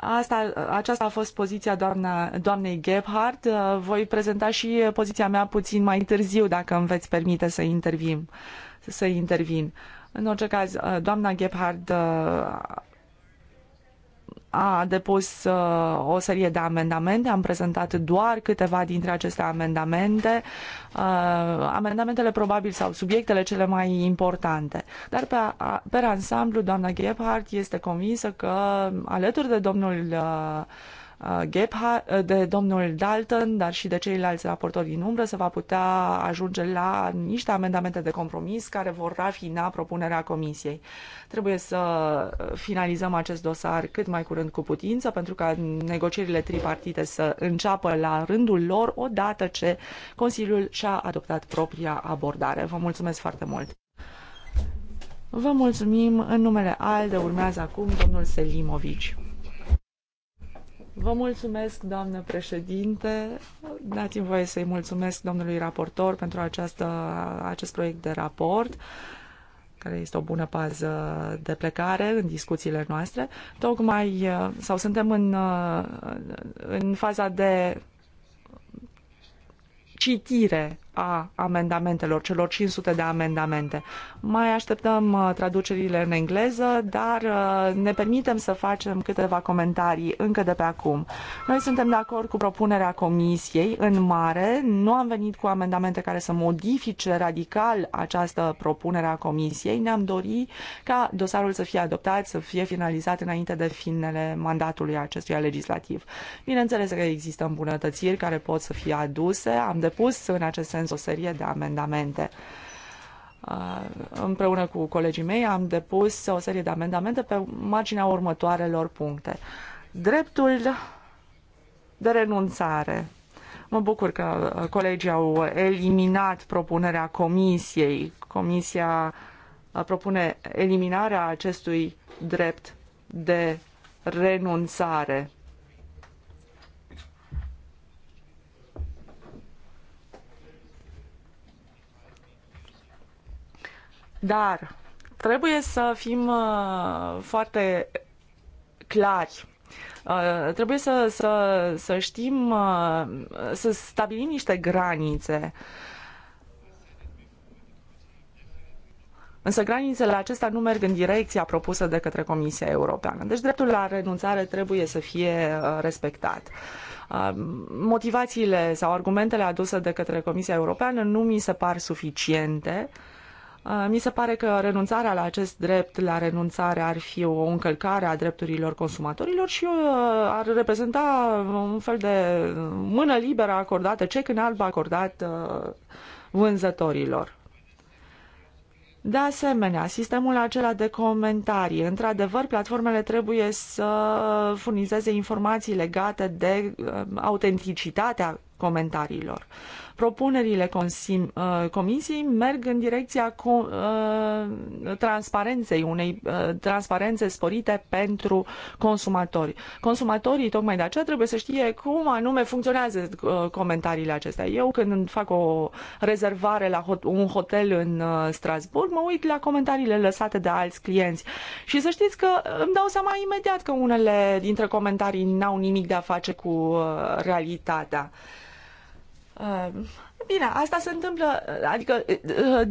Asta, aceasta a fost poziția doamna, doamnei Gebhardt. Uh, voi prezenta și poziția mea puțin mai târziu, dacă îmi veți permite să intervin. Să intervin. În orice caz, uh, doamna Gebhardt uh, a depus uh, o serie de amendamente, am prezentat doar câteva dintre aceste amendamente, uh, amendamentele probabil sau subiectele cele mai importante. Dar pe, pe ansamblu, doamna Gebhardt este convinsă că alături de domnul uh, Uh, Gebhard, uh, de domnul Dalton, dar și de ceilalți raportori din umbră, se va putea ajunge la niște amendamente de compromis care vor rafina propunerea comisiei. Trebuie să finalizăm acest dosar cât mai curând cu putință, pentru ca negocierile tripartite să înceapă la rândul lor odată ce Consiliul și-a adoptat propria abordare. Vă mulțumesc foarte mult! Vă mulțumim. În numele ALDE urmează acum domnul Selimovici. Vă mulțumesc, doamnă președinte. Dați-mi voie să-i mulțumesc domnului raportor pentru această, acest proiect de raport care este o bună bază de plecare în discuțiile noastre. Tocmai, sau suntem în, în faza de citire a amendamentelor, celor 500 de amendamente. Mai așteptăm uh, traducerile în engleză, dar uh, ne permitem să facem câteva comentarii încă de pe acum. Noi suntem de acord cu propunerea Comisiei în mare. Nu am venit cu amendamente care să modifice radical această propunere a Comisiei. Ne-am dorit ca dosarul să fie adoptat, să fie finalizat înainte de finele mandatului acestuia legislativ. Bineînțeles că există îmbunătățiri care pot să fie aduse. Am depus în acest sens o serie de amendamente. Uh, împreună cu colegii mei am depus o serie de amendamente pe marginea următoarelor puncte. Dreptul de renunțare. Mă bucur că uh, colegii au eliminat propunerea comisiei. Comisia uh, propune eliminarea acestui drept de renunțare. Dar trebuie să fim uh, foarte clari. Uh, trebuie să, să, să știm, uh, să stabilim niște granițe. Însă granițele acestea nu merg în direcția propusă de către Comisia Europeană. Deci dreptul la renunțare trebuie să fie respectat. Motivațiile sau argumentele aduse de către Comisia Europeană nu mi se par suficiente uh, Uh, mi se pare că renunțarea la acest drept, la renunțare, ar fi o încălcare a drepturilor consumatorilor și uh, ar reprezenta un fel de mână liberă acordată, cec în alb acordat uh, vânzătorilor. De asemenea, sistemul acela de comentarii. Într-adevăr, platformele trebuie să furnizeze informații legate de autenticitatea comentariilor. Propunerile uh, Comisiei merg în direcția uh, transparenței, unei uh, transparențe sporite pentru consumatori. Consumatorii, tocmai de aceea, trebuie să știe cum anume funcționează comentariile acestea. Eu, când fac o rezervare la un hotel în Strasbourg, mă uit la comentariile lăsate de alți clienți și să știți că îmi dau seama imediat că unele dintre comentarii n-au nimic de a face cu realitatea. Ehm, bine, asta se întâmplă, adică eh, eh,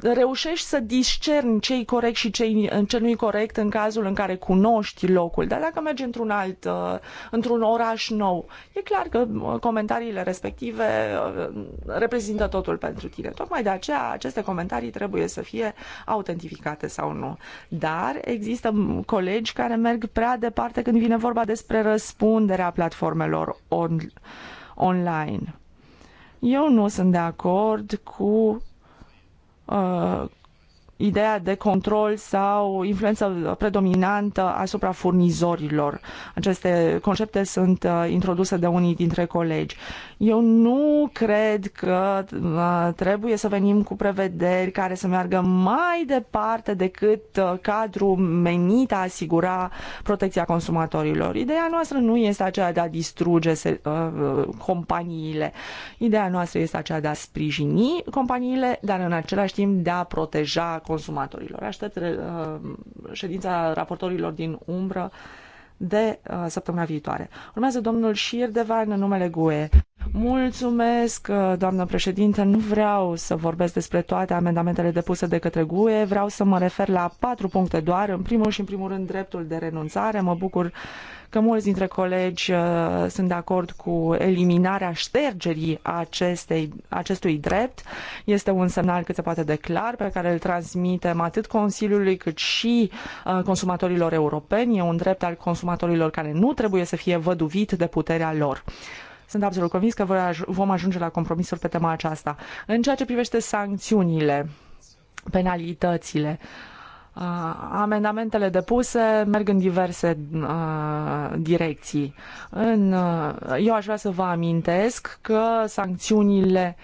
reușești să discerni ce e corect și ce, ce nu-i corect în cazul în care cunoști locul, dar dacă mergi într-un alt, eh, într-un oraș nou, e clar că comentariile respective reprezintă totul pentru tine. Tocmai de aceea aceste comentarii trebuie să fie autentificate sau nu. Dar există colegi care merg prea departe când vine vorba despre răspunderea platformelor online online. Eu nu sunt de acord cu uh, ideea de control sau influență predominantă asupra furnizorilor. Aceste concepte sunt uh, introduse de unii dintre colegi. Eu nu cred că uh, trebuie să venim cu prevederi care să meargă mai departe decât uh, cadrul menit a asigura protecția consumatorilor. Ideea noastră nu este aceea de a distruge uh, companiile. Ideea noastră este aceea de a sprijini companiile, dar în același timp de a proteja consumatorilor. Aștept ședința raportorilor din umbră de săptămâna viitoare. Urmează domnul de Șirdevan în numele GUE. Mulțumesc, uh, doamnă președinte. Nu vreau să vorbesc despre toate amendamentele depuse de către GUE. Vreau să mă refer la patru puncte doar. În primul și în primul rând, dreptul de renunțare. Mă bucur că mulți dintre colegi uh, sunt de acord cu eliminarea ștergerii acestei, acestui drept. Este un semnal cât se poate de clar pe care îl transmitem atât Consiliului cât și uh, consumatorilor europeni. E un drept al consumatorilor care nu trebuie să fie văduvit de puterea lor. Sunt absolut convins că vom ajunge la compromisuri pe tema aceasta. În ceea ce privește sancțiunile, penalitățile, uh, amendamentele depuse merg în diverse uh, direcții. Uh, eu aș vrea să vă amintesc că sancțiunile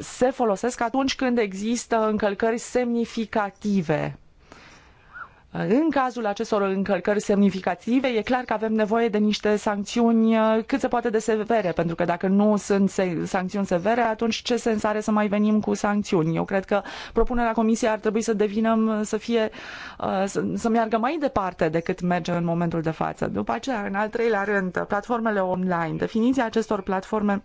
se folosesc atunci când există încălcări semnificative în cazul acestor încălcări semnificative, e clar că avem nevoie de niște sancțiuni uh, cât se poate de severe, pentru că dacă nu sunt se- sancțiuni severe, atunci ce sens are să mai venim cu sancțiuni? Eu cred că propunerea Comisiei ar trebui să devină, uh, să fie, uh, să, să meargă mai departe decât merge în momentul de față. După aceea, în al treilea rând, platformele online, definiția acestor platforme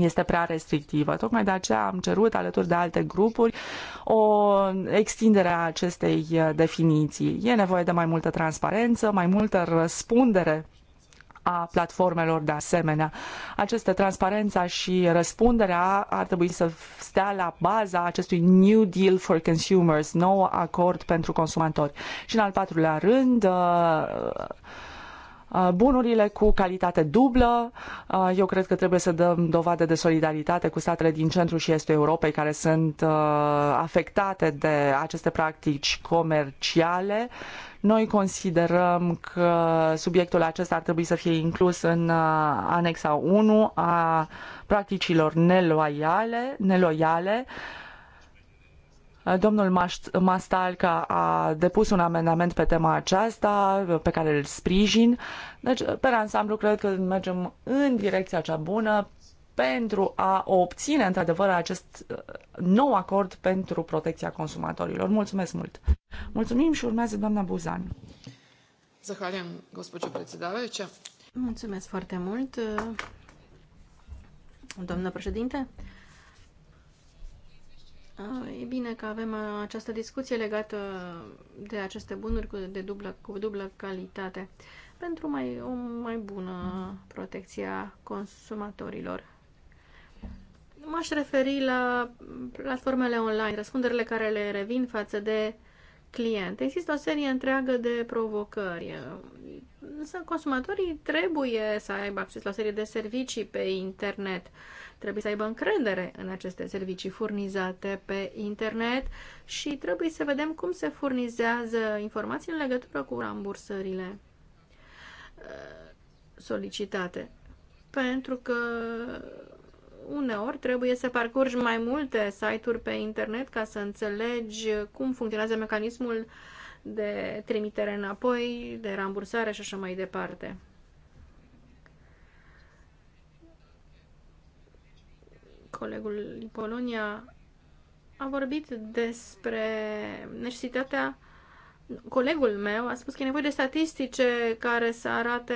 este prea restrictivă. Tocmai de aceea am cerut, alături de alte grupuri, o extindere a acestei uh, definiții. E nevoie de mai multă transparență, mai multă răspundere a platformelor de asemenea. Aceste transparența și răspunderea ar trebui să stea la baza acestui New Deal for Consumers, nou acord pentru consumatori. Și în al patrulea rând, uh, Uh, bunurile cu calitate dublă. Uh, eu cred că trebuie să dăm dovadă de solidaritate cu statele din centrul și estul Europei care sunt uh, afectate de aceste practici comerciale. Noi considerăm că subiectul acesta ar trebui să fie inclus în anexa 1 a practicilor neloiale, neloiale Domnul Mastalca a depus un amendament pe tema aceasta, pe care îl sprijin. Deci, pe ansamblu, cred că mergem în direcția cea bună pentru a obține, într-adevăr, acest uh, nou acord pentru protecția consumatorilor. Mulțumesc mult! Mulțumim și urmează doamna Buzan. Zahvaljujem, gospođo predsjedavajuća. Mulțumesc foarte mult, uh, doamnă președinte. Ah, e bine că avem ah, această discuție legată de aceste bunuri de dublă, cu dublă calitate pentru mai, o mai bună protecție a consumatorilor. M-aș referi la platformele online, răspunderile care le revin față de client. Există o serie întreagă de provocări. Însă consumatorii trebuie să aibă acces la o serie de servicii pe internet trebuie să aibă încredere în aceste servicii furnizate pe internet și trebuie să vedem cum se furnizează informații în legătură cu rambursările uh, solicitate. Pentru că uneori trebuie să parcurgi mai multe site-uri pe internet ca să înțelegi cum funcționează mecanismul de trimitere înapoi, de rambursare și așa mai departe. colegul din Polonia, a vorbit despre necesitatea colegul meu a spus că e nevoie de statistice care să arate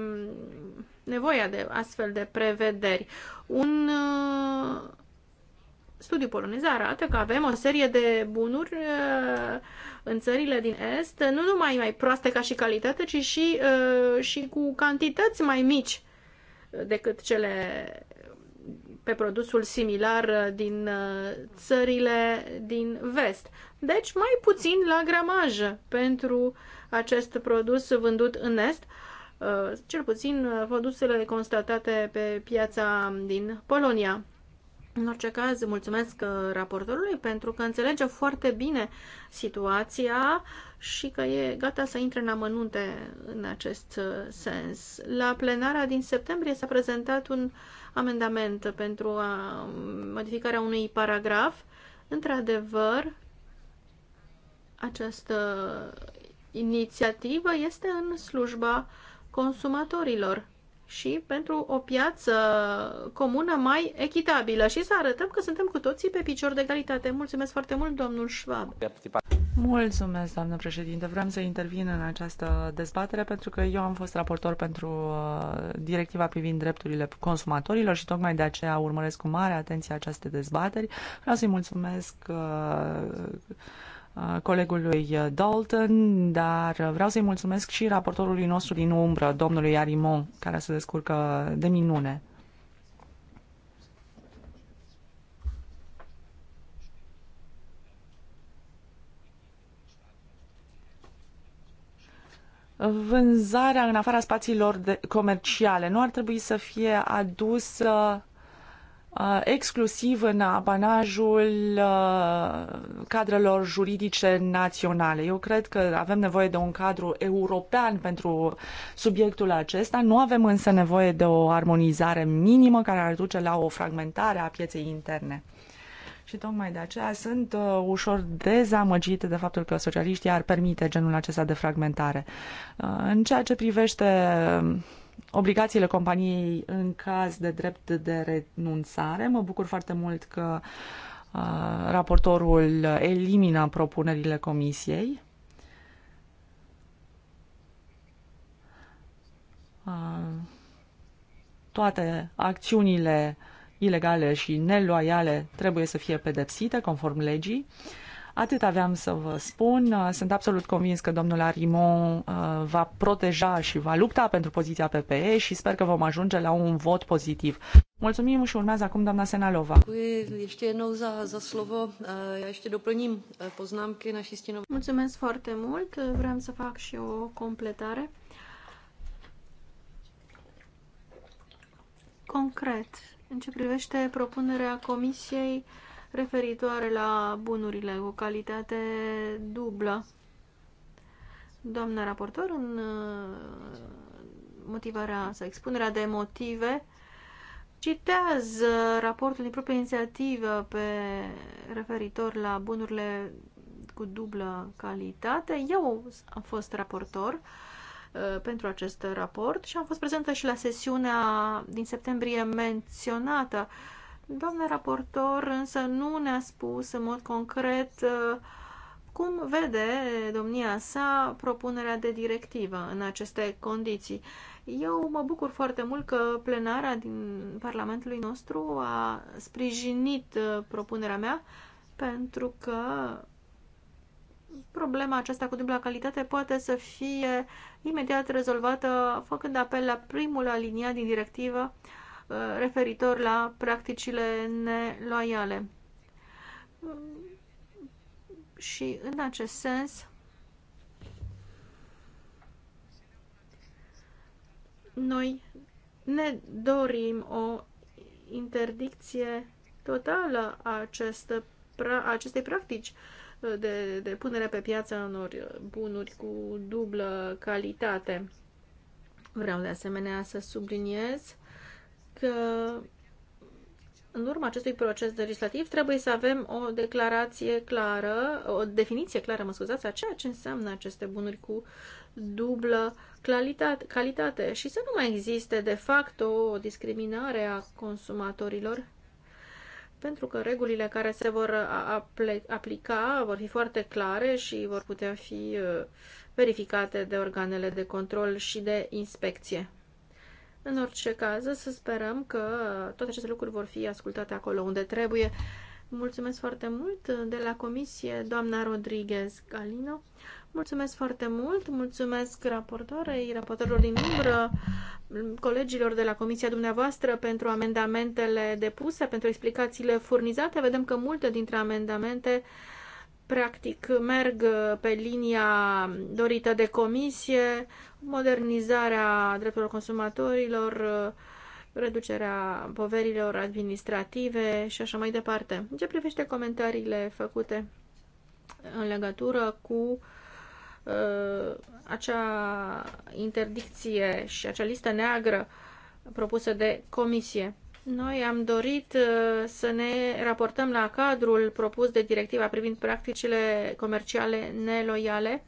mm, nevoia de astfel de prevederi. Un uh, studiu polonez arată că avem o serie de bunuri uh, în țările din Est, nu numai mai proaste ca și calitate, ci și, uh, și cu cantități mai mici decât cele pe produsul similar uh, din uh, țările din vest. Deci mai puțin la gramaj pentru acest produs vândut în est, uh, cel puțin produsele constatate pe piața din Polonia. În orice caz, mulțumesc raportorului pentru că înțelege foarte bine situația și că e gata să intre în amănunte în acest sens. La plenara din septembrie s-a prezentat un uh, amendament pentru a, modificarea unui paragraf. Într-adevăr, această inițiativă este în slujba consumatorilor și pentru o piață comună mai echitabilă și să arătăm că suntem cu toții pe picior de egalitate. Mulțumesc foarte mult, domnul Schwab. Mulțumesc, doamnă președinte. Vreau să intervin în această dezbatere pentru că eu am fost raportor pentru uh, directiva privind drepturile consumatorilor și tocmai de aceea urmăresc cu mare atenție aceste dezbateri. Vreau să-i mulțumesc uh, colegului uh, Dalton, dar uh, vreau să-i mulțumesc și raportorului nostru din umbră, domnului Arimon, care se descurcă de minune. Vânzarea în afara spațiilor de, comerciale nu ar trebui să fie adusă exclusiv în apanajul cadrelor juridice naționale. Eu cred că avem nevoie de un cadru european pentru subiectul acesta. Nu avem însă nevoie de o armonizare minimă care ar duce la o fragmentare a pieței interne. Și tocmai de aceea sunt ușor dezamăgită de faptul că socialiștii ar permite genul acesta de fragmentare. în ceea ce privește obligațiile companiei în caz de drept de renunțare. Mă bucur foarte mult că uh, raportorul elimina propunerile comisiei. Uh, toate acțiunile ilegale și neloiale trebuie să fie pedepsite conform legii. Uh, Atât aveam să vă spun. Sunt absolut convins că domnul Arimon uh, va proteja și va lupta pentru poziția PPE și sper că vom ajunge la un vot pozitiv. Mulțumim și urmează acum doamna Senalova. Eh, eh, Mulțumesc foarte mult. Vreau să fac și o completare. Concret, în ce privește propunerea Comisiei uh, referitoare la bunurile cu calitate dublă. Doamna raportor, în uh, motivarea sau expunerea de motive, citează raportul din proprie inițiativă pe referitor la bunurile cu dublă calitate. Eu am fost raportor uh, pentru acest raport și am fost prezentă și la sesiunea din septembrie menționată Domnul raportor însă nu ne-a spus în mod concret uh, cum vede domnia sa propunerea de directivă în aceste condiții. Eu mă bucur foarte mult că plenara din Parlamentului nostru a sprijinit uh, propunerea mea pentru că problema aceasta cu dubla calitate poate să fie imediat rezolvată făcând apel la primul aliniat din directivă uh, Uh, referitor la practicile neloiale. Mm, și în acest sens, noi ne dorim o interdicție totală a acestei practici uh, de, de punere pe piață a unor bunuri cu dublă calitate. Vreau de asemenea să subliniez în urma acestui proces legislativ trebuie să avem o declarație clară, o definiție clară, mă scuzați, a ceea ce înseamnă aceste bunuri cu dublă calitate, calitate și să nu mai existe de fapt o discriminare a consumatorilor pentru că regulile care se vor aplica vor fi foarte clare și vor putea fi uh, verificate de organele de control și de inspecție. În orice caz, să sperăm că toate aceste lucruri vor fi ascultate acolo unde trebuie. Mulțumesc foarte mult de la comisie, doamna Rodriguez Galino. Mulțumesc foarte mult, mulțumesc raportoarei, raportorilor din umbră, colegilor de la comisia dumneavoastră pentru amendamentele depuse, pentru explicațiile furnizate. Vedem că multe dintre amendamente uh, practic merg uh, pe linia dorită de comisie, modernizarea drepturilor consumatorilor, uh, reducerea poverilor administrative și așa mai departe. În ce privește comentariile făcute în legătură cu uh, acea interdicție și acea listă neagră propusă de comisie. Noi am dorit uh, să ne raportăm la cadrul propus de directiva privind practicile comerciale neloiale,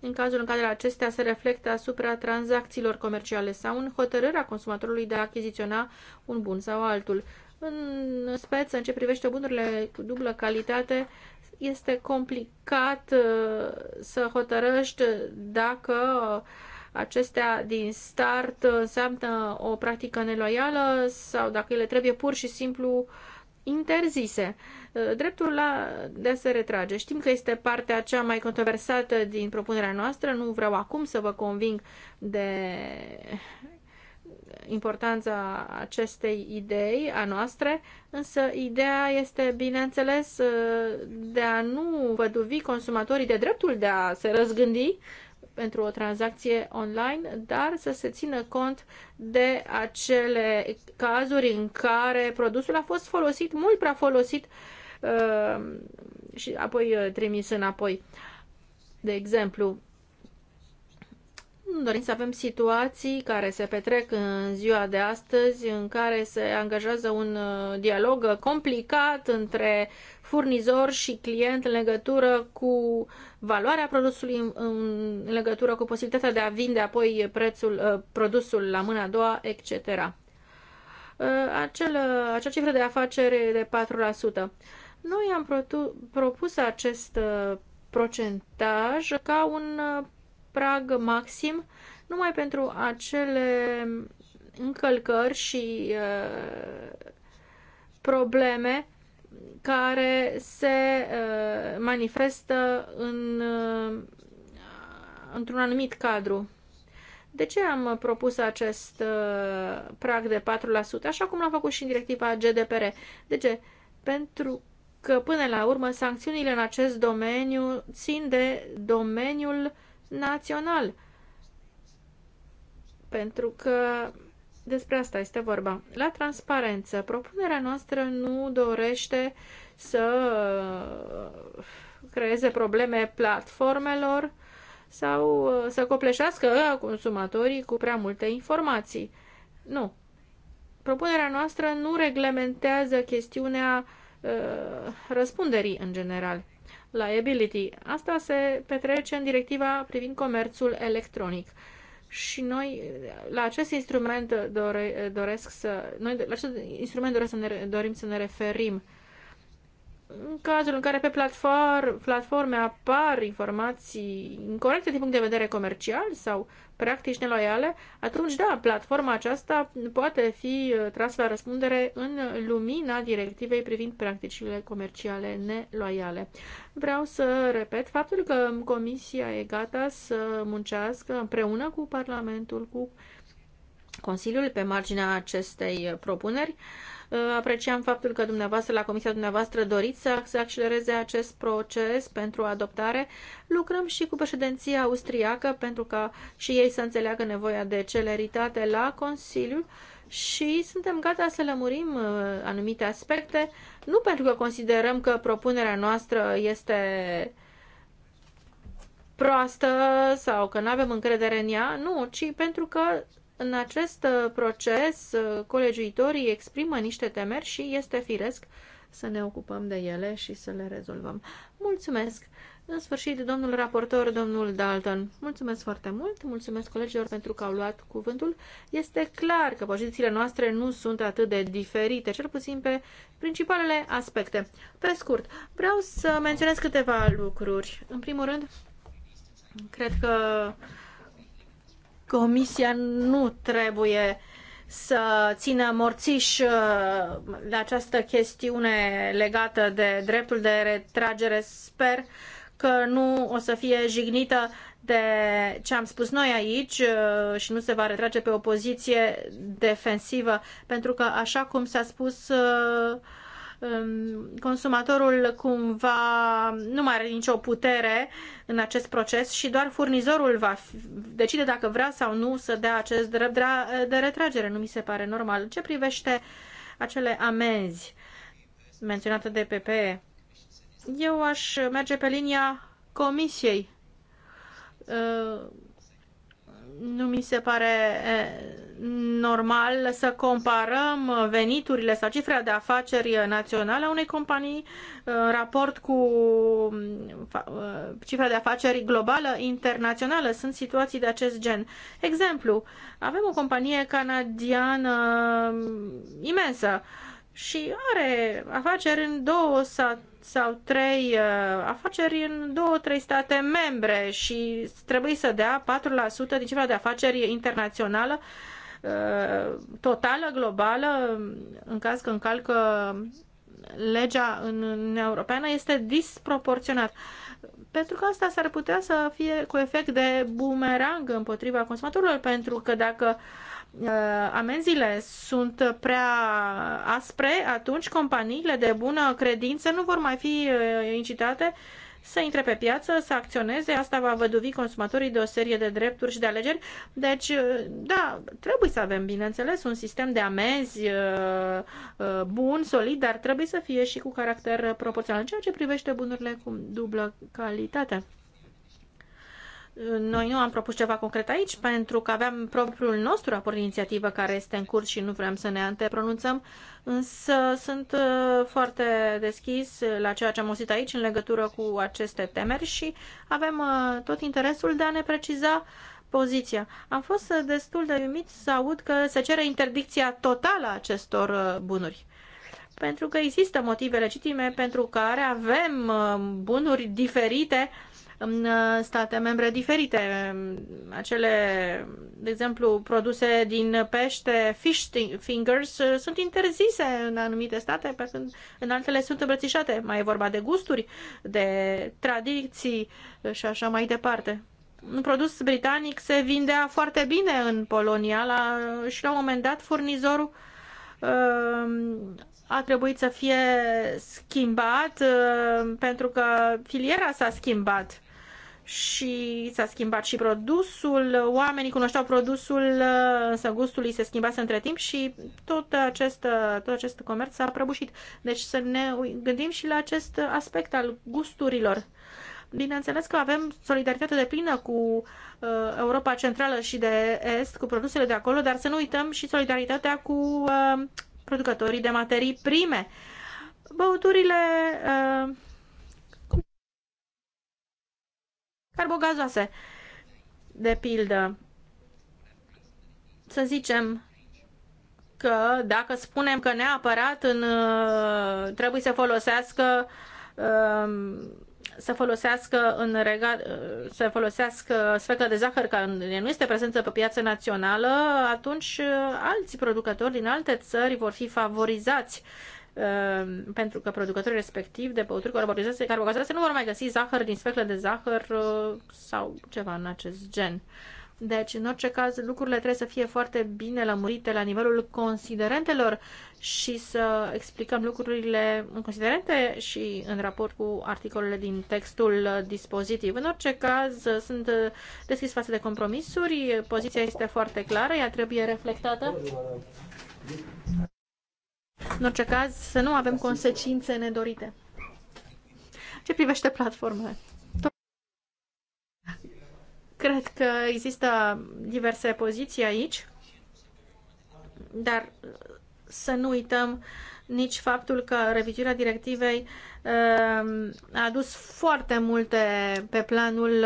în cazul în care acestea se reflectă asupra tranzacțiilor comerciale sau în hotărârea consumatorului de a achiziționa un bun sau altul. În speță, în ce privește bunurile cu dublă calitate, este complicat uh, să hotărăști dacă uh, acestea din start înseamnă o practică neloială sau dacă ele trebuie pur și simplu interzise. Dreptul la, de a se retrage. Știm că este partea cea mai controversată din propunerea noastră. Nu vreau acum să vă conving de importanța acestei idei a noastre, însă ideea este, bineînțeles, de a nu văduvi consumatorii de dreptul de a se răzgândi pentru o tranzacție online, dar să se țină cont de acele cazuri în care produsul a fost folosit, mult prea folosit uh, și apoi uh, trimis înapoi. De exemplu, dorim să avem situații care se petrec în ziua de astăzi, în care se angajează un uh, dialog complicat între furnizor și client în legătură cu valoarea produsului, în legătură cu posibilitatea de a vinde apoi prețul, uh, produsul la mâna a doua, etc. Uh, acel, uh, acea cifră de afacere de 4%. Noi am protu, propus acest procentaj ca un prag maxim numai pentru acele încălcări și probleme care se uh, manifestă în, uh, într-un anumit cadru. De ce am propus acest uh, prag de 4%, așa cum l-am făcut și în directiva GDPR? De ce? Pentru că, până la urmă, sancțiunile în acest domeniu țin de domeniul național. Pentru că despre asta este vorba. La transparență, propunerea noastră nu dorește să creeze probleme platformelor sau să copleșească consumatorii cu prea multe informații. Nu. Propunerea noastră nu reglementează chestiunea ă, răspunderii în general. Liability. Asta se petrece în directiva privind comerțul electronic și noi la acest instrument dore, doresc să noi la acest instrument doresc să ne, dorim să ne referim în cazul în care pe platform, platforme apar informații incorrecte din punct de vedere comercial sau practici neloiale, atunci da, platforma aceasta poate fi uh, trasă la răspundere în lumina directivei privind practicile comerciale neloiale. Vreau să repet faptul că Comisia e gata să muncească împreună cu Parlamentul, cu Consiliul pe marginea acestei propuneri. Uh, apreciam faptul că dumneavoastră, la comisia dumneavoastră, doriți să se accelereze acest proces pentru adoptare. Lucrăm și cu președinția austriacă pentru ca și ei să înțeleagă nevoia de celeritate la Consiliu și suntem gata să lămurim uh, anumite aspecte, nu pentru că considerăm că propunerea noastră este proastă sau că nu avem încredere în ea, nu, ci pentru că în acest uh, proces, uh, colegiuitorii exprimă niște temeri și este firesc să ne ocupăm de ele și să le rezolvăm. Mulțumesc! În sfârșit, domnul raportor, domnul Dalton, mulțumesc foarte mult, mulțumesc colegilor pentru că au luat cuvântul. Este clar că pozițiile noastre nu sunt atât de diferite, cel puțin pe principalele aspecte. Pe scurt, vreau să menționez câteva lucruri. În primul rând, cred că uh, Comisia nu trebuie să țină morțiș la uh, această chestiune legată de dreptul de retragere. Sper că nu o să fie jignită de ce am spus noi aici uh, și nu se va retrage pe o poziție defensivă, pentru că, așa cum s-a spus, uh, Ehm, consumatorul cumva nu mai are nicio putere în acest proces și doar furnizorul va decide dacă vrea sau nu să dea acest drept de retragere. Nu mi se pare normal. Ce privește acele amenzi menționate de PPE, eu aș merge pe linia comisiei ehm, nu mi se pare normal să comparăm veniturile sau cifra de afaceri națională a unei companii în raport cu cifra de afaceri globală, internațională. Sunt situații de acest gen. Exemplu, avem o companie canadiană imensă și are afaceri în două sau, sau trei uh, afaceri în două, trei state membre și trebuie să dea 4% din cifra de afaceri internațională uh, totală, globală, în caz că încalcă legea în Uniunea Europeană, este disproporționat. Pentru că asta s-ar putea să fie cu efect de bumerang împotriva consumatorilor, pentru că dacă uh, Uh, amenziile sunt prea aspre, atunci companiile de bună credință nu vor mai fi uh, incitate să intre pe piață, să acționeze, asta va văduvi consumatorii de o serie de drepturi și de alegeri. Deci, uh, da, trebuie să avem, bineînțeles, un sistem de amenzi bun, solid, dar trebuie să fie și cu caracter proporțional, ceea ce privește bunurile cu dublă calitate. Noi nu am propus ceva concret aici pentru că aveam propriul nostru raport de inițiativă care este în curs și nu vrem să ne antepronunțăm, însă sunt uh, foarte deschis la ceea ce am auzit aici în legătură cu aceste temeri și avem uh, tot interesul de a ne preciza poziția. Am fost uh, destul de uimit să aud că se cere interdicția totală a acestor bunuri pentru că există motive legitime pentru care avem bunuri diferite uh, în uh, state membre diferite. Um, acele, de exemplu, produse din pește, fish fingers, uh, sunt interzise în anumite state, pe când în altele sunt îmbrățișate. Mai e vorba de gusturi, de tradiții uh, și așa mai departe. Un produs britanic se vindea foarte bine în Polonia la, și la un moment dat furnizorul um, a trebuit să fie schimbat pentru că filiera s-a schimbat și s-a schimbat și produsul, oamenii cunoșteau produsul, însă gustul îi se schimbase între timp și tot acest, tot acest comerț s-a prăbușit. Deci să ne gândim și la acest aspect al gusturilor. Bineînțeles că avem solidaritate de plină cu uh, Europa Centrală și de Est, cu produsele de acolo, dar să nu uităm și solidaritatea cu uh, producătorii de materii prime. Băuturile uh, carbogazoase, de pildă. Să zicem că dacă spunem că neapărat în, uh, trebuie să folosească um, să folosească în rega, uh, să folosească sfeclă de zahăr care nu este prezentă pe piața națională, atunci uh, alți producători din alte țări vor fi favorizați Ehm, pentru că producătorii respectivi de băuturi carbogazoase, nu vor mai găsi zahăr din sfeclă de zahăr uh, sau ceva în acest gen. Deci, în orice caz, lucrurile trebuie să fie foarte bine lămurite la nivelul considerentelor și să explicăm lucrurile în considerente și în raport cu articolele din textul dispozitiv. În orice caz, sunt deschis față de compromisuri, poziția este foarte clară, ea trebuie reflectată. În orice caz, să nu avem consecințe nedorite. Ce privește platformele? Cred că există diverse poziții aici, dar să nu uităm nici faptul că revizuirea directivei ehm, a adus foarte multe pe planul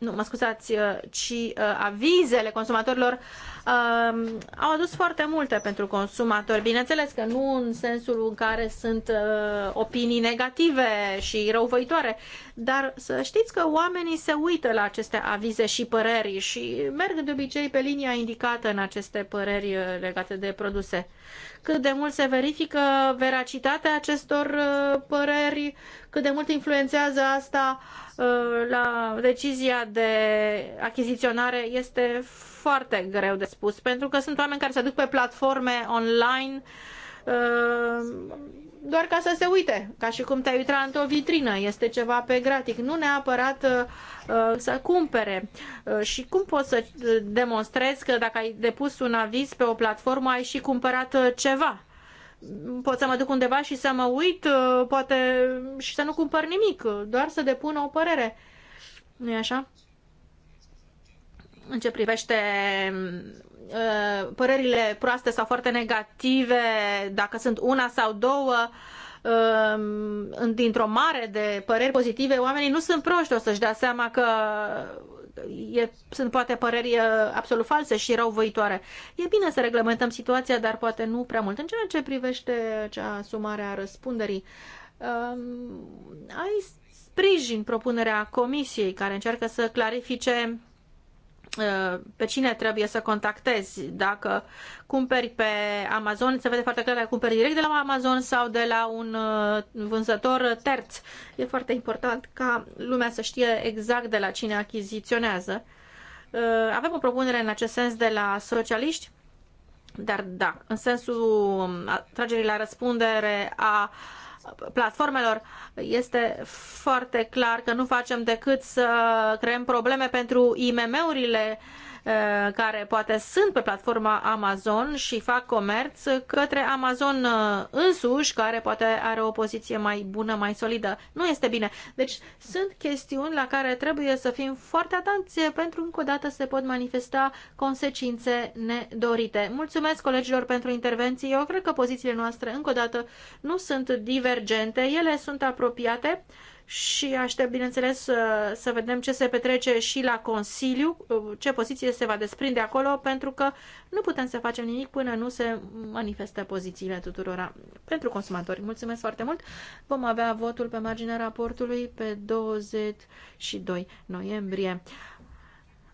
nu, mă scuzați, uh, ci uh, avizele consumatorilor uh, au adus foarte multe pentru consumatori. Bineînțeles că nu în sensul în care sunt uh, opinii negative și răuvoitoare, dar să știți că oamenii se uită la aceste avize și păreri și merg de obicei pe linia indicată în aceste păreri legate de produse cât de mult se verifică veracitatea acestor uh, păreri, cât de mult influențează asta uh, la decizia de achiziționare este foarte greu de spus, pentru că sunt oameni care se duc pe platforme online uh, doar ca să se uite, ca și cum te-ai uita într-o vitrină, este ceva pe gratic, nu neapărat uh, uh să cumpere. Uh, și cum poți să uh, demonstrezi că dacă ai depus un aviz pe o platformă, ai și cumpărat uh, ceva? Pot să mă duc undeva și să mă uit, uh, poate și să nu cumpăr nimic, doar să depun o părere. nu e așa? în ce privește uh, părerile proaste sau foarte negative, dacă sunt una sau două, um, dintr-o mare de păreri pozitive, oamenii nu sunt proști, o să-și dea seama că e, sunt poate păreri uh, absolut false și răuvoitoare. E bine să reglementăm situația, dar poate nu prea mult. În ceea ce privește cea sumare a răspunderii, um, ai sprijin propunerea comisiei care încearcă să clarifice Uh, pe cine trebuie să contactezi. Dacă cumperi pe Amazon, se vede foarte clar că cumperi direct de la Amazon sau de la un uh, vânzător terț. E foarte important ca lumea să știe exact de la cine achiziționează. Uh, avem o propunere în acest sens de la socialiști, dar da, în sensul um, tragerii la răspundere a platformelor, este foarte clar că nu facem decât să creăm probleme pentru IMM-urile Uh, care poate sunt pe platforma Amazon și fac comerț către Amazon uh, însuși, care poate are o poziție mai bună, mai solidă. Nu este bine. Deci sunt chestiuni la care trebuie să fim foarte atenți pentru încă o dată se pot manifesta consecințe nedorite. Mulțumesc colegilor pentru intervenții. Eu cred că pozițiile noastre încă o dată nu sunt divergente, ele sunt apropiate și aștept, bineînțeles, să, să vedem ce se petrece și la Consiliu, ce poziție se va desprinde acolo, pentru că nu putem să facem nimic până nu se manifestă pozițiile tuturora pentru consumatori. Mulțumesc foarte mult! Vom avea votul pe marginea raportului pe 22 noiembrie.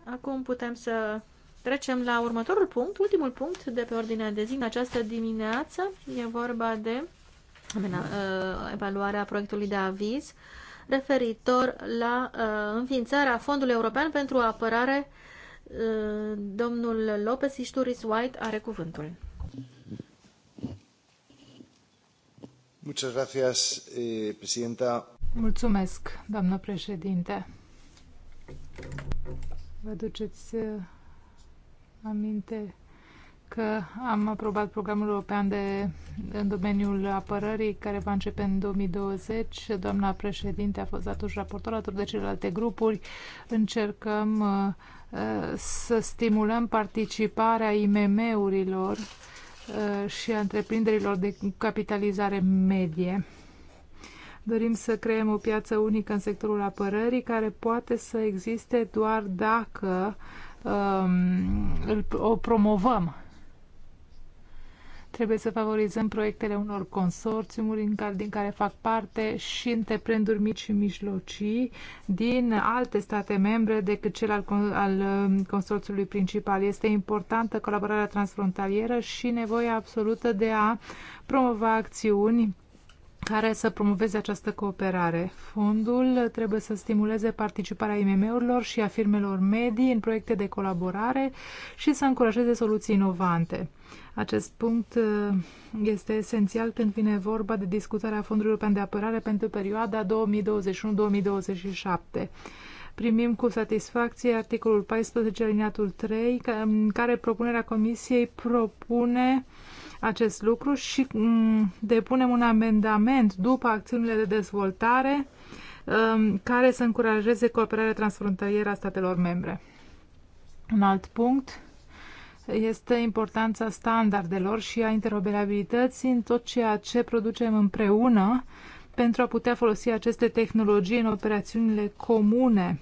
Acum putem să trecem la următorul punct, ultimul punct de pe ordinea de zi în această dimineață. E vorba de uh, evaluarea proiectului de aviz uh, referitor la uh, înființarea Fondului European pentru Apărare. Uh, domnul Lopez Isturis White are cuvântul. Eh, Mulțumesc, doamnă președinte. Vă duceți uh, aminte că am aprobat programul european de, în domeniul apărării, care va începe în 2020. Doamna președinte a fost atunci raportor alături de celelalte grupuri. Încercăm uh, uh, să stimulăm participarea IMM-urilor uh, și a întreprinderilor de capitalizare medie. Dorim să creăm o piață unică în sectorul apărării, care poate să existe doar dacă um, o promovăm Trebuie să favorizăm proiectele unor consorțiumuri în care, din care fac parte și întreprinderi mici și mijlocii din alte state membre decât cel al, al um, consorțiului principal. Este importantă colaborarea transfrontalieră și nevoia absolută de a promova acțiuni care să promoveze această cooperare. Fondul trebuie să stimuleze participarea IMM-urilor și a firmelor medii în proiecte de colaborare și să încurajeze soluții inovante. Acest punct uh, este esențial când vine vorba de discutarea Fondului European de Apărare pentru perioada 2021-2027. Primim cu satisfacție articolul 14, alineatul 3, în care propunerea Comisiei propune acest lucru și mm, depunem un amendament după acțiunile de dezvoltare um, care să încurajeze cooperarea transfrontalieră a statelor membre. Un alt punct este importanța standardelor și a interoperabilității în tot ceea ce producem împreună pentru a putea folosi aceste tehnologii în operațiunile comune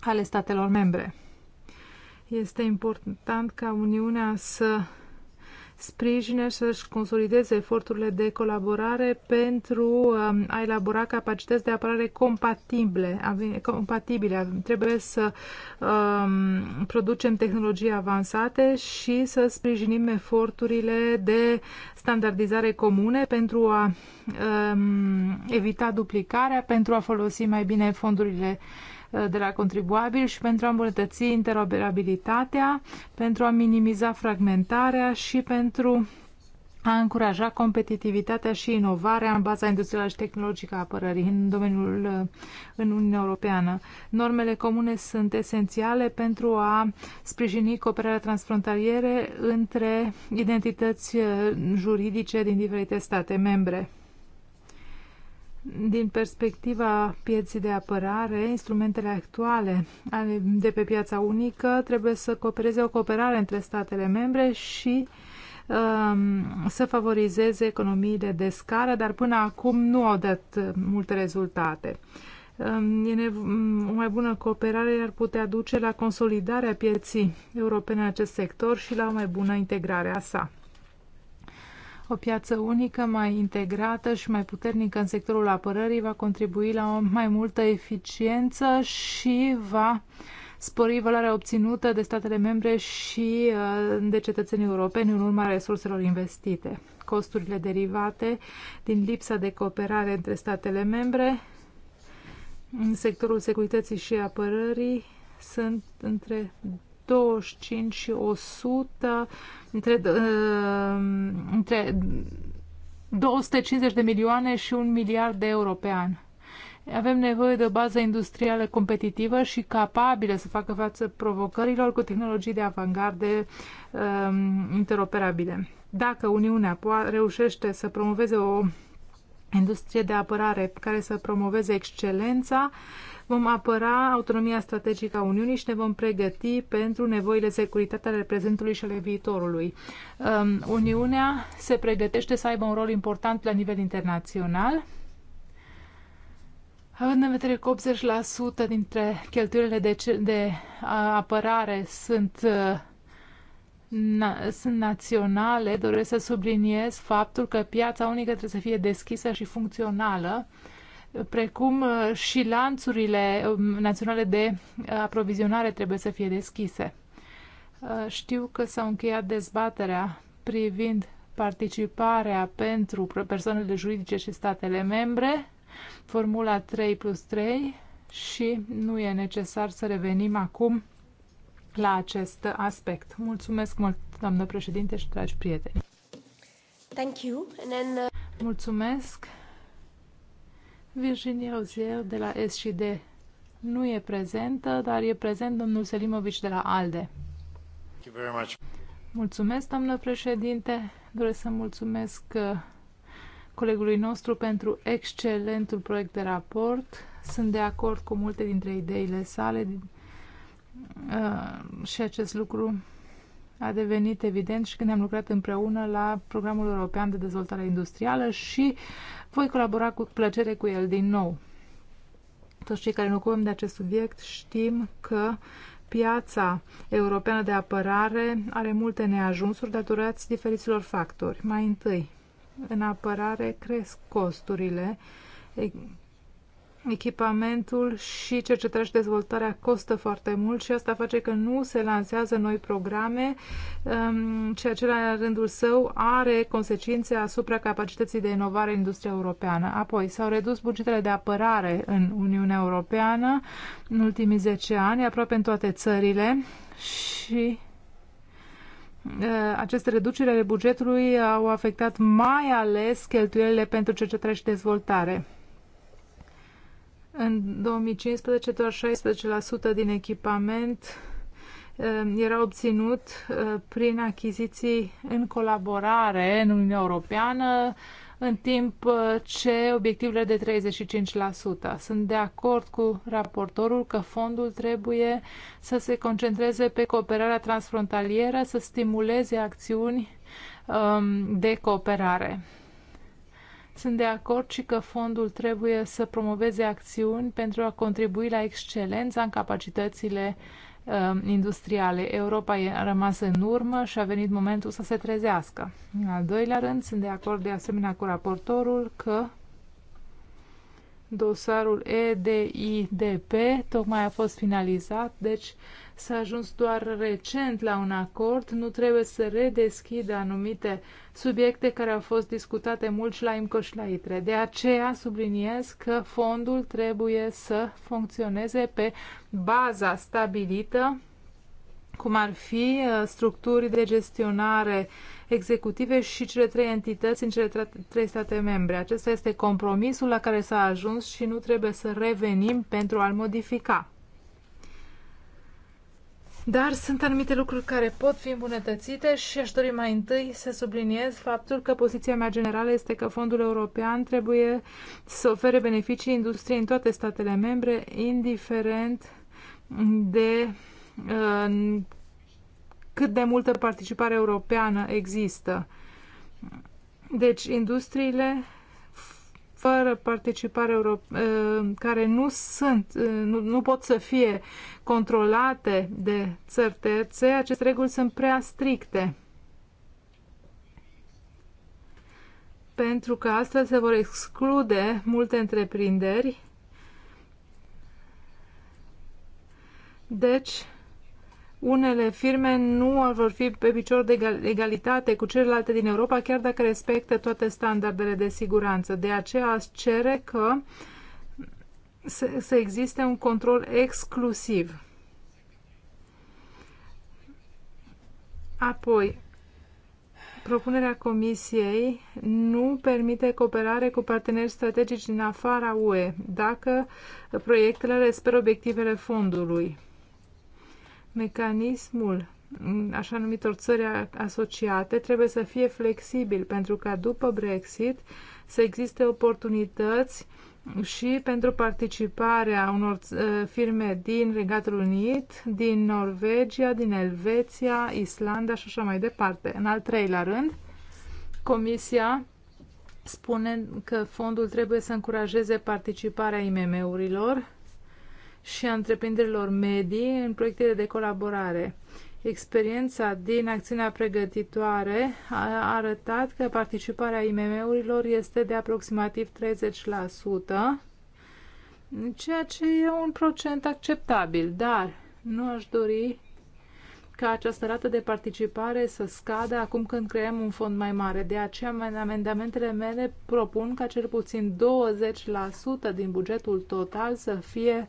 ale statelor membre. Este important ca Uniunea să sprijine să-și consolideze eforturile de colaborare pentru um, a elabora capacități de apărare compatibile. compatibile. Trebuie să um, producem tehnologii avansate și să sprijinim eforturile de standardizare comune pentru a um, evita duplicarea, pentru a folosi mai bine fondurile uh, de la contribuabil și pentru a îmbunătăți interoperabilitatea, pentru a minimiza fragmentarea și pentru a încuraja competitivitatea și inovarea în baza industrială și tehnologică a apărării în domeniul în Uniunea Europeană. Normele comune sunt esențiale pentru a sprijini cooperarea transfrontaliere între identități juridice din diferite state membre. Din perspectiva pieții de apărare, instrumentele actuale de pe piața unică trebuie să coopereze o cooperare între statele membre și um, să favorizeze economiile de scară, dar până acum nu au dat uh, multe rezultate. Um, e um, o mai bună cooperare ar putea duce la consolidarea pieții europene în acest sector și la o mai bună integrare a sa. O piață unică mai integrată și mai puternică în sectorul apărării va contribui la o mai multă eficiență și va spori valoarea obținută de statele membre și uh, de cetățenii europeni în urma resurselor investite. Costurile derivate din lipsa de cooperare între statele membre în sectorul securității și apărării sunt între 25 și 100 între, uh, între 250 de milioane și un miliard de euro pe an. Avem nevoie de o bază industrială competitivă și capabilă să facă față provocărilor cu tehnologii de avangarde uh, interoperabile. Dacă Uniunea reușește să promoveze o industrie de apărare care să promoveze excelența, uh, Vom apăra autonomia strategică a Uniunii și ne vom pregăti pentru nevoile securitate ale prezentului și ale viitorului. Um, Uniunea se pregătește să aibă un rol important la nivel internațional. Având în vedere că 80% dintre cheltuielile de, de apărare sunt uh, na, sunt naționale, doresc să subliniez faptul că piața unică trebuie să fie deschisă și funcțională precum uh, și lanțurile um, naționale de uh, aprovizionare trebuie să fie deschise. Uh, știu că s-a încheiat dezbaterea privind participarea pentru persoanele juridice și statele membre, formula 3 plus 3 și nu e necesar să revenim acum la acest aspect. Mulțumesc mult, doamnă președinte și dragi prieteni! Thank you. And then, uh... Mulțumesc! Virginia Rozier de la SCD nu e prezentă, dar e prezent domnul Selimovic de la ALDE. Mulțumesc, doamnă președinte. Doresc să mulțumesc uh, colegului nostru pentru excelentul proiect de raport. Sunt de acord cu multe dintre ideile sale uh, și acest lucru a devenit evident și când am lucrat împreună la Programul European de Dezvoltare Industrială și voi colabora cu plăcere cu el din nou. Toți cei care ne ocupăm de acest subiect știm că piața europeană de apărare are multe neajunsuri datorați diferiților factori. Mai întâi, în apărare cresc costurile echipamentul și cercetarea și dezvoltarea costă foarte mult și asta face că nu se lansează noi programe, um, ceea ce la rândul său are consecințe asupra capacității de inovare în industria europeană. Apoi, s-au redus bugetele de apărare în Uniunea Europeană în ultimii 10 ani, aproape în toate țările și uh, aceste reduceri ale bugetului au afectat mai ales cheltuielile pentru cercetare și dezvoltare în 2015, doar 16% din echipament um, era obținut uh, prin achiziții în colaborare în Uniunea Europeană, în timp uh, ce obiectivele de 35%. Sunt de acord cu raportorul că fondul trebuie să se concentreze pe cooperarea transfrontalieră, să stimuleze acțiuni um, de cooperare. Sunt de acord și că fondul trebuie să promoveze acțiuni pentru a contribui la excelența în capacitățile uh, industriale. Europa a rămas în urmă și a venit momentul să se trezească. În al doilea rând, sunt de acord de asemenea cu raportorul că dosarul EDIDP tocmai a fost finalizat, deci s-a ajuns doar recent la un acord. Nu trebuie să redeschidă anumite subiecte care au fost discutate mult și la IMCO și la ITRE. De aceea subliniez că fondul trebuie să funcționeze pe baza stabilită cum ar fi uh, structuri de gestionare executive și cele trei entități în cele trei state membre. Acesta este compromisul la care s-a ajuns și nu trebuie să revenim pentru a-l modifica. Dar sunt anumite lucruri care pot fi îmbunătățite și aș dori mai întâi să subliniez faptul că poziția mea generală este că fondul european trebuie să ofere beneficii industriei în toate statele membre, indiferent de uh, cât de multă participare europeană există. Deci, industriile fără participare europeană, care nu sunt, ă, nu, nu pot să fie controlate de țări terțe, aceste reguli sunt prea stricte. Pentru că astfel se vor exclude multe întreprinderi. Deci, unele firme nu vor fi pe picior de egalitate cu celelalte din Europa, chiar dacă respectă toate standardele de siguranță. De aceea aș cere că să existe un control exclusiv. Apoi, propunerea Comisiei nu permite cooperare cu parteneri strategici din afara UE dacă proiectele respectă obiectivele fondului mecanismul așa numitor țări asociate trebuie să fie flexibil pentru ca după Brexit să existe oportunități și pentru participarea unor ă, firme din Regatul Unit, din Norvegia, din Elveția, Islanda și așa mai departe. În al treilea rând, Comisia spune că fondul trebuie să încurajeze participarea IMM-urilor și a întreprinderilor medii în proiectele de colaborare. Experiența din acțiunea pregătitoare a arătat că participarea IMM-urilor este de aproximativ 30%, ceea ce e un procent acceptabil, dar nu aș dori ca această rată de participare să scadă acum când creăm un fond mai mare. De aceea, amendamentele mele propun ca cel puțin 20% din bugetul total să fie uh,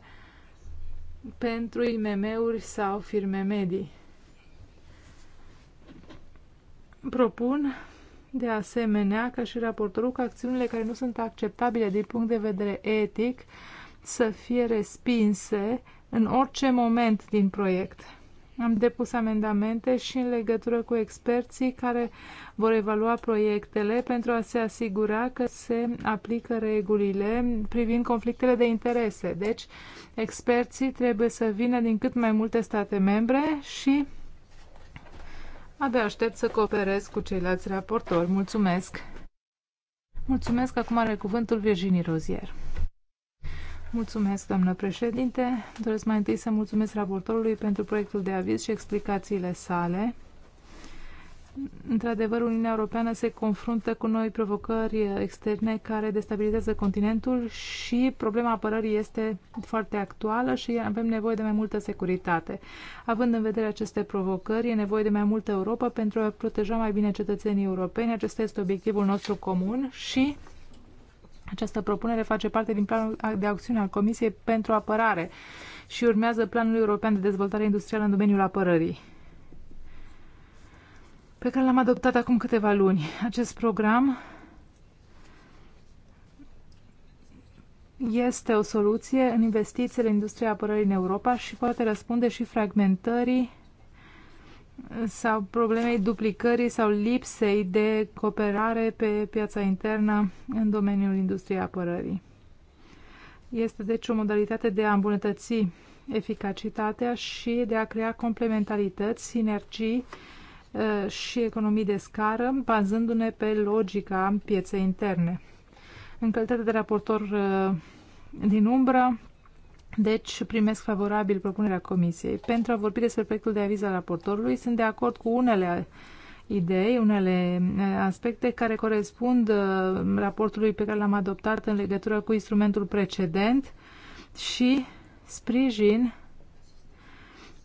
pentru IMM-uri sau firme medii. Propun de asemenea ca și raportorul că acțiunile care nu sunt acceptabile din punct de vedere etic să fie respinse în orice moment din proiect. Am depus amendamente și în legătură cu experții care vor evalua proiectele pentru a se asigura că se aplică regulile privind conflictele de interese. Deci, experții trebuie să vină din cât mai multe state membre și abia aștept să cooperez cu ceilalți raportori. Mulțumesc! Mulțumesc! Acum are cuvântul Virginie Rozier. Mulțumesc, doamnă președinte. Doresc mai întâi să mulțumesc raportorului pentru proiectul de aviz și explicațiile sale. Într-adevăr, Uniunea Europeană se confruntă cu noi provocări externe care destabilizează continentul și problema apărării este foarte actuală și avem nevoie de mai multă securitate. Având în vedere aceste provocări, e nevoie de mai multă Europa pentru a proteja mai bine cetățenii europeni. Acesta este obiectivul nostru comun și această propunere face parte din planul de acțiune al Comisiei pentru Apărare și urmează Planul European de Dezvoltare Industrială în domeniul apărării, pe care l-am adoptat acum câteva luni. Acest program este o soluție în investițiile industriei industria apărării în Europa și poate răspunde și fragmentării sau problemei duplicării sau lipsei de cooperare pe piața internă în domeniul industriei apărării. Este deci o modalitate de a îmbunătăți eficacitatea și de a crea complementarități, sinergii uh, și economii de scară, bazându-ne pe logica pieței interne. În calitate de raportor uh, din umbră, deci primesc favorabil propunerea Comisiei. Pentru a vorbi despre proiectul de aviz al raportorului, sunt de acord cu unele idei, unele eh, aspecte care corespund eh, raportului pe care l-am adoptat în legătură cu instrumentul precedent și sprijin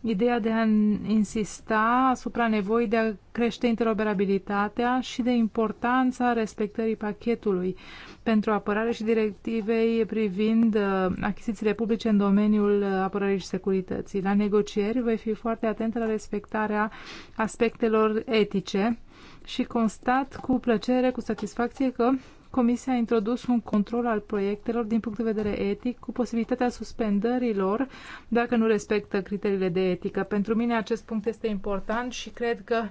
ideea de a insista asupra nevoii de a crește interoperabilitatea și de importanța respectării pachetului pentru apărare și directivei privind uh, achizițiile publice în domeniul uh, apărării și securității. La negocieri voi fi foarte atent la respectarea aspectelor etice și constat cu plăcere, cu satisfacție că Comisia a introdus un control al proiectelor din punct de vedere etic cu posibilitatea suspendărilor dacă nu respectă criteriile de etică. Pentru mine acest punct este important și cred că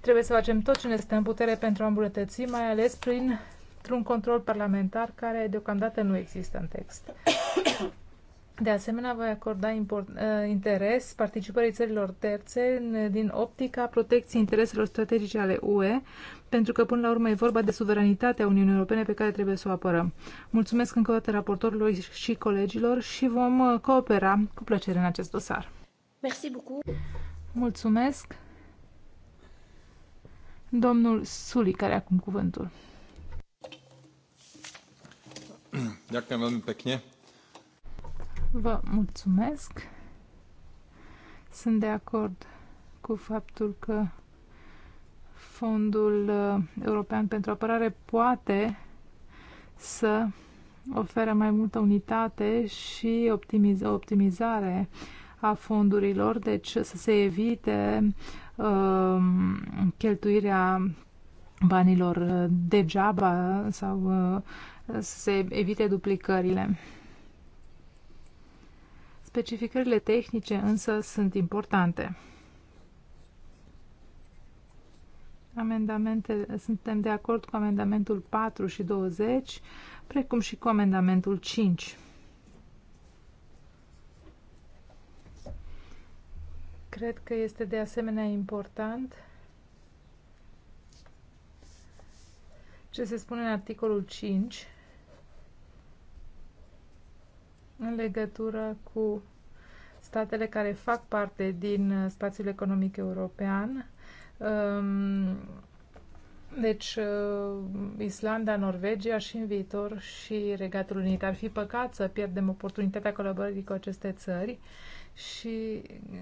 trebuie să facem tot ce ne stă în putere pentru a îmbunătăți, mai ales prin un control parlamentar care deocamdată nu există în text. De asemenea, voi acorda import, uh, interes participării țărilor terțe din optica protecției intereselor strategice ale UE, pentru că până la urmă e vorba de suveranitatea Uniunii Europene pe care trebuie să o apărăm. Mulțumesc încă o dată raportorului și colegilor și vom uh, coopera cu plăcere în acest dosar. Merci beaucoup. Mulțumesc. Domnul Suli, care acum cuvântul. Dacă am pekne. Vă mulțumesc. Sunt de acord cu faptul că Fondul uh, European pentru Apărare poate să oferă mai multă unitate și optimiz optimizare a fondurilor, deci să se evite uh, cheltuirea banilor uh, degeaba sau uh, să se evite duplicările. Specificările tehnice însă sunt importante. Amendamente, suntem de acord cu amendamentul 4 și 20, precum și cu amendamentul 5. Cred că este de asemenea important ce se spune în articolul 5 în legătură cu statele care fac parte din uh, spațiul economic european. Um, deci, uh, Islanda, Norvegia și în viitor și Regatul Unit. Ar fi păcat să pierdem oportunitatea colaborării cu aceste țări și uh,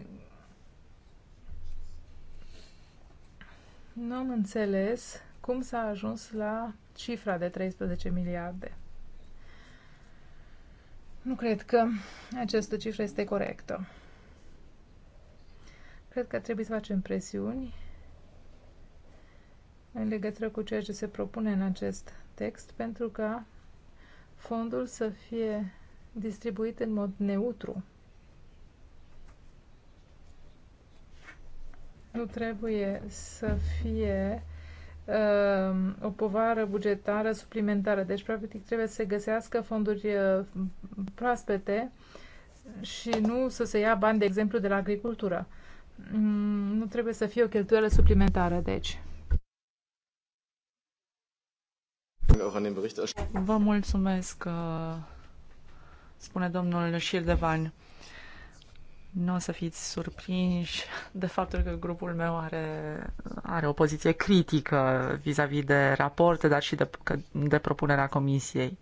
nu am înțeles cum s-a ajuns la cifra de 13 miliarde. Nu cred că această cifră este corectă. Cred că trebuie să facem presiuni în legătură cu ceea ce se propune în acest text pentru ca fondul să fie distribuit în mod neutru. Nu trebuie să fie Um, o povară bugetară suplimentară. Deci, practic, trebuie să se găsească fonduri uh, proaspete și nu să se ia bani, de exemplu, de la agricultură. Mm, nu trebuie să fie o cheltuială suplimentară, deci. Vă mulțumesc, uh, spune domnul Șildevan. Nu o să fiți surprinși de faptul că grupul meu are, are o poziție critică vis-a-vis -vis de raporte, dar și de, de propunerea comisiei.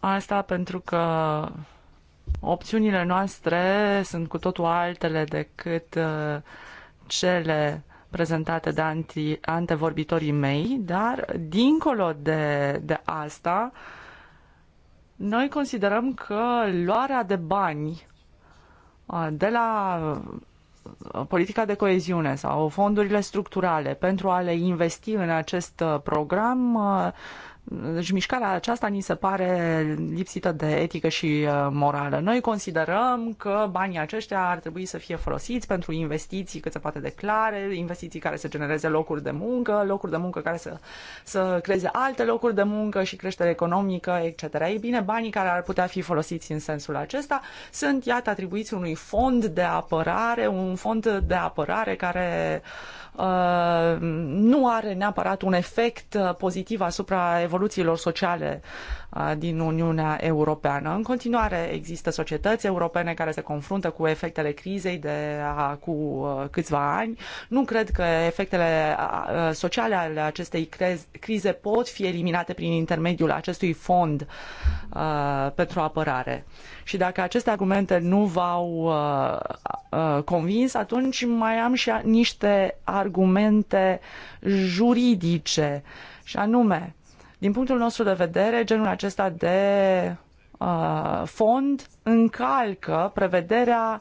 Asta pentru că opțiunile noastre sunt cu totul altele decât uh, cele prezentate de anti, antevorbitorii mei, dar dincolo de, de asta, uh, noi considerăm că luarea de bani de la politica de coeziune sau fondurile structurale pentru a le investi în acest program deci mișcarea aceasta ni se pare lipsită de etică și uh, morală. Noi considerăm că banii aceștia ar trebui să fie folosiți pentru investiții cât se poate de clare, investiții care să genereze locuri de muncă, locuri de muncă care să, să creeze alte locuri de muncă și creștere economică, etc. Ei bine, banii care ar putea fi folosiți în sensul acesta sunt, iată, atribuiți unui fond de apărare, un fond de apărare care Uh, nu are neapărat un efect uh, pozitiv asupra evoluțiilor sociale din Uniunea Europeană. În continuare există societăți europene care se confruntă cu efectele crizei de cu câțiva ani. Nu cred că efectele sociale ale acestei crize pot fi eliminate prin intermediul acestui fond pentru apărare. Și dacă aceste argumente nu v-au convins, atunci mai am și niște argumente juridice. Și anume, din punctul nostru de vedere, genul acesta de uh, fond încalcă prevederea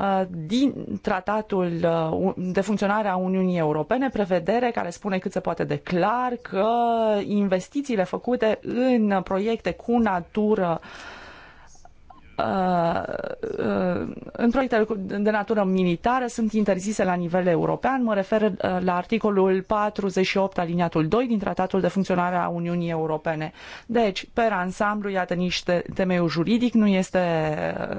uh, din tratatul uh, de funcționare a Uniunii Europene, prevedere care spune cât se poate de clar că investițiile făcute în proiecte cu natură uh, Uh, uh, în proiectele de natură militară sunt interzise la nivel european. Mă refer uh, la articolul 48 aliniatul 2 din Tratatul de Funcționare a Uniunii Europene. Deci, pe ansamblu, iată niște temeiul juridic, nu este,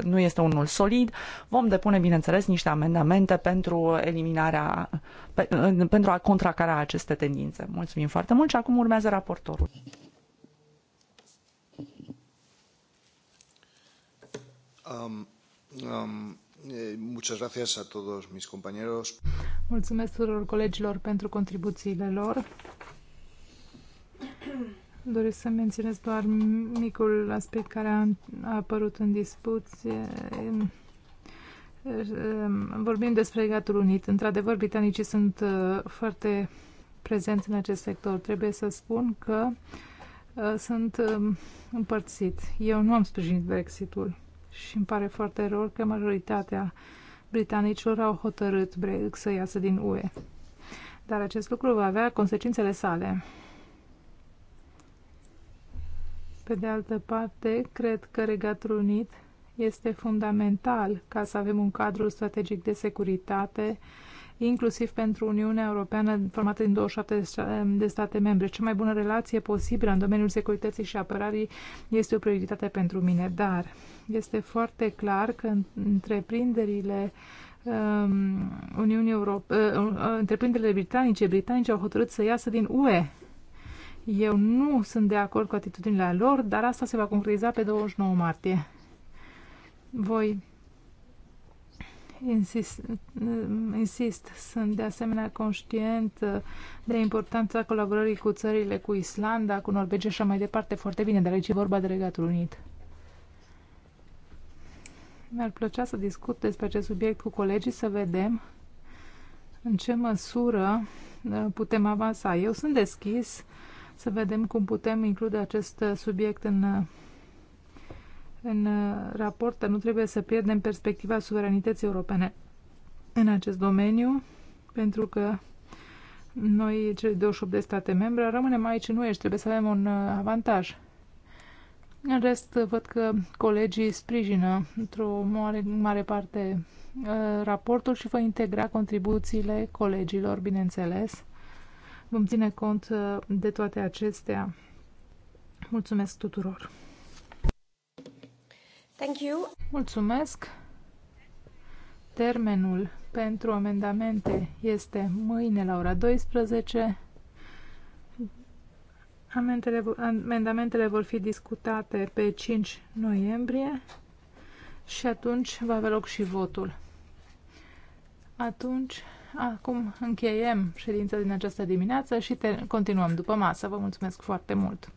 nu este unul solid. Vom depune, bineînțeles, niște amendamente pentru eliminarea, pe, pentru a contracara aceste tendințe. Mulțumim foarte mult și acum urmează raportorul. Mulțumesc tuturor colegilor pentru contribuțiile lor. Doresc să menționez doar micul aspect care a, apărut în discuție. Vorbim despre Regatul Unit. Într-adevăr, britanicii sunt uh, foarte prezenți în acest sector. Trebuie să spun că uh, sunt um, împărțit. Eu nu am sprijinit Brexitul și îmi pare foarte rău că majoritatea britanicilor au hotărât Brexit să iasă din UE. Dar acest lucru va avea consecințele sale. Pe de altă parte, cred că Regatul Unit este fundamental ca să avem un cadru strategic de securitate, inclusiv pentru Uniunea Europeană formată din 27 de state membre. Cea mai bună relație posibilă în domeniul securității și apărării este o prioritate pentru mine, dar este foarte clar că întreprinderile um, Uniunii Europe, uh, uh, întreprinderile britanice, britanice au hotărât să iasă din UE. Eu nu sunt de acord cu atitudinile lor, dar asta se va concretiza pe 29 martie. Voi insist, insist, sunt de asemenea conștient uh, de importanța colaborării cu țările, cu Islanda, cu Norvegia și mai departe foarte bine, dar aici e vorba de Regatul Unit. Mi-ar plăcea să discut despre acest subiect cu colegii, să vedem în ce măsură uh, putem avansa. Eu sunt deschis să vedem cum putem include acest uh, subiect în, uh, în raport, nu trebuie să pierdem perspectiva suveranității europene în acest domeniu, pentru că noi, cei 28 de state membre, rămânem aici în UE și trebuie să avem un avantaj. În rest, văd că colegii sprijină într-o mare, mare parte uh, raportul și vă integra contribuțiile colegilor, bineînțeles. Vom ține cont uh, de toate acestea. Mulțumesc tuturor! Thank you. Mulțumesc! Termenul pentru amendamente este mâine la ora 12. Amendamentele, amendamentele vor fi discutate pe 5 noiembrie și atunci va avea loc și votul. Atunci, acum încheiem ședința din această dimineață și te, continuăm după masă. Vă mulțumesc foarte mult!